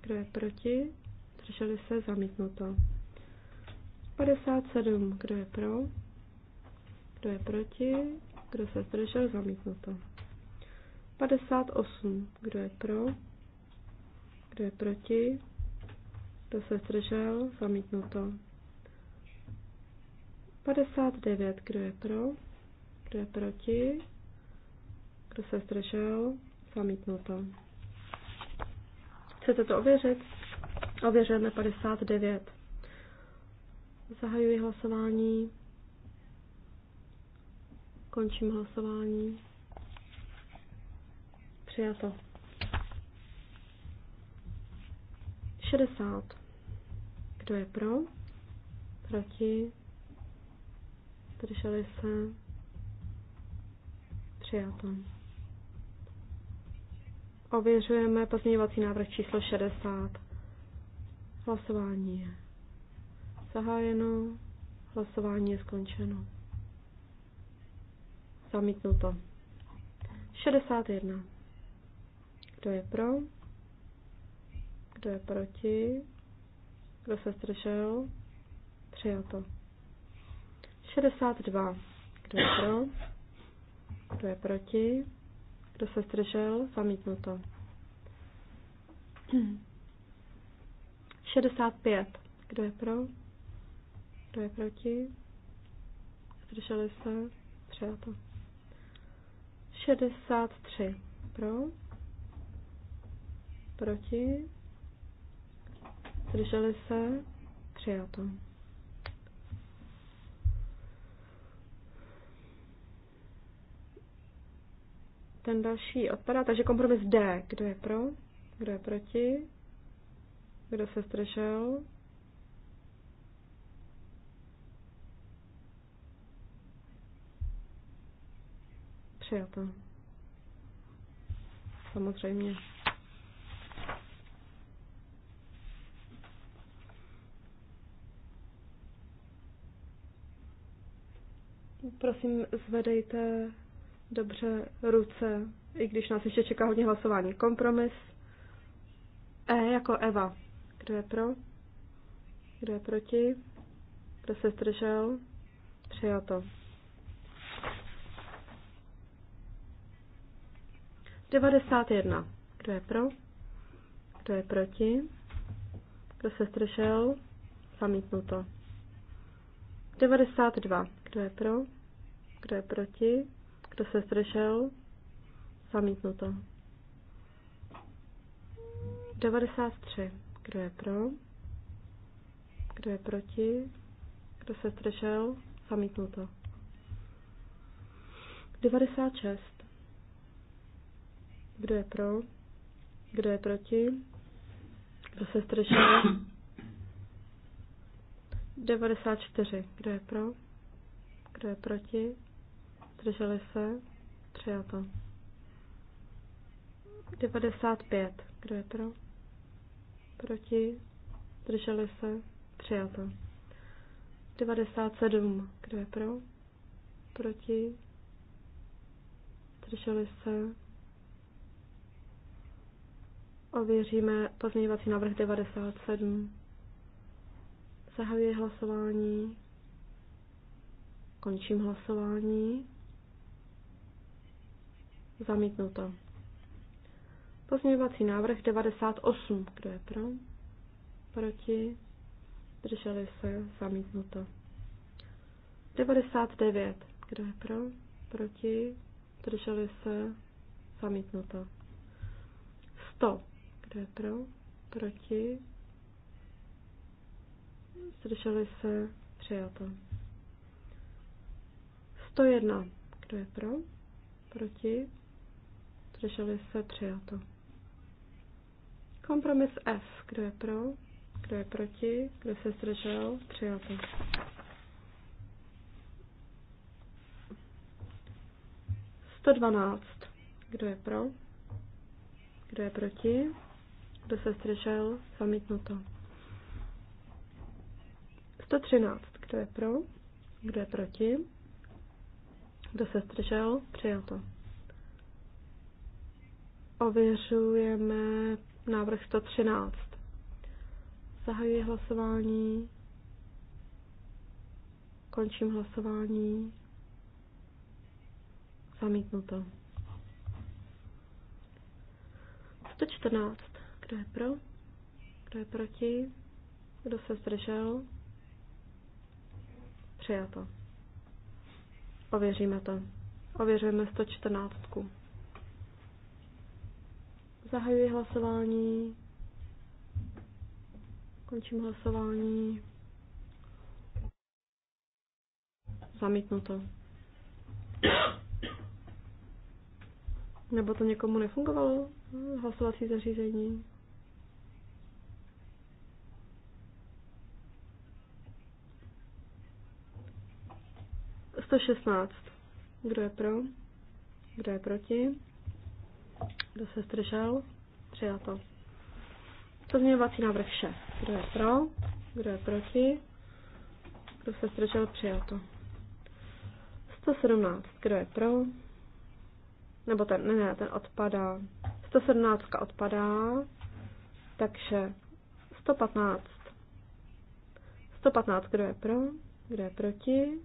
Kdo je proti? Zdrželi se? Zamítnuto. 57. Kdo je pro? Kdo je proti? Kdo se zdržel? Zamítnuto. 58. Kdo je pro? Kdo je proti? Kdo se zdržel? Zamítnuto. 59. Kdo je pro? Kdo je proti? Kdo se zdržel? Zamítnuto. Chcete to ověřit? Ověřujeme 59. Zahajuji hlasování. Končím hlasování. Přijato. 60. Kdo je pro? Proti? Zdrželi se? Přijato. Ověřujeme pozměňovací návrh číslo 60. Hlasování je zahájeno, hlasování je skončeno. Zamítnuto. 61. Kdo je pro? Kdo je proti? Kdo se zdržel? Přijato. 62. Kdo je pro? Kdo je proti? Kdo se zdržel? Zamítnuto. 65. Kdo je pro? Kdo je proti? Zdrželi se? Přijato. 63 pro, proti, zdrželi se, přijato. Ten další odpadá, takže kompromis D. Kdo je pro? Kdo je proti? Kdo se zdržel? Přijato. Samozřejmě. Prosím, zvedejte dobře ruce, i když nás ještě čeká hodně hlasování. Kompromis. E jako Eva. Kdo je pro? Kdo je proti? Kdo se zdržel? Přijato. 91. Kdo je pro? Kdo je proti? Kdo se zdržel? Zamítnuto. 92. Kdo je pro? Kdo je proti? Kdo se zdržel? Zamítnuto. 93. Kdo je pro? Kdo je proti? Kdo se zdržel? Zamítnuto. 96. Kdo je pro? Kdo je proti? Kdo se zdržel? 94. Kdo je pro? Kdo je proti? Zdrželi se? Přijato. 95. Kdo je pro? Proti? Zdrželi se? Přijato. 97. Kdo je pro? Proti? Zdrželi se? Ověříme pozměňovací návrh 97. Zahajuji hlasování. Končím hlasování. Zamítnuto. Pozměňovací návrh 98. Kdo je pro? Proti? Drželi se? Zamítnuto. 99. Kdo je pro? Proti? Drželi se? Zamítnuto. 100. Kdo je pro? Proti? Zdrželi se? Přijato. 101. Kdo je pro? Proti? Zdrželi se? Přijato. Kompromis F. Kdo je pro? Kdo je proti? Kdo se zdržel? Přijato. Sto dvanáct. Kdo je pro? Kdo je proti? kdo se střešel, zamítnuto. 113, kdo je pro, kdo je proti, kdo se střešel? přijato. Ověřujeme návrh 113. Zahajuji hlasování. Končím hlasování. Zamítnuto. 114. Kdo je pro? Kdo je proti? Kdo se zdržel? Přijato. Ověříme to. Ověřujeme 114. Zahajuji hlasování. Končím hlasování. Zamítnuto. Nebo to někomu nefungovalo? Hlasovací zařízení. 116. Kdo je pro? Kdo je proti? Kdo se zdržel? Přijato. Pozměňovací návrh 6. Kdo je pro? Kdo je proti? Kdo se zdržel? Přijato. 117. Kdo je pro? Nebo ten, ne, ne, ten odpadá. 117 odpadá, takže 115. 115, kdo je pro? Kdo je proti?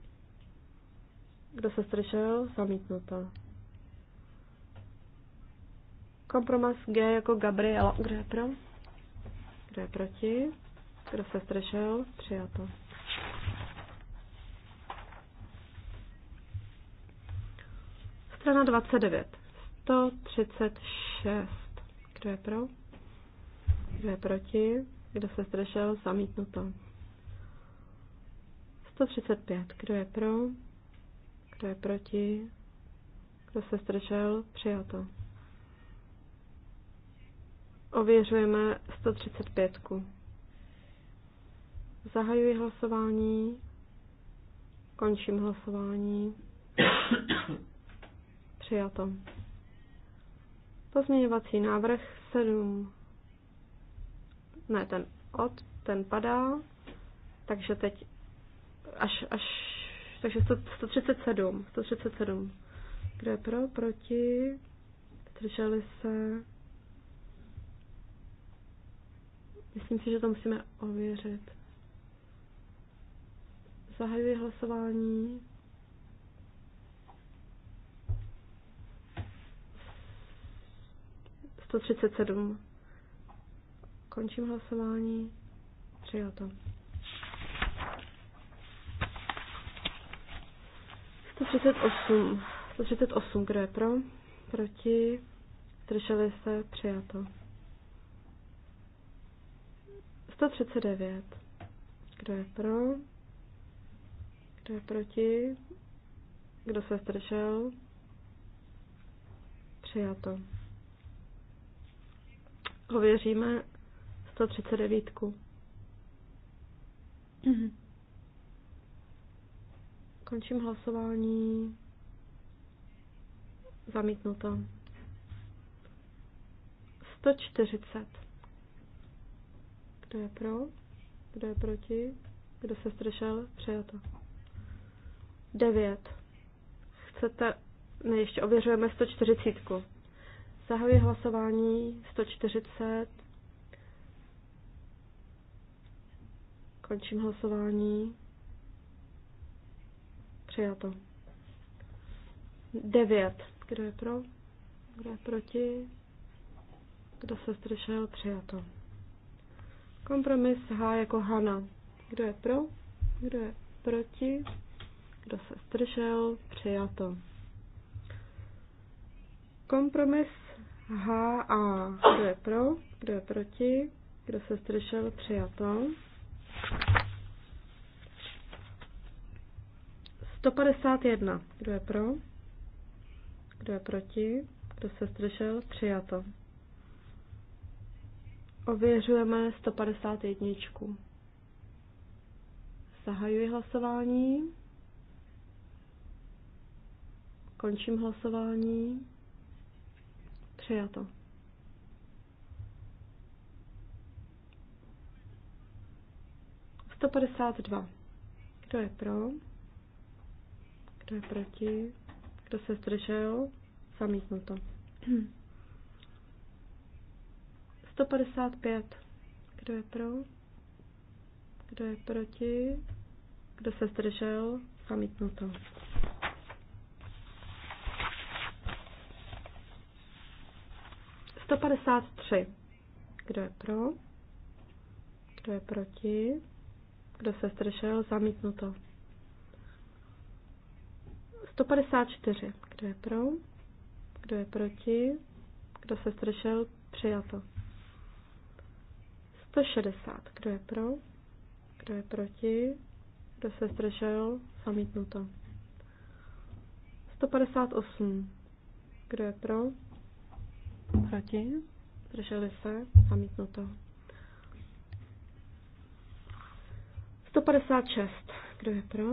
Kdo se zdržel? Zamítnuto. Kompromis G jako Gabriela. Kdo je pro? Kdo je proti? Kdo se zdržel? Přijato. Strana 29. 136. Kdo je pro? Kdo je proti? Kdo se zdržel? Zamítnuto. 135. Kdo je pro? Kdo je proti? Kdo se zdržel? Přijato. Ověřujeme 135. Zahajuji hlasování. Končím hlasování. Přijato. Pozměňovací návrh 7. Ne, ten od, ten padá. Takže teď až, až takže 137, 137. Kdo je pro, proti, zdrželi se. Myslím si, že to musíme ověřit. Zahajuji hlasování. Sto třicet sedm. Končím hlasování. Přijato. 138. 138, kdo je pro? Proti? Zdrželi se? Přijato. 139. Kdo je pro? Kdo je proti? Kdo se zdržel? Přijato. Ověříme 139. Mm-hmm. Končím hlasování. Zamítnuto. 140. Kdo je pro? Kdo je proti? Kdo se zdržel? Přijato. 9. Chcete... Ne, ještě ověřujeme 140. Zahajuji hlasování 140. Končím hlasování. Přijato. 9. Kdo je pro? Kdo je proti? Kdo se zdržel? Přijato. Kompromis H jako Hana. Kdo je pro? Kdo je proti? Kdo se zdržel? Přijato. Kompromis H a kdo je pro? Kdo je proti? Kdo se zdržel? Přijato. 151. Kdo je pro? Kdo je proti? Kdo se zdržel? Přijato. Ověřujeme 151. Zahajuji hlasování. Končím hlasování. Přijato. Sto padesát dva. Kdo je pro? Kdo je proti? Kdo se zdržel? Zamítnuto. 155. Kdo je pro? Kdo je proti? Kdo se zdržel? Zamítnuto. Sto padesát tři. Kdo je pro? Kdo je proti? Kdo se zdržel? Zamítnuto. 154. Kdo je pro? Kdo je proti? Kdo se zdržel? Přijato. 160. Kdo je pro? Kdo je proti? Kdo se zdržel? Zamítnuto. 158. Kdo je pro? Proti? Zdrželi se? Zamítnuto. 156. Kdo je pro?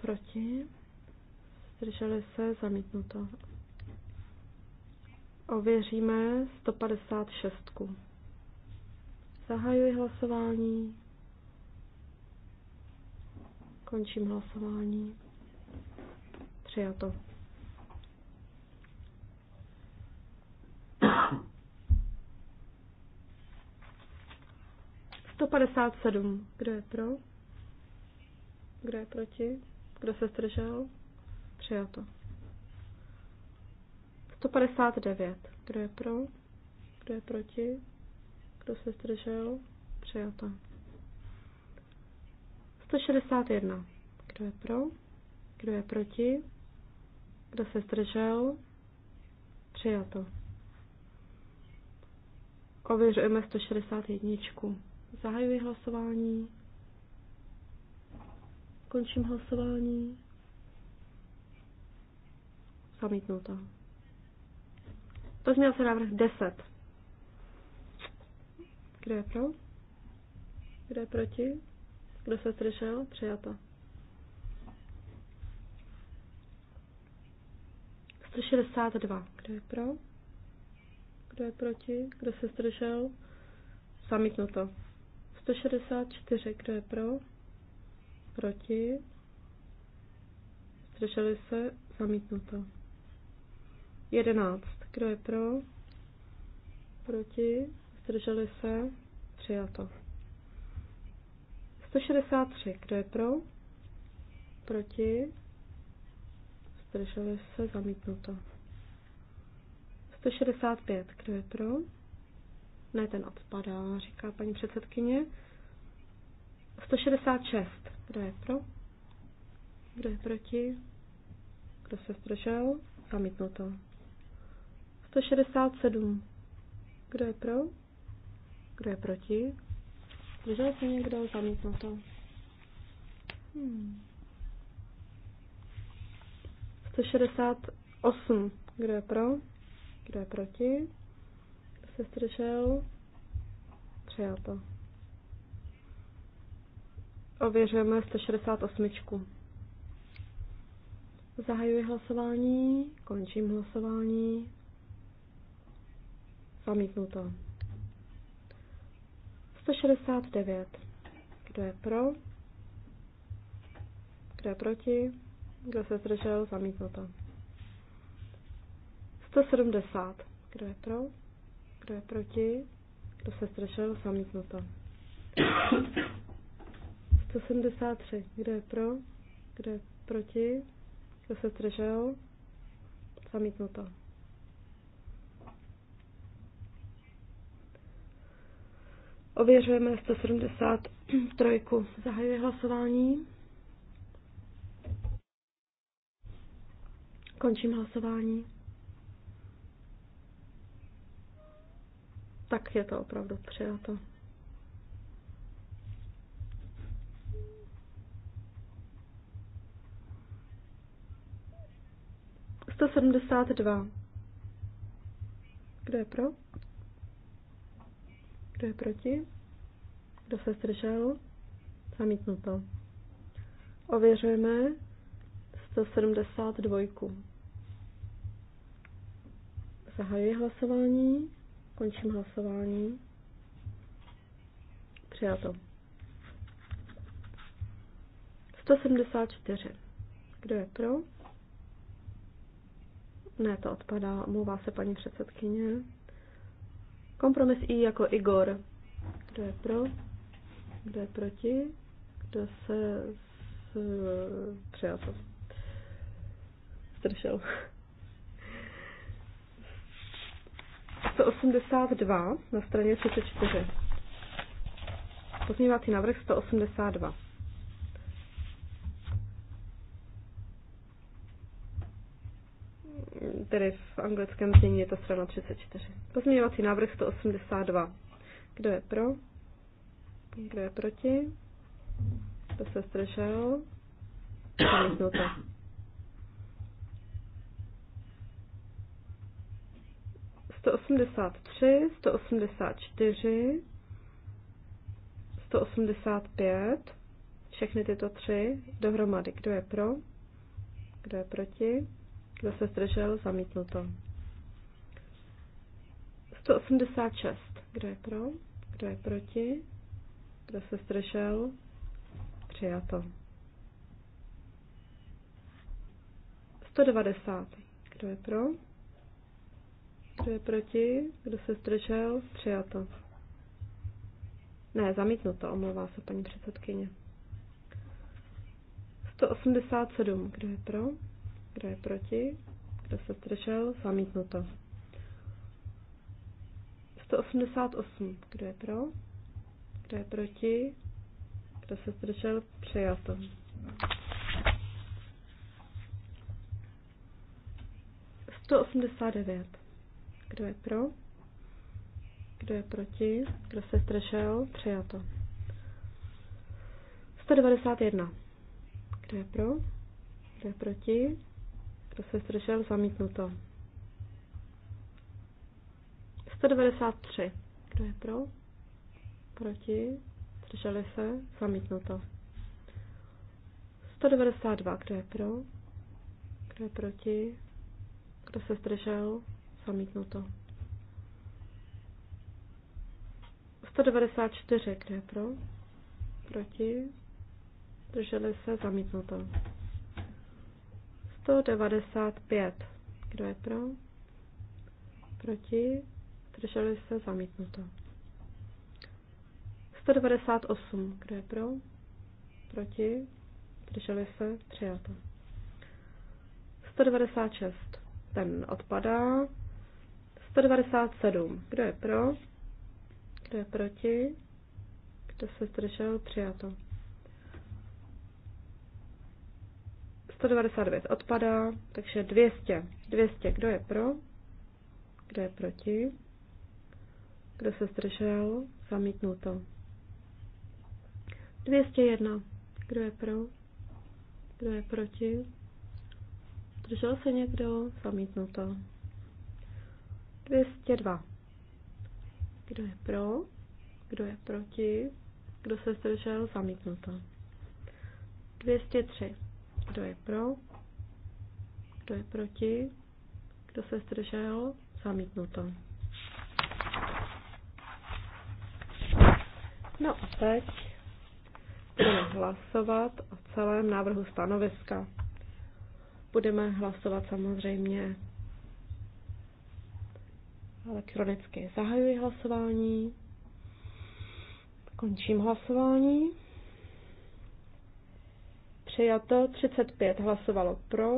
Proti? zdrželi se, zamítnuto. Ověříme 156. Zahajuji hlasování. Končím hlasování. Přijato. Sto padesát sedm. Kdo je pro? Kdo je proti? Kdo se zdržel? Přijato. 159. Kdo je pro? Kdo je proti? Kdo se zdržel? Přijato. 161. Kdo je pro? Kdo je proti? Kdo se zdržel? Přijato. Ověřujeme 161. Zahajuji hlasování. Končím hlasování. Zamítnuto. Pozměl se návrh 10. Kdo je pro? Kdo je proti? Kdo se zdržel? Přijato. 162. Kdo je pro? Kdo je proti? Kdo se zdržel? Zamítnuto. 164. Kdo je pro? Proti? Zdrželi se? Zamítnuto. 11. Kdo je pro? Proti? Zdrželi se? Přijato. 163. Kdo je pro? Proti? Zdrželi se? Zamítnuto. 165. Kdo je pro? Ne, ten odpadá, říká paní předsedkyně. 166. Kdo je pro? Kdo je proti? Kdo se zdržel? Zamítnuto. 167. Kdo je pro? Kdo je proti? Zdržel se někdo? Zamítnuto. Hmm. 168. Kdo je pro? Kdo je proti? Kdo se zdržel? Přijal to. Ověřujeme 168. Zahajuji hlasování, končím hlasování. Zamítnuto. 169. Kdo je pro? Kdo je proti? Kdo se zdržel? Zamítnuto. 170. Kdo je pro? Kdo je proti? Kdo se zdržel? Zamítnuto. 173. Kdo je pro? Kdo je proti? Kdo se zdržel? Zamítnuto. Ověřujeme 173. Zahajuji hlasování. Končím hlasování. Tak je to opravdu přijato. Sto sedmdesát dva. Kdo je pro? Kdo je proti? Kdo se zdržel? Zamítnuto. Ověřujeme 172. Zahajuji hlasování, končím hlasování. Přijato. 174. Kdo je pro? Ne, to odpadá. Mluvá se paní předsedkyně. Kompromis I jako Igor. Kdo je pro? Kdo je proti? Kdo se s... třeba to? Zdržel. 182 na straně 34. Pozměňovací návrh 182. tedy v anglickém znění je to strana 34. Pozměňovací návrh 182. Kdo je pro? Kdo je proti? Kdo se zdržel? Zamítnuto. Sto osmdesát tři, sto osmdesát čtyři, sto osmdesát pět. Všechny tyto tři dohromady. Kdo je pro? Kdo je proti? Zase zdržel, zamítl to. 186, kdo je pro, kdo je proti, kdo se zdržel, přijato. 190, kdo je pro, kdo je proti, kdo se zdržel, přijato. Ne, zamítnuto, omlouvá se paní předsedkyně. 187, kdo je pro? Kdo je proti? Kdo se zdržel? Zamítnuto. 188. Kdo je pro? Kdo je proti? Kdo se zdržel? Přijato. To osmdesát Kdo je pro? Kdo je proti? Kdo se zdržel? Přijato. 191. Kdo je pro? Kdo je proti? pro se šel Zamítnuto. 193. Kdo je pro? Proti? Zdrželi se? Zamítnuto. 192. Kdo je pro? Kdo je proti? Kdo se zdržel? Zamítnuto. 194. Kdo je pro? Proti? Zdrželi se? Zamítnuto. 195. Kdo je pro? Proti? Drželi se zamítnuto. 198. Kdo je pro? Proti? Drželi se přijato. 196. Ten odpadá. 197. Kdo je pro? Kdo je proti? Kdo se zdržel? Přijato. 199 odpadá, takže 200. 200, kdo je pro? Kdo je proti? Kdo se zdržel? Zamítnuto. 201. Kdo je pro? Kdo je proti? Zdržel se někdo? Zamítnuto. 202. Kdo je pro? Kdo je proti? Kdo se zdržel? Zamítnuto. 203. Kdo je pro? Kdo je proti? Kdo se zdržel? Zamítnuto. No a teď budeme hlasovat o celém návrhu stanoviska. Budeme hlasovat samozřejmě elektronicky. Zahajuji hlasování. Končím hlasování přijato, 35 hlasovalo pro,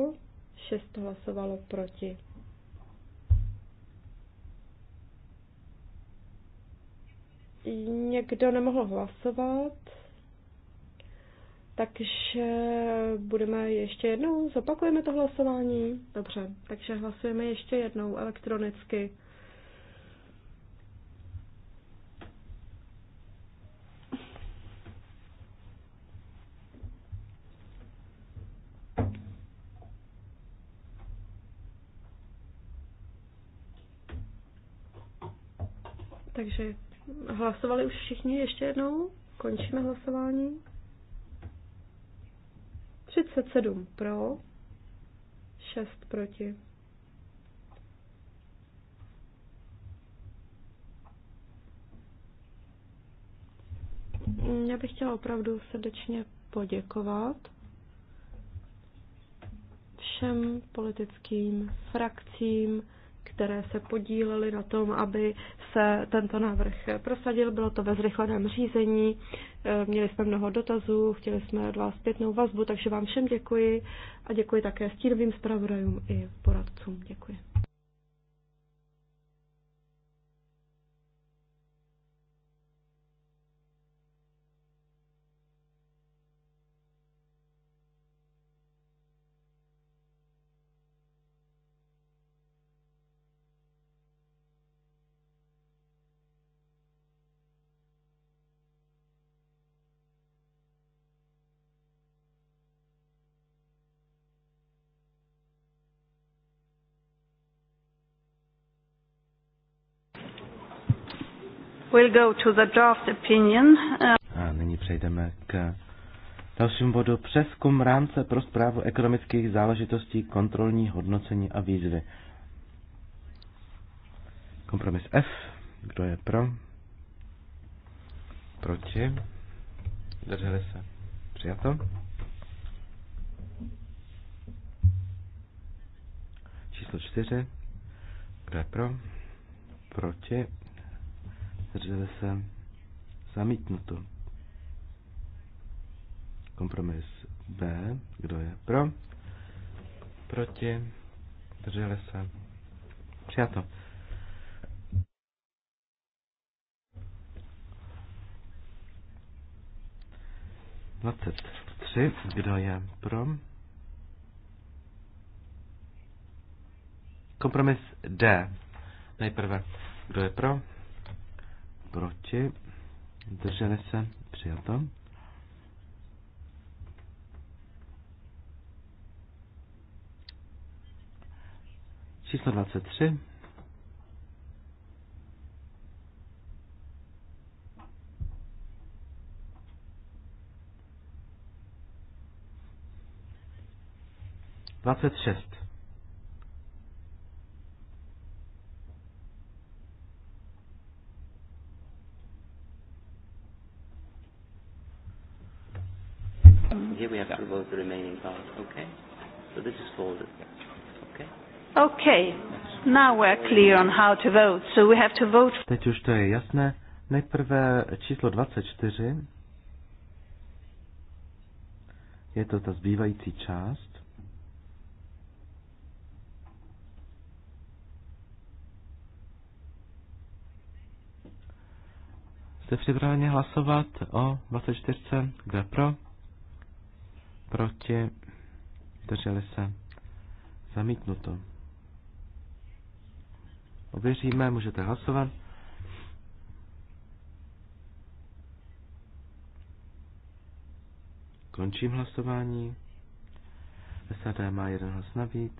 6 hlasovalo proti. Někdo nemohl hlasovat, takže budeme ještě jednou, zopakujeme to hlasování. Dobře, takže hlasujeme ještě jednou elektronicky. Takže hlasovali už všichni ještě jednou. Končíme hlasování. 37 pro, 6 proti. Já bych chtěla opravdu srdečně poděkovat všem politickým frakcím, které se podílely na tom, aby se tento návrh prosadil. Bylo to ve zrychleném řízení, eh, měli jsme mnoho dotazů, chtěli jsme od vás zpětnou vazbu, takže vám všem děkuji a děkuji také stínovým zpravodajům i poradcům. Děkuji. We'll go to the draft opinion. A nyní přejdeme k dalšímu bodu. Přeskum rámce pro zprávu ekonomických záležitostí, kontrolní hodnocení a výzvy. Kompromis F. Kdo je pro? Proti? Zdrželi se. Přijato. Číslo čtyři. Kdo je pro? Proti? zdrželi se, zamítnuto. Kompromis B, kdo je pro, proti, drželi se, přijato. Dvacet tři, kdo je pro, Kompromis D. Nejprve, kdo je pro? proti, Drželi se, přijato. Číslo 23. Dvacet šest. here we have yeah. to vote the remaining part. Okay. So this is folded. Okay. Okay. Now we're clear on how to vote. So we have to vote. Teď už to je jasné. Nejprve číslo 24. Je to ta zbývající část. Jste připraveni hlasovat o 24. Kdo je pro? proti, drželi se, zamítnuto. Ověříme, můžete hlasovat. Končím hlasování. SAD má jeden hlas navíc.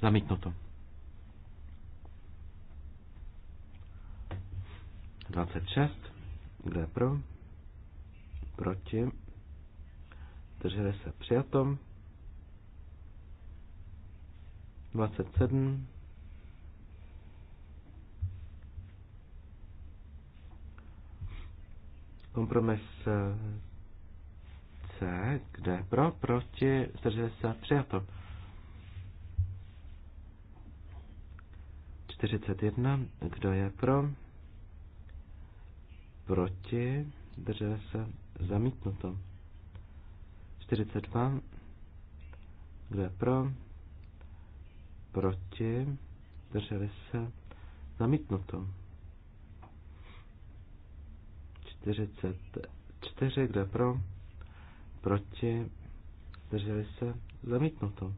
Zamítnuto. 26. Kdo je pro? Proti? Drželi se přijatom. 27. Kompromis eh, C, kde je pro, proti, Drželi se přijatom? 41, kdo je pro, proti, držel se, zamítnuto. 42, kdo je pro, proti, drželi se, zamítnuto. 44, kdo je pro, proti, drželi se, zamítnuto.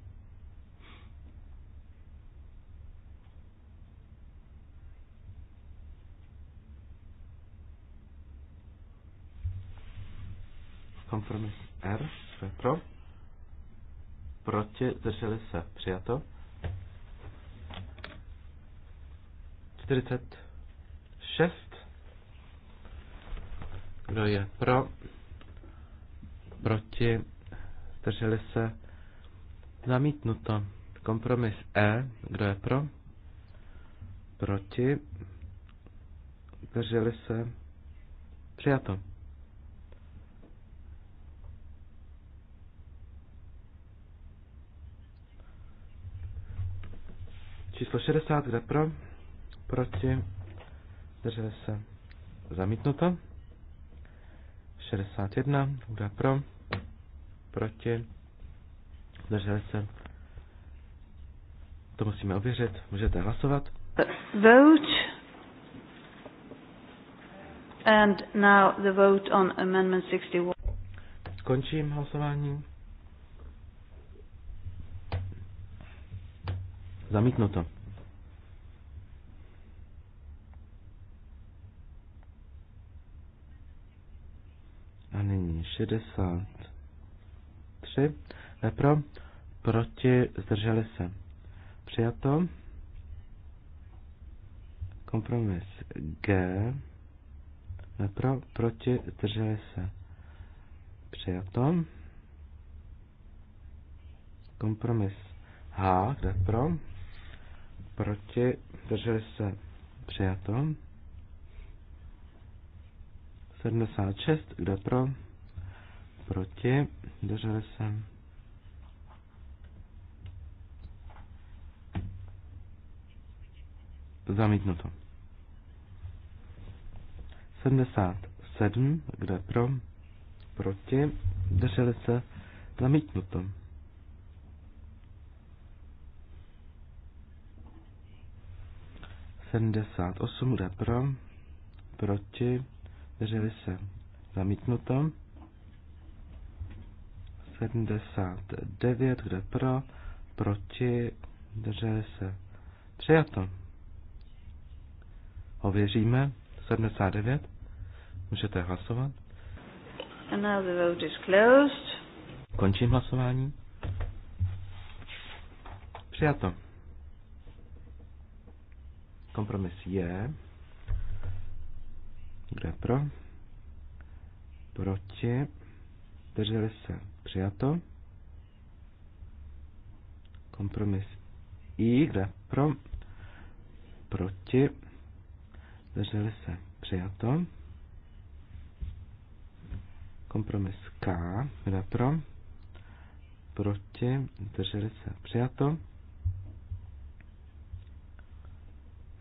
Kompromis R, kdo je pro? Proti, drželi se, přijato. 46. Kdo je pro? Proti, drželi se, zamítnuto. Kompromis E, kdo je pro? Proti, drželi se, přijato. Číslo 60, kde pro? Proti. Zdrželi se. Zamítnuto. 61, kde pro? Proti. Zdrželi se. To musíme ověřit. Můžete hlasovat. Vote. And now the vote on amendment 61. Končím hlasování. Zamítnuto. A nyní 63. Lepro. Proti. Zdrželi se. Přijato. Kompromis G. Lepro. Proti. Zdrželi se. Přijato. Kompromis H. Lepro proti, drželi se přijato. 76, kdo pro, proti, drželi se zamítnuto. 77, kde pro, proti, drželi se zamítnuto. 78 bude pro, proti, drželi se zamítnuto. 79 kde pro, proti, drželi se přijato. Ověříme 79. Můžete hlasovat. And now the vote is closed. Končím hlasování. Přijato. Kompromis je. kde pro? Proti. Drželi se. Přijato. Kompromis I. kde pro? Proti. Drželi se. Přijato. Kompromis K. kde pro? Proti. Drželi se. Přijato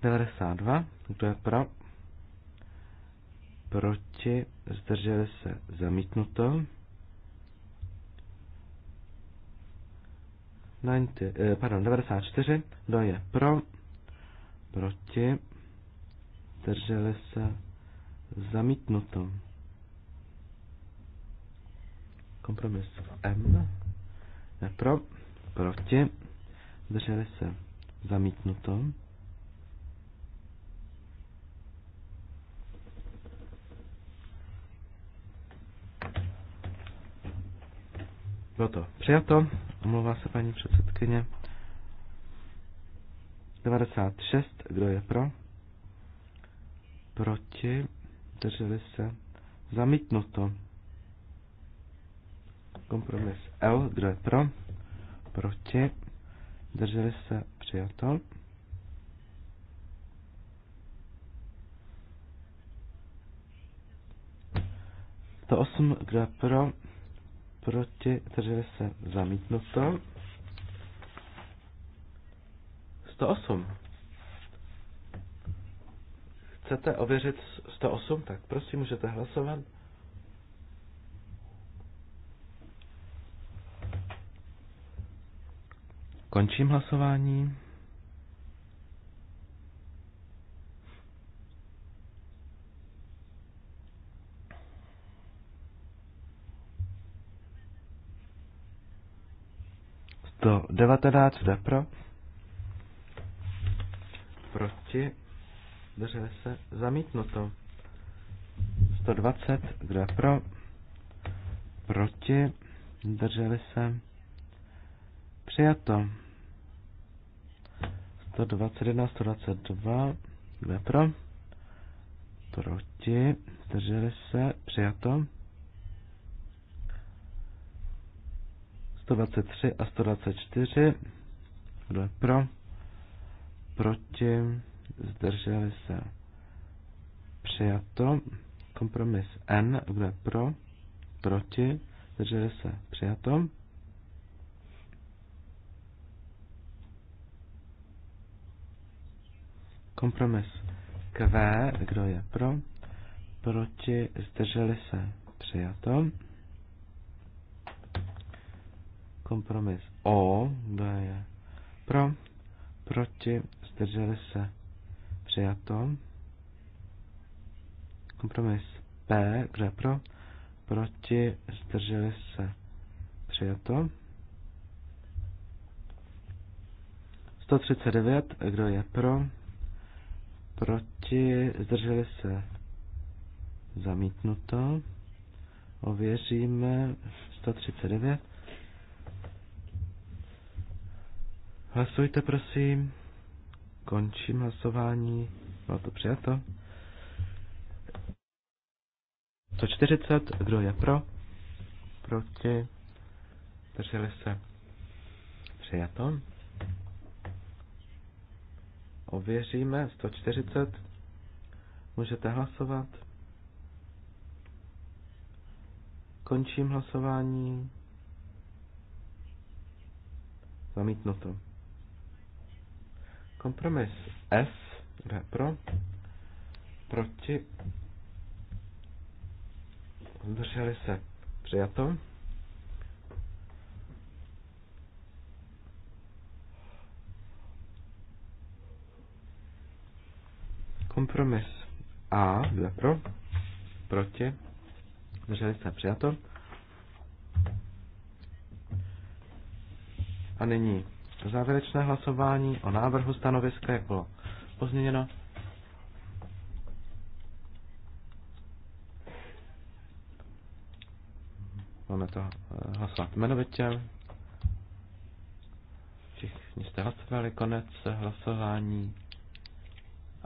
92. Kdo je pro? Proti? Zdrželi se? Zamítnuto. 90, eh, pardon, 94. Kdo je pro? Proti? Zdrželi se? Zamítnuto. Kompromis M. Je pro? Proti? Zdrželi se? Zamítnuto. Bylo to přijato. Omlouvá se paní předsedkyně. 96. Kdo je pro? Proti. Drželi se. Zamítnuto. Kompromis L. Kdo je pro? Proti. Drželi se. Přijato. To 8, kdo je pro, proti, drželi se zamítnuto. 108. Chcete ověřit 108? Tak prosím, můžete hlasovat. Končím hlasování. 119, kde pro? Proti. Držel se. Zamítnuto. 120, kde pro? Proti. Drželi se. Přijato. 121, 122, kde pro? Proti. Drželi se. Přijato. 123 a 124. Kdo je pro? Proti? Zdrželi se. Přijato. Kompromis N. Kdo je pro? Proti? Zdrželi se. Přijato. Kompromis Q. Kdo je pro? Proti? Zdrželi se. Přijato. Kompromis O, kdo je pro, proti, zdrželi se, přijato. Kompromis P, kdo je pro, proti, zdrželi se, přijato. 139, kdo je pro, proti, zdrželi se, zamítnuto. Ověříme 139. Hlasujte, prosím. Končím hlasování. Bylo to přijato. 140. Kdo je pro? Proti? Drželi se. Přijato. Ověříme. 140. Můžete hlasovat. Končím hlasování. Zamítnuto. Kompromis S, kdo pro, proti, zdrželi se, přijato. Kompromis A, kdo pro, proti, zdrželi se, přijato. A nyní závěrečné hlasování o návrhu stanoviska, jak bylo pozměněno. Máme to eh, hlasovat jmenovitě. Všichni jste hlasovali, konec hlasování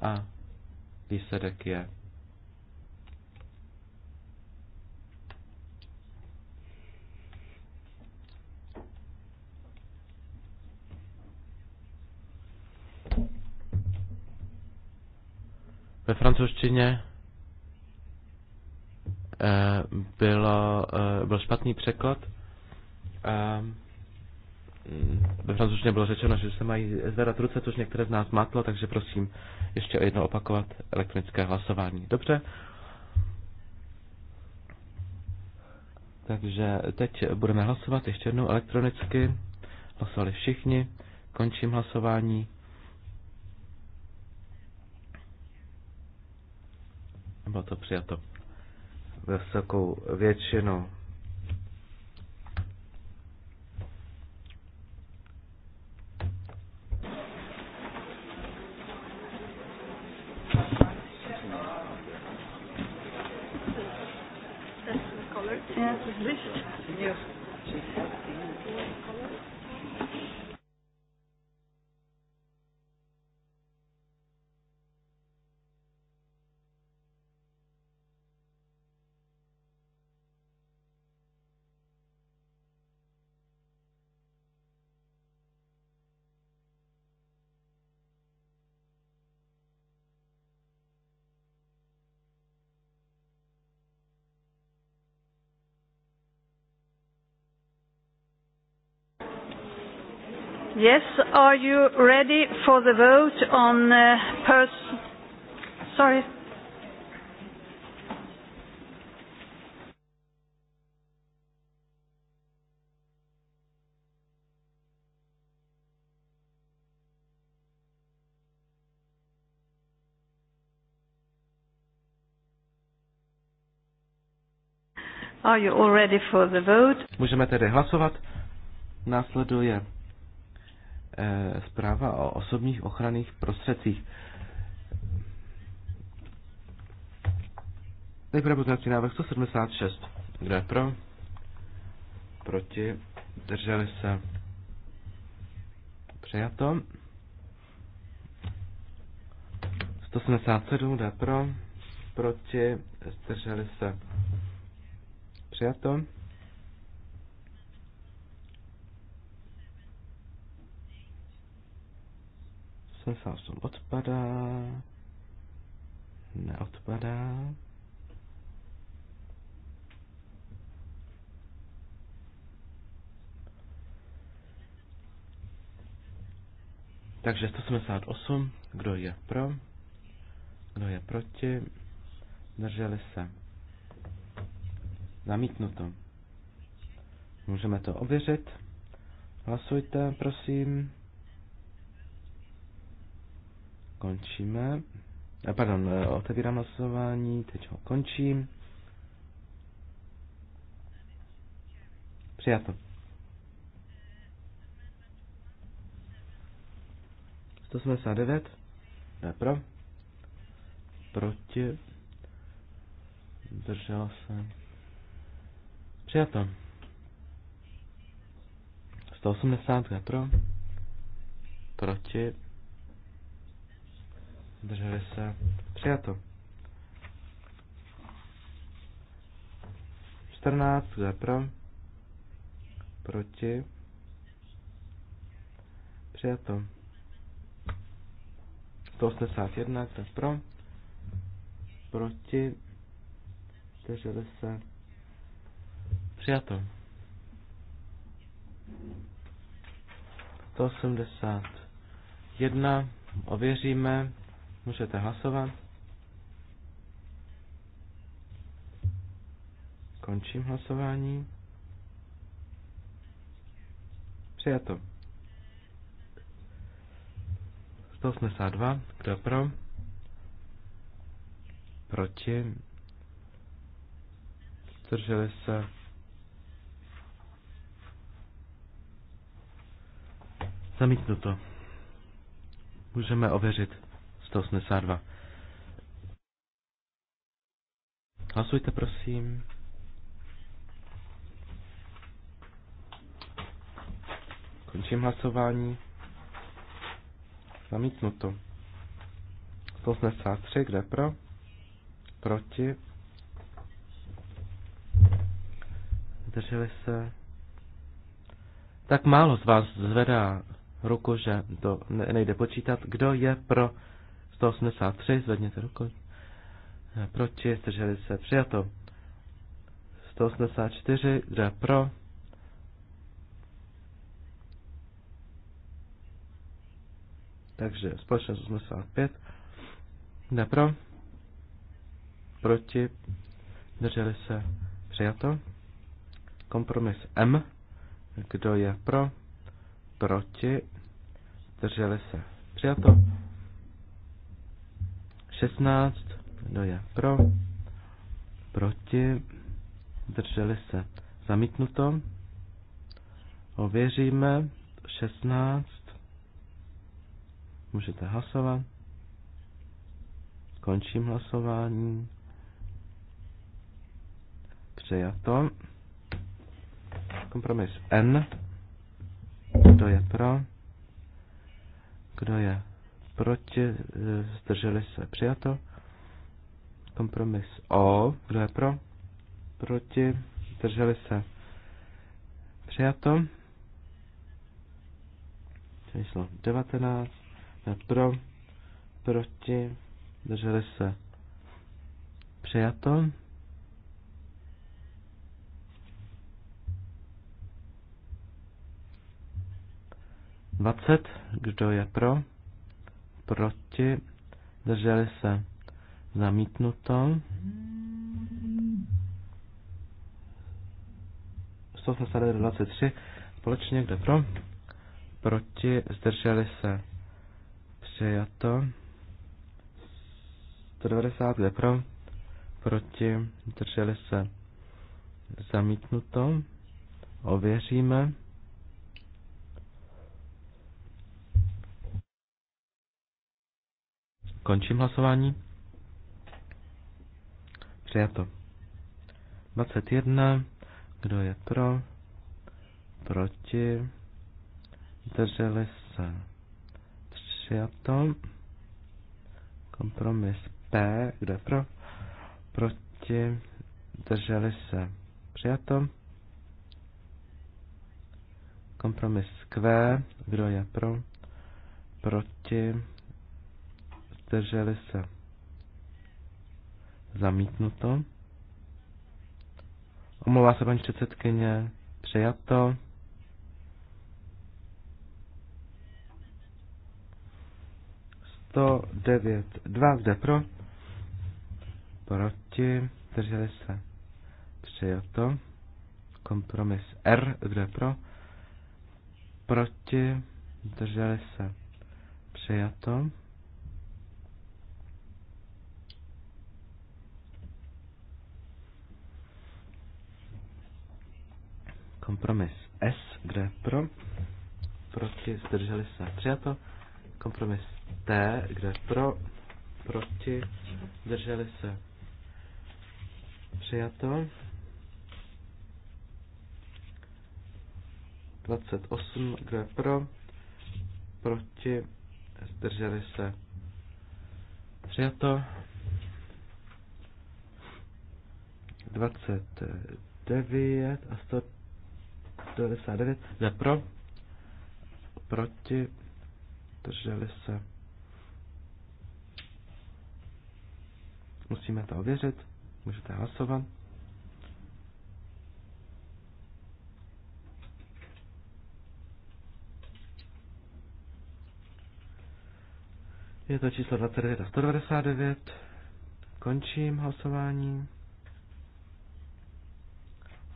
a výsledek je ve francouzštině eh, bylo, eh, byl špatný překlad. A eh, ve francouzštině bylo řečeno, že se mají zvedat ruce, což některé z nás matlo, takže prosím ještě jednou opakovat elektronické hlasování. Dobře. Takže teď budeme hlasovat ještě jednou elektronicky. Hlasovali všichni. Končím hlasování. Bylo to přijato vysokou většinou. Yes. Yeah. Yes, are you ready for the vote on uh, pers... Sorry. Are you all ready for the vote? Můžeme tedy hlasovat. Následuje Eh, zpráva o osobních ochranných prostředcích. Nejprve návrh 176. Kdo je pro? Proti? Drželi se? Přijato. 177. Kdo je pro? Proti? Zdrželi se? Přijato. 88 odpadá. Neodpadá. Takže 178, kdo je pro, kdo je proti, drželi se. Zamítnuto. Můžeme to ověřit. Hlasujte, prosím. Končíme. Eh, pardon, eh, otevírám hlasování, teď ho končím. Přijato. 189. Ne pro. Proti. Držela se. Přijato. 180. Ne pro. Proti drželi se, přijato. 14, kdo je pro, proti, přijato. 181, kdo je pro, proti, Drželi se, přijato. 181, ověříme. Můžete hlasovat. Končím hlasování. Přijato. 182. Kdo pro? Proti? Zdrželi se? Zamítnuto. Můžeme ověřit. 182. Hlasujte, prosím. Končím hlasování. Zamítnuto. 183, kde pro? Proti. Drželi se. Tak málo z vás zvedá ruku, že to nejde počítat. Kdo je pro 183, zvedněte ruku. Proti, zdrželi se, přijato. 184, kdo pro? Takže společnost 85. Kdo pro? Proti, zdrželi se, přijato. Kompromis M. Kdo je pro? Proti, zdrželi se, přijato. 16. Kdo je pro? Proti? Drželi se. Zamítnuto. Ověříme. 16. Můžete hlasovat. Končím hlasování. Přijato. Kompromis N. Kdo je pro? Kdo je proti, eh, zdrželi se, přijato. Kompromis O, kdo je pro, proti, zdrželi se, přijato. Číslo 19, je pro, proti, zdrželi se, přijato. Dvacet, kdo je pro? proti, zdrželi se zamítnuto. 123 společně, kde pro, proti, zdrželi se přijato. 190 kde pro, proti, zdrželi se zamítnuto. Ověříme. Končím hlasování. Přijato. 21. Kdo je pro? Proti? Drželi se. Přijato. Kompromis P. Kdo je pro? Proti? Drželi se. Přijato. Kompromis Q. Kdo je pro? Proti? zdrželi se zamítnuto. Omlouvá se paní předsedkyně, přijato. To 9, 2, kde pro? Proti, drželi se. Přijato. Kompromis R, kde pro? Proti, drželi se. Přijato. Kompromis S, kde pro? Proti, zdrželi se. Přijato. Kompromis T, kde pro? Proti, zdrželi se. Přijato. 28, kde pro, proti, zdrželi se. Přijato. 29 a 100, 99 za pro, proti, drželi se. Musíme to ověřit, můžete hlasovat. Je to číslo 29 a 199. Končím hlasování.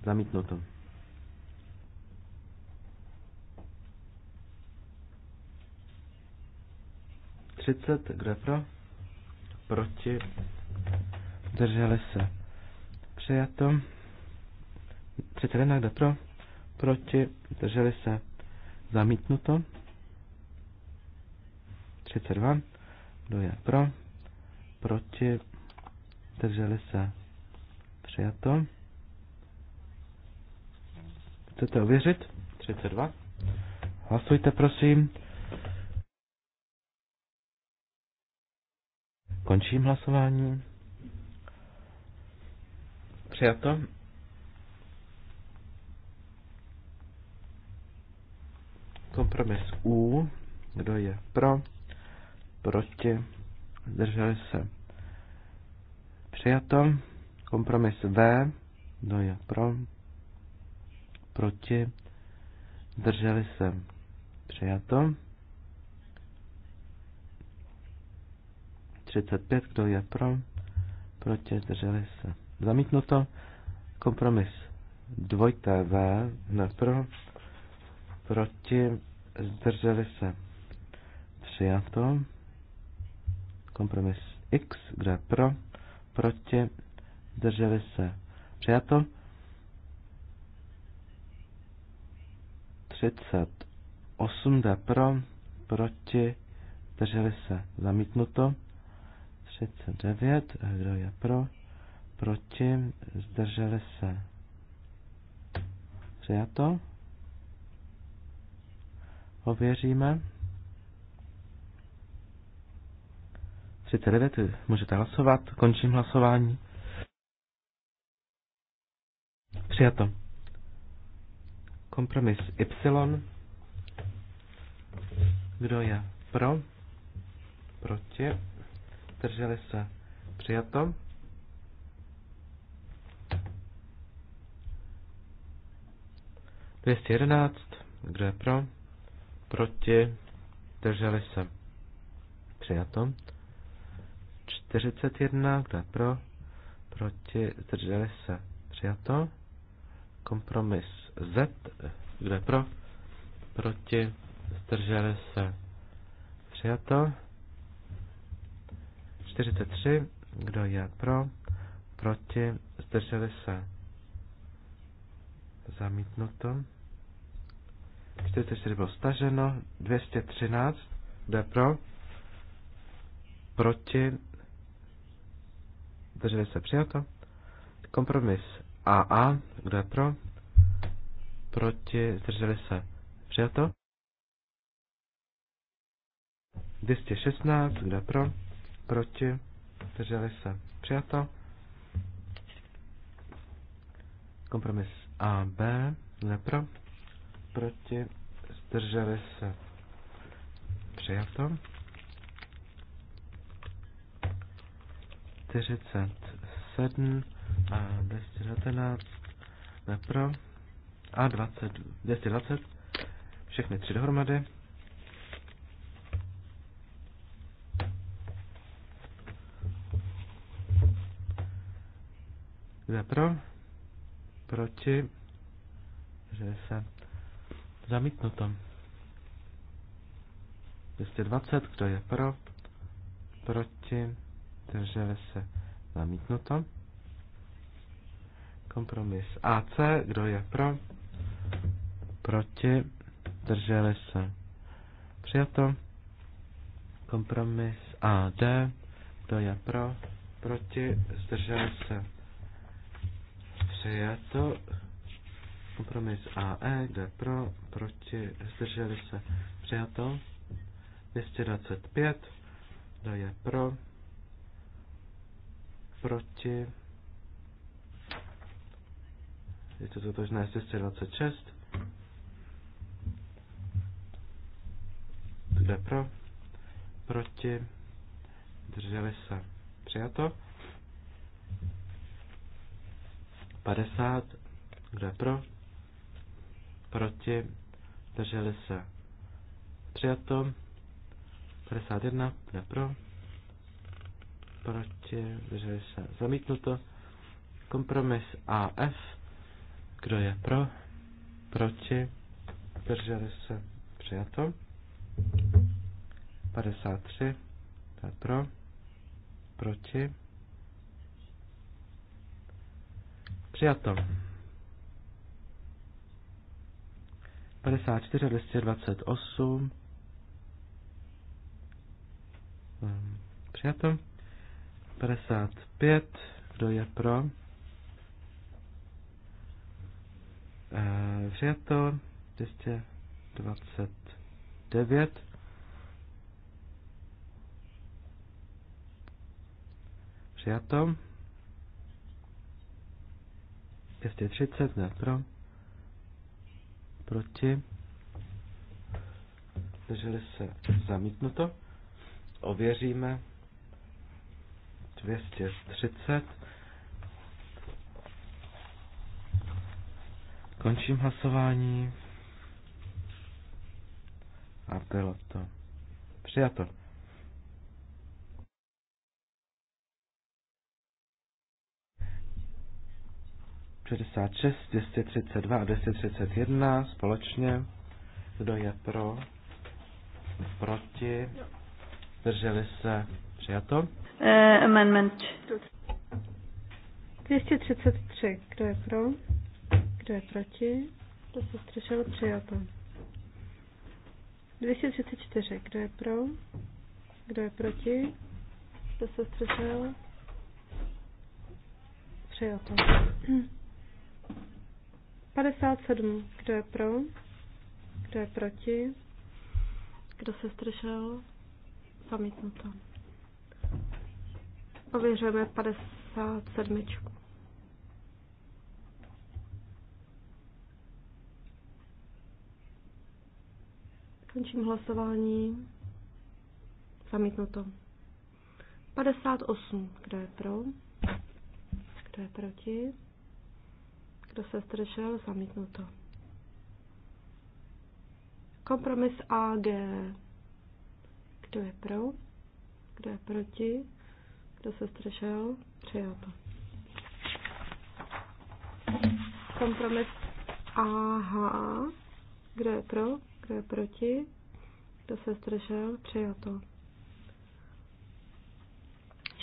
Zamítnuto. 30, kdo pro? Proti. Drželi se. Přijato. 31, kdo pro? Proti. Drželi se. Zamítnuto. 32. Kdo je pro? Proti. Drželi se. Přijato. Chcete ověřit? 32. Hlasujte, prosím. Končím hlasování. Přijato. Kompromis U. Kdo je pro? Proti? Zdrželi se. Přijato. Kompromis V. Kdo je pro? Proti? Zdrželi se. Přijato. 35, kdo je pro, proti, zdrželi se. Zamítnuto. Kompromis dvojité V, ne pro, proti, zdrželi se. Přijato. Kompromis X, je pro, proti, zdrželi se. Přijato. 38 jde pro, proti, zdrželi se. Zamítnuto. 39, kdo je pro, proti, zdrželi se. Přijato. Ověříme. 39, můžete hlasovat, končím hlasování. Přijato. Kompromis Y. Kdo je pro? Proti zdrželi se, přijato. Dvěstě jedenáct, kdo je pro, proti, drželi se, přijato. 41, kdo je pro, proti, zdrželi se, přijato. Kompromis Z, kdo je pro, proti, zdrželi se, přijato. 43. Kdo je pro? Proti? Zdrželi se? Zamítnuto. 44 bylo staženo. 213. Kdo je pro? Proti? Zdrželi se? Přijato. Kompromis AA. Kdo je pro? Proti? Zdrželi se? Přijato. 216. Kdo je pro? proti, zdrželi se přijato. Kompromis A, B, nepro, proti, zdrželi se přijato. 47 a 219 nepro a 20, 220 všechny tři dohromady je pro? Proti? Že se zamítnuto. 220, kdo je pro? Proti? takže se zamítnuto. Kompromis AC, kdo je pro? Proti? Drželi se přijato. Kompromis AD, kdo je pro? Proti? Zdrželi se to Kompromis AE, kde pro, proti, zdrželi se, přijato. 225, kdo je pro, proti, je to totožné 226, kde pro, proti, zdrželi se, přijato. 50. Kdo je pro? Proti? Drželi se. Přijato. 51. Kdo je pro? Proti? Drželi se. Zamítnuto. Kompromis AF. Kdo je pro? Proti? Drželi se. Přijato. 53. Kdo je pro? Proti? Přijato. 54 28, 228. Přijato. 55. Kdo je pro? Eh, přijato. 229. Přijato. 230, ne pro. Proti. Drželi se zamítnuto. Ověříme. 230. Končím hlasování. A bylo to přijato. 66, 232 a 231 společně. Kdo je pro? Proti? Zdrželi se? Přijato? Uh, amendment. 233. Kdo je pro? Kdo je proti? Kdo se zdržel? Přijato. 234. Kdo je pro? Kdo je proti? Kdo se zdržel? Přijato. 57. Kdo je pro? Kdo je proti? Kdo se zdržel? Zamítnuto. Ověřujeme 57. Končím hlasování. Zamítnuto. 58. Kdo je pro? Kdo je proti? kdo se zdržel, zamítnuto. Kompromis AG. Kdo je pro? Kdo je proti? Kdo se zdržel? Přijato. Kompromis AH. Kdo je pro? Kdo je proti? Kdo se zdržel? Přijato.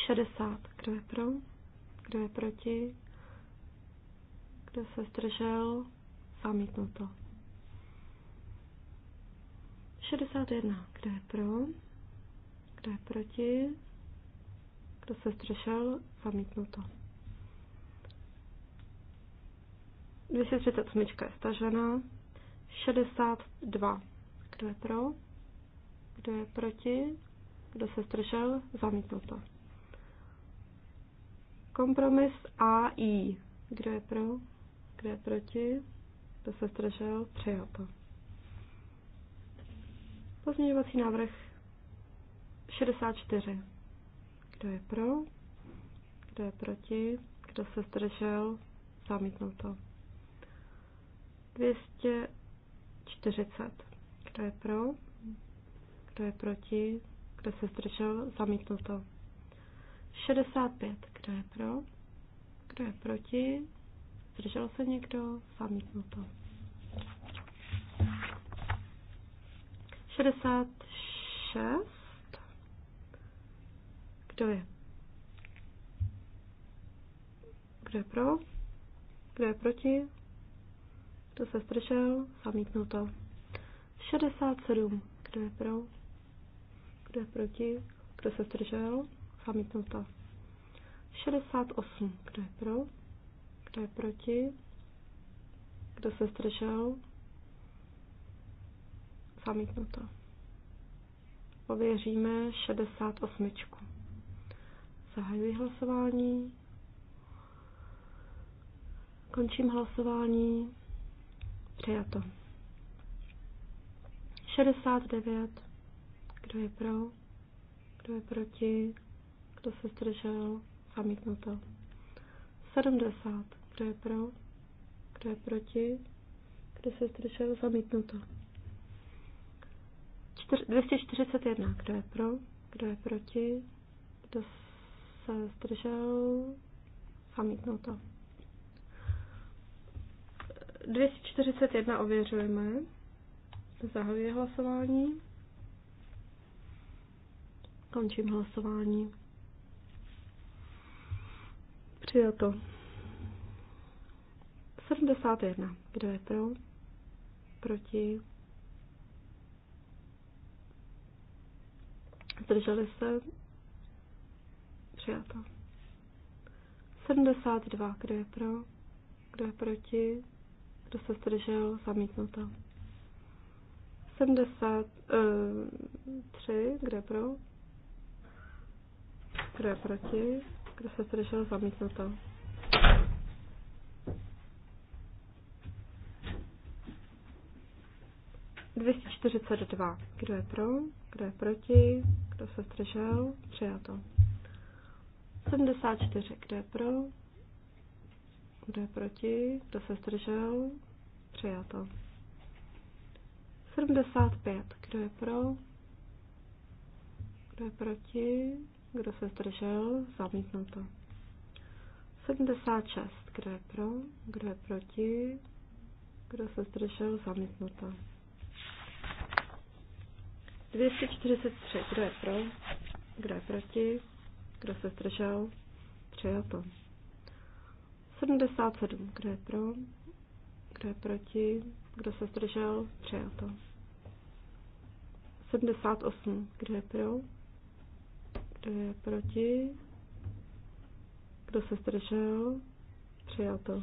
60. Kdo je pro? Kdo je proti? kde se zdržel? Zamítnuto. 61. Kdo je pro? Kdo je proti? Kdo se zdržel? Zamítnuto. 238 je stažena. 62. Kdo je pro? Kdo je proti? Kdo se zdržel? Zamítnuto. Kompromis AI. Kdo je pro? Kdo je proti? Kdo se zdržel? Přijato. Pozměňovací návrh 64. Kdo je pro? Kdo je proti? Kdo se zdržel? Zamítnuto. 240. Kdo je pro? Kdo je proti? Kdo se zdržel? Zamítnuto. 65. Kdo je pro? Kdo je proti? Zdržel se někdo? Zamítnu to. 66. Kdo je? Kdo je pro? Kdo je proti? Kdo se zdržel? Zamítnu to. 67. Kdo je pro? Kdo je proti? Kdo se zdržel? Zamítnu to. 68. Kdo je pro? Kdo je proti? Kdo se zdržel? Zamítnuto. Ověříme 68. Zahajuji hlasování. Končím hlasování. Přijato. 69. Kdo je pro? Kdo je proti? Kdo se zdržel? Zamítnuto. 70. Kdo je pro? Kdo je proti? Kdo se zdržel? Zamítnuto. 241. Kdo je pro? Kdo je proti? Kdo se zdržel? Zamítnuto. 241 ověřujeme. Zahajuji hlasování. Končím hlasování. Přijato. 71. Kdo je pro? Proti? Zdrželi se? Přijato. 72. Kdo je pro? Kdo je proti? Kdo se zdržel? Zamítnuto. 73. Eh, Kdo je pro? Kdo je proti? Kdo se zdržel? Zamítnuto. 242. Kdo je pro? Kdo je proti? Kdo se zdržel? Přijato. 74. Kdo je pro? Kdo je proti? Kdo se zdržel? Přijato. 75. Kdo je pro? Kdo je proti? Kdo se zdržel? Zamítnuto. 76. Kdo je pro? Kdo je proti? Kdo se zdržel? Zamítnuto. 243. Kdo je pro? Kdo je proti? Kdo se zdržel? to. 77. Kdo je pro? Kdo je proti? Kdo se zdržel? to. 78. Kdo je pro? Kdo je proti? Kdo se zdržel? to.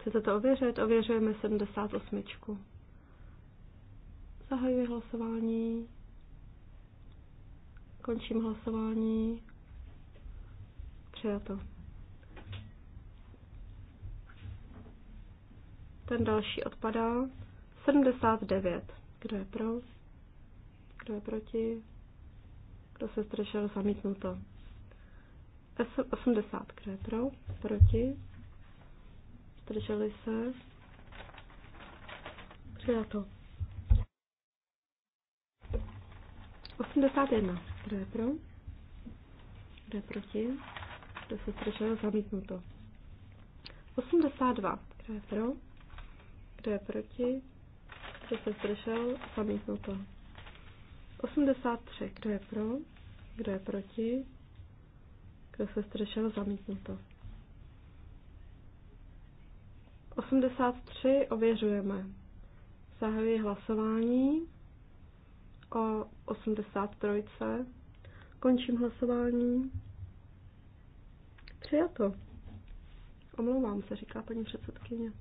Chcete to ověřit? Ověřujeme 78. Zahajuji hlasování. Končím hlasování. Přijato. Ten další odpadá. 79. Kdo je pro? Kdo je proti? Kdo se zdržel? Zamítnuto. 80. Kdo je pro? Proti? Zdrželi se? Přijato. 81. Kdo je pro? Kdo je proti? Kdo se zdržel? Zamítnuto. 82. Kdo je pro? Kdo je proti? Kdo se zdržel? Zamítnuto. 83. Kdo je pro? Kdo je proti? Kdo se zdržel? Zamítnuto. 83 ověřujeme. Zahajuji hlasování o jako 83. Končím hlasování. Přijato. Omlouvám se, říká paní předsedkyně.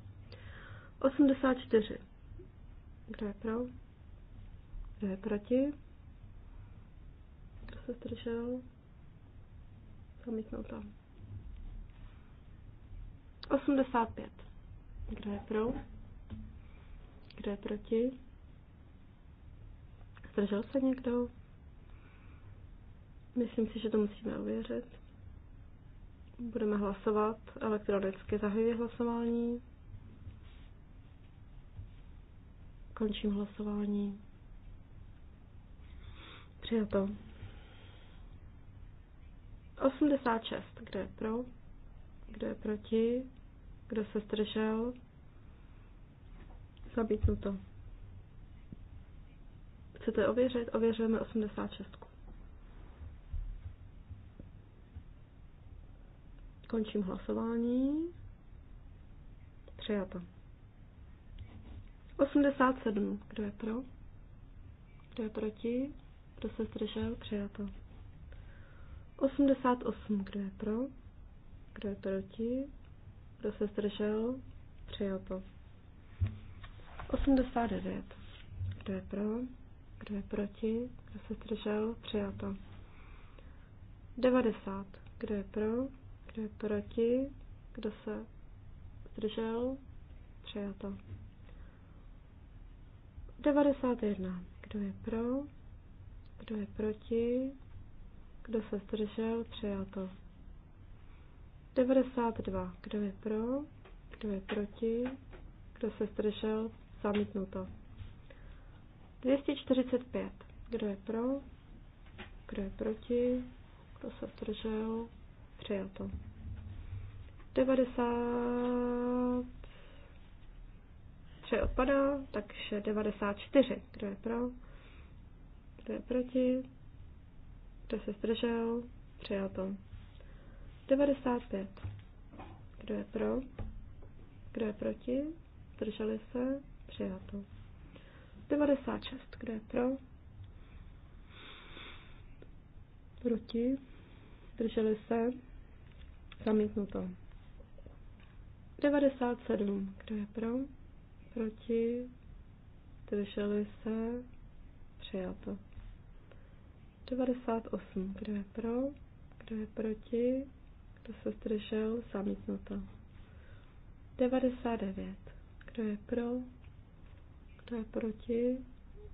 84. Kdo je pro? Kdo je proti? Kdo se zdržel? tam. 85. Kdo je pro? Kdo je proti? Zdržel se někdo? Myslím si, že to musíme ověřit. Budeme hlasovat elektronicky. Zahajuji hlasování. Končím hlasování. Přijato. 86. Kdo je pro? Kdo je proti? Kdo se zdržel? Zabítnuto. to chcete ověřit, ověřujeme 86. Končím hlasování. Přijato. 87. Kdo je pro? Kdo je proti? Kdo se zdržel? Přijato. 88. Kdo je pro? Kdo je proti? Kdo se zdržel? Přijato. 89. Kdo je pro? Kdo je proti? Kdo se zdržel? Přijato. 90. Kdo je pro? Kdo je proti? Kdo se zdržel? Přijato. 91. Kdo je pro? Kdo je proti? Kdo se zdržel? Přijato. 92. Kdo je pro? Kdo je proti? Kdo se zdržel? Zamítnuto. 245. Kdo je pro? Kdo je proti? Kdo se zdržel? to. 90. 3 odpadá, takže 94. Kdo je pro? Kdo je proti? Kdo se zdržel? to. 95. Kdo je pro? Kdo je proti? Zdrželi se? to. 96. Kdo je pro? Proti? Drželi se? Zamítnuto. 97. Kdo je pro? Proti? Drželi se? Přijato. 98. Kdo je pro? Kdo je proti? Kdo se zdržel? Zamítnuto. 99. Kdo je pro? Kdo je proti?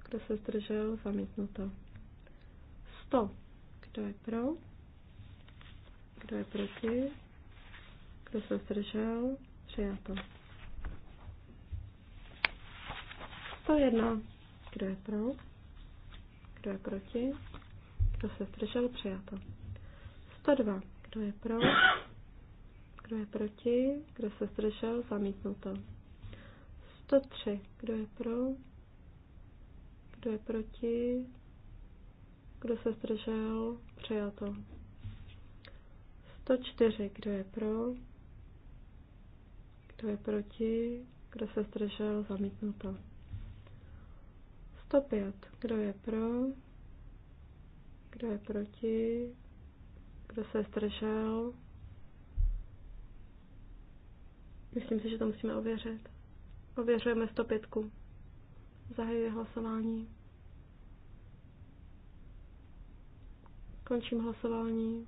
Kdo se zdržel? Zamítnuto. 100. Kdo je pro? Kdo je proti? Kdo se zdržel? Přijato. 101. Kdo je pro? Kdo je proti? Kdo se zdržel? Přijato. 102. Kdo je pro? Kdo je proti? Kdo se zdržel? Zamítnuto. 103. Kdo je pro? Kdo je proti? Kdo se zdržel? Přijato. 104. Kdo je pro? Kdo je proti? Kdo se zdržel? Zamítnuto. 105. Kdo je pro? Kdo je proti? Kdo se zdržel? Myslím si, že to musíme ověřit. Ověřujeme 105. Zahajuji hlasování. Končím hlasování.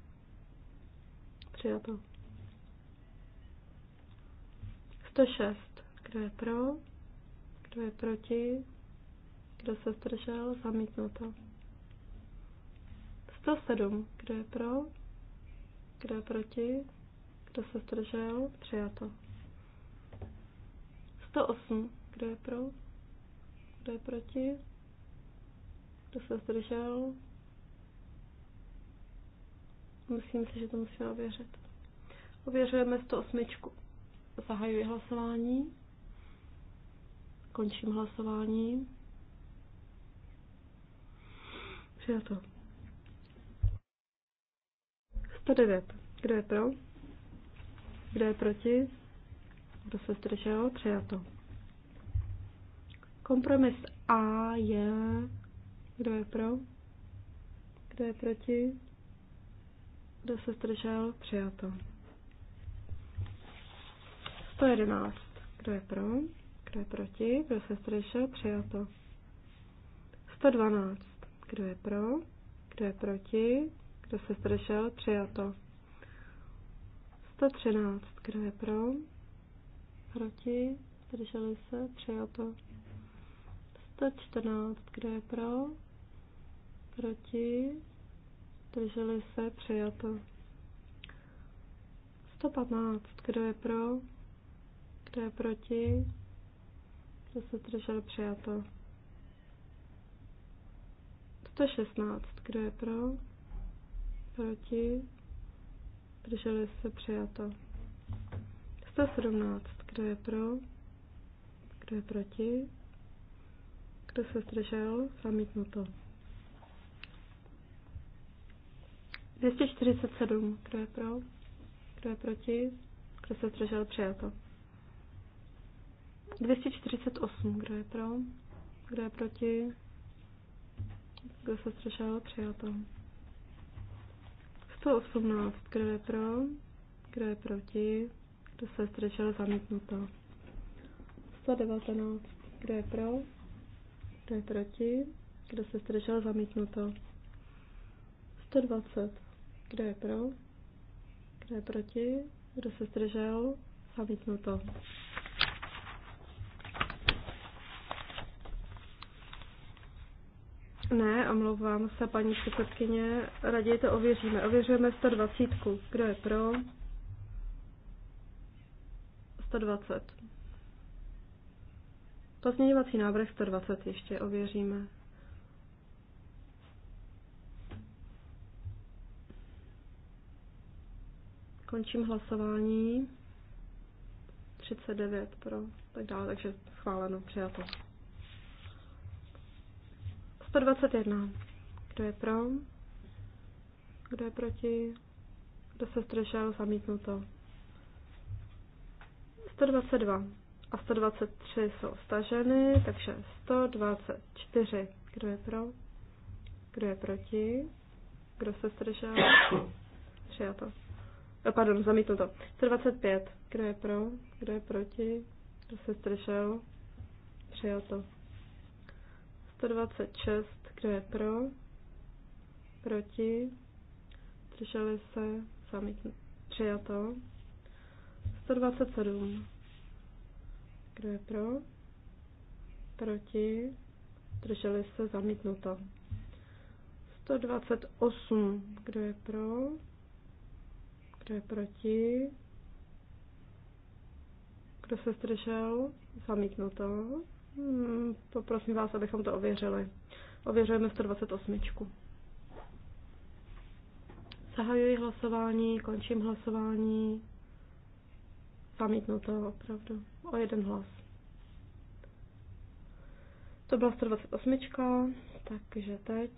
Přijato. 106. Kdo je pro? Kdo je proti? Kdo se zdržel? Zamítnuto. 107. Kdo je pro? Kdo je proti? Kdo se zdržel? Přijato. 108. Kdo je pro? Kdo je proti? Kdo se zdržel? Myslím si, že to musíme ověřit. Ověřujeme 108. Zahajuji hlasování. Končím hlasování. Přijato. 109. Kdo je pro? Kdo je proti? Kdo se zdržel? Přijato. Kompromis A je... Kdo je pro? Kdo je proti? Kdo se zdržel? Přijato. 111. Kdo je pro? Kdo je proti? Kdo se zdržel? Přijato. 112. Kdo je pro? Kdo je proti? Kdo se zdržel? Přijato. 113. Kdo je pro? proti, zdrželi se, přijato. 114, kdo je pro, proti, zdrželi se, přijato. 115, kdo je pro, kdo je proti, kdo se zdržel, přijato. 116, kdo je pro, proti, drželi se, přijato. 117, kdo je pro? Kdo je proti? Kdo se zdržel? Zamítnuto. 247. Kdo je pro? Kdo je proti? Kdo se zdržel? Přijato. 248. Kdo je pro? Kdo je proti? Kdo se zdržel? Přijato. 118. Kdo je pro? Kdo je proti? kdo se strčilo zamítnuto. 119, kdo je pro, kdo je proti, kdo se strčilo zamítnuto. 120, kdo je pro, kdo je proti, kdo se zdržel, zamítnuto. Ne, omlouvám se, paní předsedkyně. Raději to ověříme. Ověřujeme 120. Kdo je pro? 120. Pozměňovací návrh 120 ještě ověříme. Končím hlasování. 39 pro, tak dále, takže schváleno, přijato. 121. Kdo je pro? Kdo je proti? Kdo se zdržel? Zamítnuto. 122 a 123 jsou staženy, takže 124. Kdo je pro? Kdo je proti? Kdo se zdržel? Přijato. Oh, pardon, to. 125. Kdo je pro? Kdo je proti? Kdo se zdržel? Přijato. 126. Kdo je pro? Proti? Drželi se? Zamítnuto. Přijato. 127. Kdo je pro? Proti? Drželi se zamítnuto. 128. Kdo je pro? Kdo je proti? Kdo se zdržel? Zamítnuto. Hmm, poprosím vás, abychom to ověřili. Ověřujeme 128. Zahajuji hlasování, končím hlasování to opravdu o jeden hlas. To byla 128, takže teď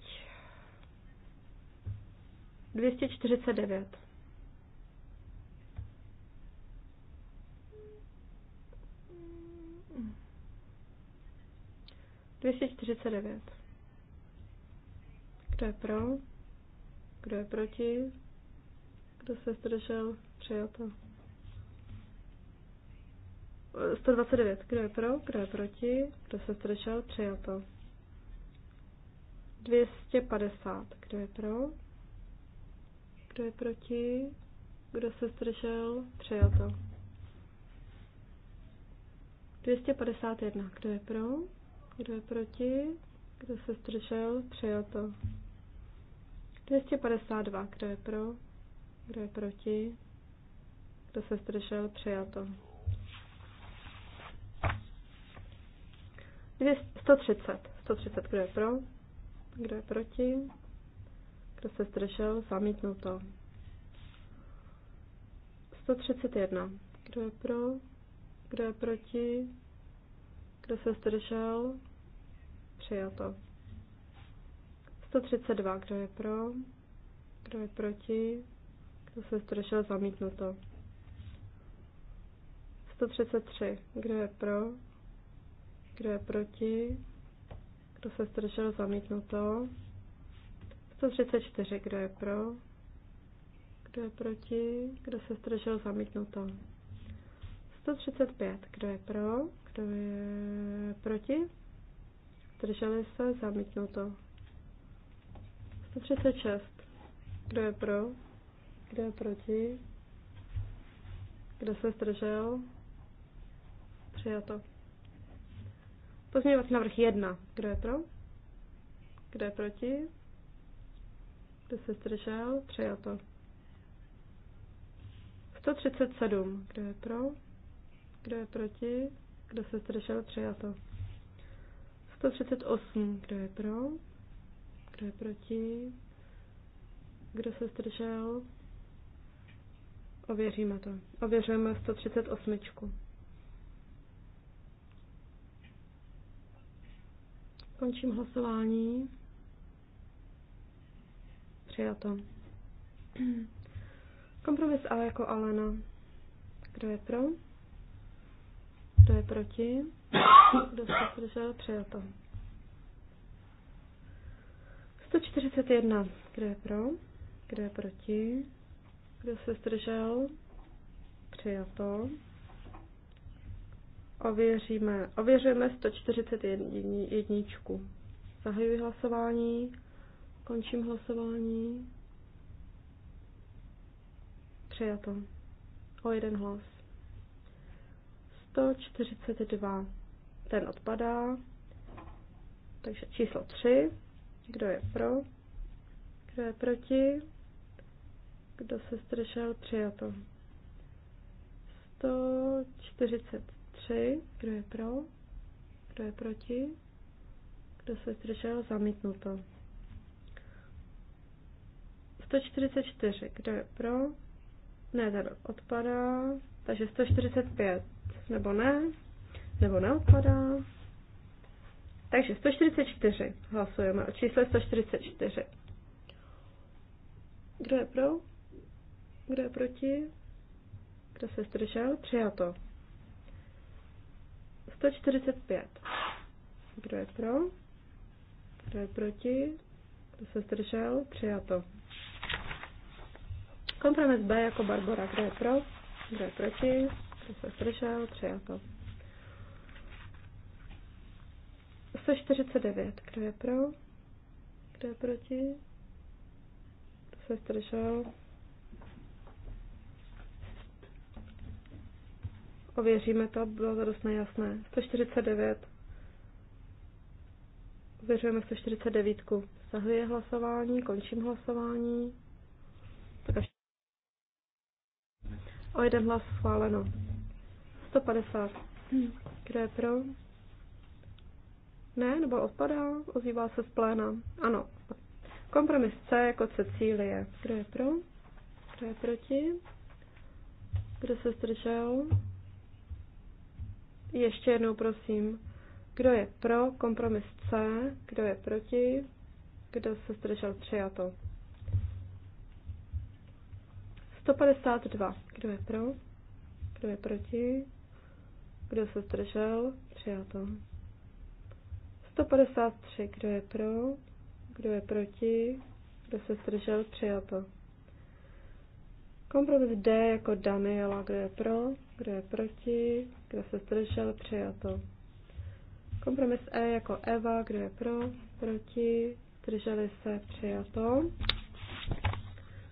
249. Dvěstě čtyřicet devět. Kdo je pro? Kdo je proti? Kdo se zdržel? Přijato. 129. Kdo je pro? Kdo je proti? Kdo se zdržel? Přijato. 250. Kdo je pro? Kdo je proti? Kdo se zdržel? Přijato. 251. Kdo je pro? Kdo je proti? Kdo se zdržel? Přijato. 252. Kdo je pro? Kdo je proti? Kdo se zdržel? Přijato. 130. 130, kdo je pro? Kdo je proti? Kdo se zdržel? to. 131. Kdo je pro? Kdo je proti? Kdo se zdržel? Přijato. 132. Kdo je pro? Kdo je proti? Kdo se zdržel? Zamítnuto. 133. Kdo je pro? Kdo je proti? Kdo se zdržel? Zamítnuto. 134. Kdo je pro? Kdo je proti? Kdo se zdržel? Zamítnuto. 135. Kdo je pro? Kdo je proti? Zdrželi se? Zamítnuto. 136. Kdo je pro? Kdo je proti? Kdo se zdržel? Přijato. Pozměňovací návrh 1. Kdo je pro? Kdo je proti? Kdo se zdržel? to. 137. Kdo je pro? Kdo je proti? Kdo se zdržel? to. 138. Kdo je pro? Kdo je proti? Kdo se zdržel? Ověříme to. Ověřujeme 138. Končím hlasování. Přijato. Kompromis A jako Alena. Kdo je pro? Kdo je proti? Kdo se zdržel? Přijato. 141. Kdo je pro? Kdo je proti? Kdo se zdržel? Přijato. Ověříme, ověřujeme 141. jedničku, Zahajuji hlasování, končím hlasování. Přijato. O jeden hlas. 142. Ten odpadá. Takže číslo 3. Kdo je pro? Kdo je proti? Kdo se zdržel? Přijato. 143. 3. Kdo je pro? Kdo je proti? Kdo se zdržel? Zamítnuto. 144. Kdo je pro? Ne, ten odpadá. Takže 145. Nebo ne? Nebo neodpadá? Takže 144. Hlasujeme o čísle 144. Kdo je pro? Kdo je proti? Kdo se zdržel? Přijato. 145. Kdo je pro? Kdo je proti? Kdo se zdržel? Přijato. Kompromis B jako Barbora. Kdo je pro? Kdo je proti? Kdo se zdržel? Přijato. 149. Kdo je pro? Kdo je proti? Kdo se zdržel? Ověříme to, bylo to dost nejasné. 149. Ověřujeme 149. Zahuji hlasování, končím hlasování. Tak až O jeden hlas schváleno. 150. Kdo je pro? Ne, nebo odpadá? Ozývá se z pléna. Ano. Kompromis C jako Cecílie. Kdo je pro? Kdo je proti? Kdo se zdržel? Ještě jednou prosím, kdo je pro kompromis C, kdo je proti, kdo se zdržel přijato. 152. Kdo je pro? Kdo je proti? Kdo se zdržel? Přijato. 153. Kdo je pro? Kdo je proti? Kdo se zdržel? Přijato. Kompromis D jako Daniela. Kdo je pro? Kdo je proti? Kdo se zdržel? Přijato. Kompromis E jako Eva. Kdo je pro? Proti? Zdrželi se? Přijato.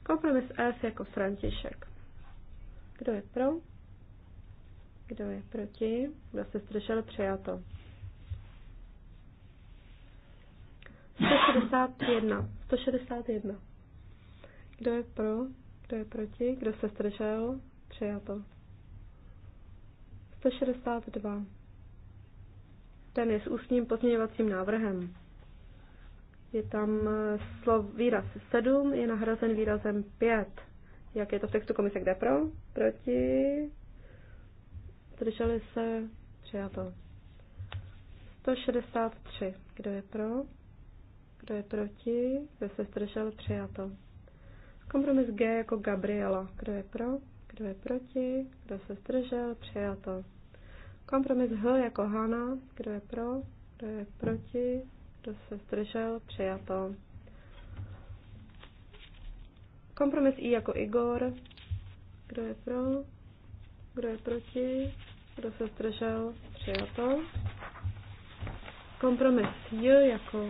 Kompromis F jako František. Kdo je pro? Kdo je proti? Kdo se zdržel? Přijato. 161. 161. Kdo je pro? Kdo je proti? Kdo se zdržel? Přijato. 162. Ten je s ústním pozměňovacím návrhem. Je tam eh, slov, výraz 7, je nahrazen výrazem 5. Jak je to v textu komise, kde pro? Proti? Zdrželi se? Přijato. 163. Kdo je pro? Kdo je proti? Kdo se zdržel? Přijato. Kompromis G jako Gabriela. Kdo je pro? Kdo je proti? Kdo se zdržel? Přijato. Kompromis H jako Hana. Kdo je pro? Kdo je proti? Kdo se zdržel? Přijato. Kompromis I jako Igor. Kdo je pro? Kdo je proti? Kdo se zdržel? Přijato. Kompromis J jako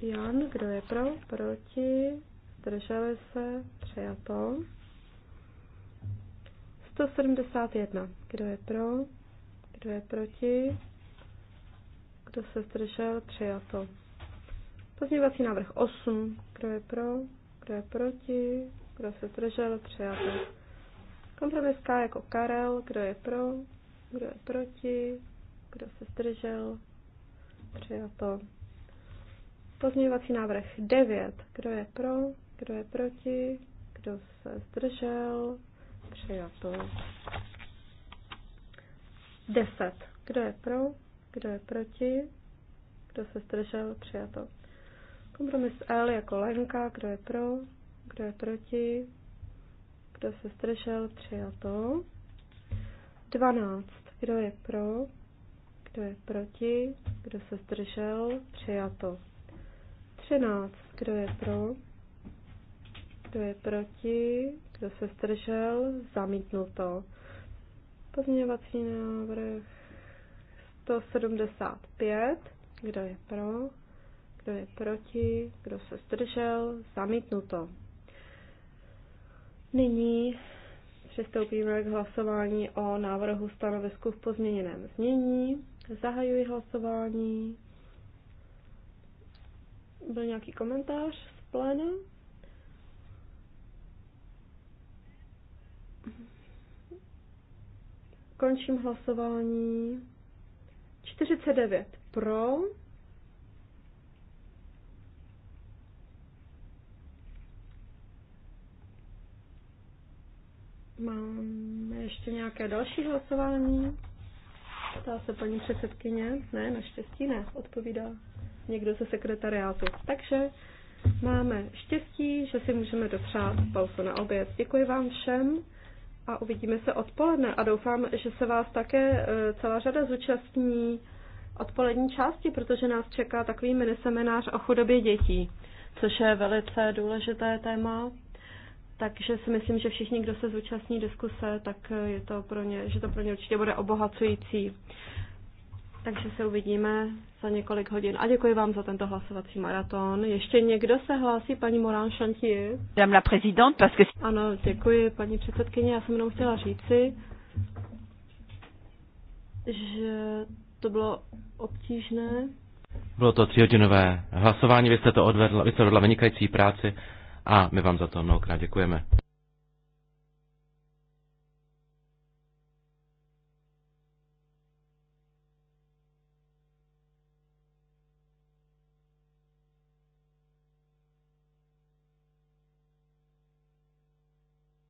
Jan. Kdo je pro? Proti? Zdrželi se? Přijato. 171. Kdo je pro? Kdo je proti? Kdo se zdržel? Přijato. Pozměňovací návrh 8. Kdo je pro? Kdo je proti? Kdo se zdržel? Přijato. Kompromis K jako Karel. Kdo je pro? Kdo je proti? Kdo se zdržel? Přijato. Pozměňovací návrh 9. Kdo je pro? Kdo je proti? Kdo se zdržel? Přijato. 10. Kdo je pro? Kdo je proti? Kdo se zdržel? Přijato. Kompromis L jako Lenka. Kdo je pro? Kdo je proti? Kdo se zdržel? Přijato. 12. Kdo je pro? Kdo je proti? Kdo se zdržel? Přijato. 13. Kdo je pro? Kdo je proti? kdo se zamítnul to Pozměňovací návrh 175, kdo je pro, kdo je proti, kdo se zdržel, to Nyní přistoupíme k hlasování o návrhu stanovisku v pozměněném znění. Zahajuji hlasování. Byl nějaký komentář z pléna? Končím hlasování. 49 pro. Máme ještě nějaké další hlasování? Ptá se paní předsedkyně. Ne, naštěstí ne, odpovídá někdo ze sekretariátu. Takže máme štěstí, že si můžeme dopřát pauzu na oběd. Děkuji vám všem a uvidíme se odpoledne a doufám, že se vás také e, celá řada zúčastní odpolední části, protože nás čeká takový miniseminář o chudobě dětí, což je velice důležité téma. Takže si myslím, že všichni, kdo se zúčastní diskuse, tak e, je to pro ně, že to pro ně určitě bude obohacující. Takže se uvidíme za několik hodin. A děkuji vám za tento hlasovací maraton. Ještě někdo se hlásí, paní Morán Chantier? Madame la présidente, parce que... Ano, děkuji, paní předsedkyně. Já jsem jenom chtěla říci, že to bylo obtížné. Bylo to tříhodinové hlasování, vy jste to odvedla, vy jste odvedla vynikající práci a my vám za to mnohokrát děkujeme.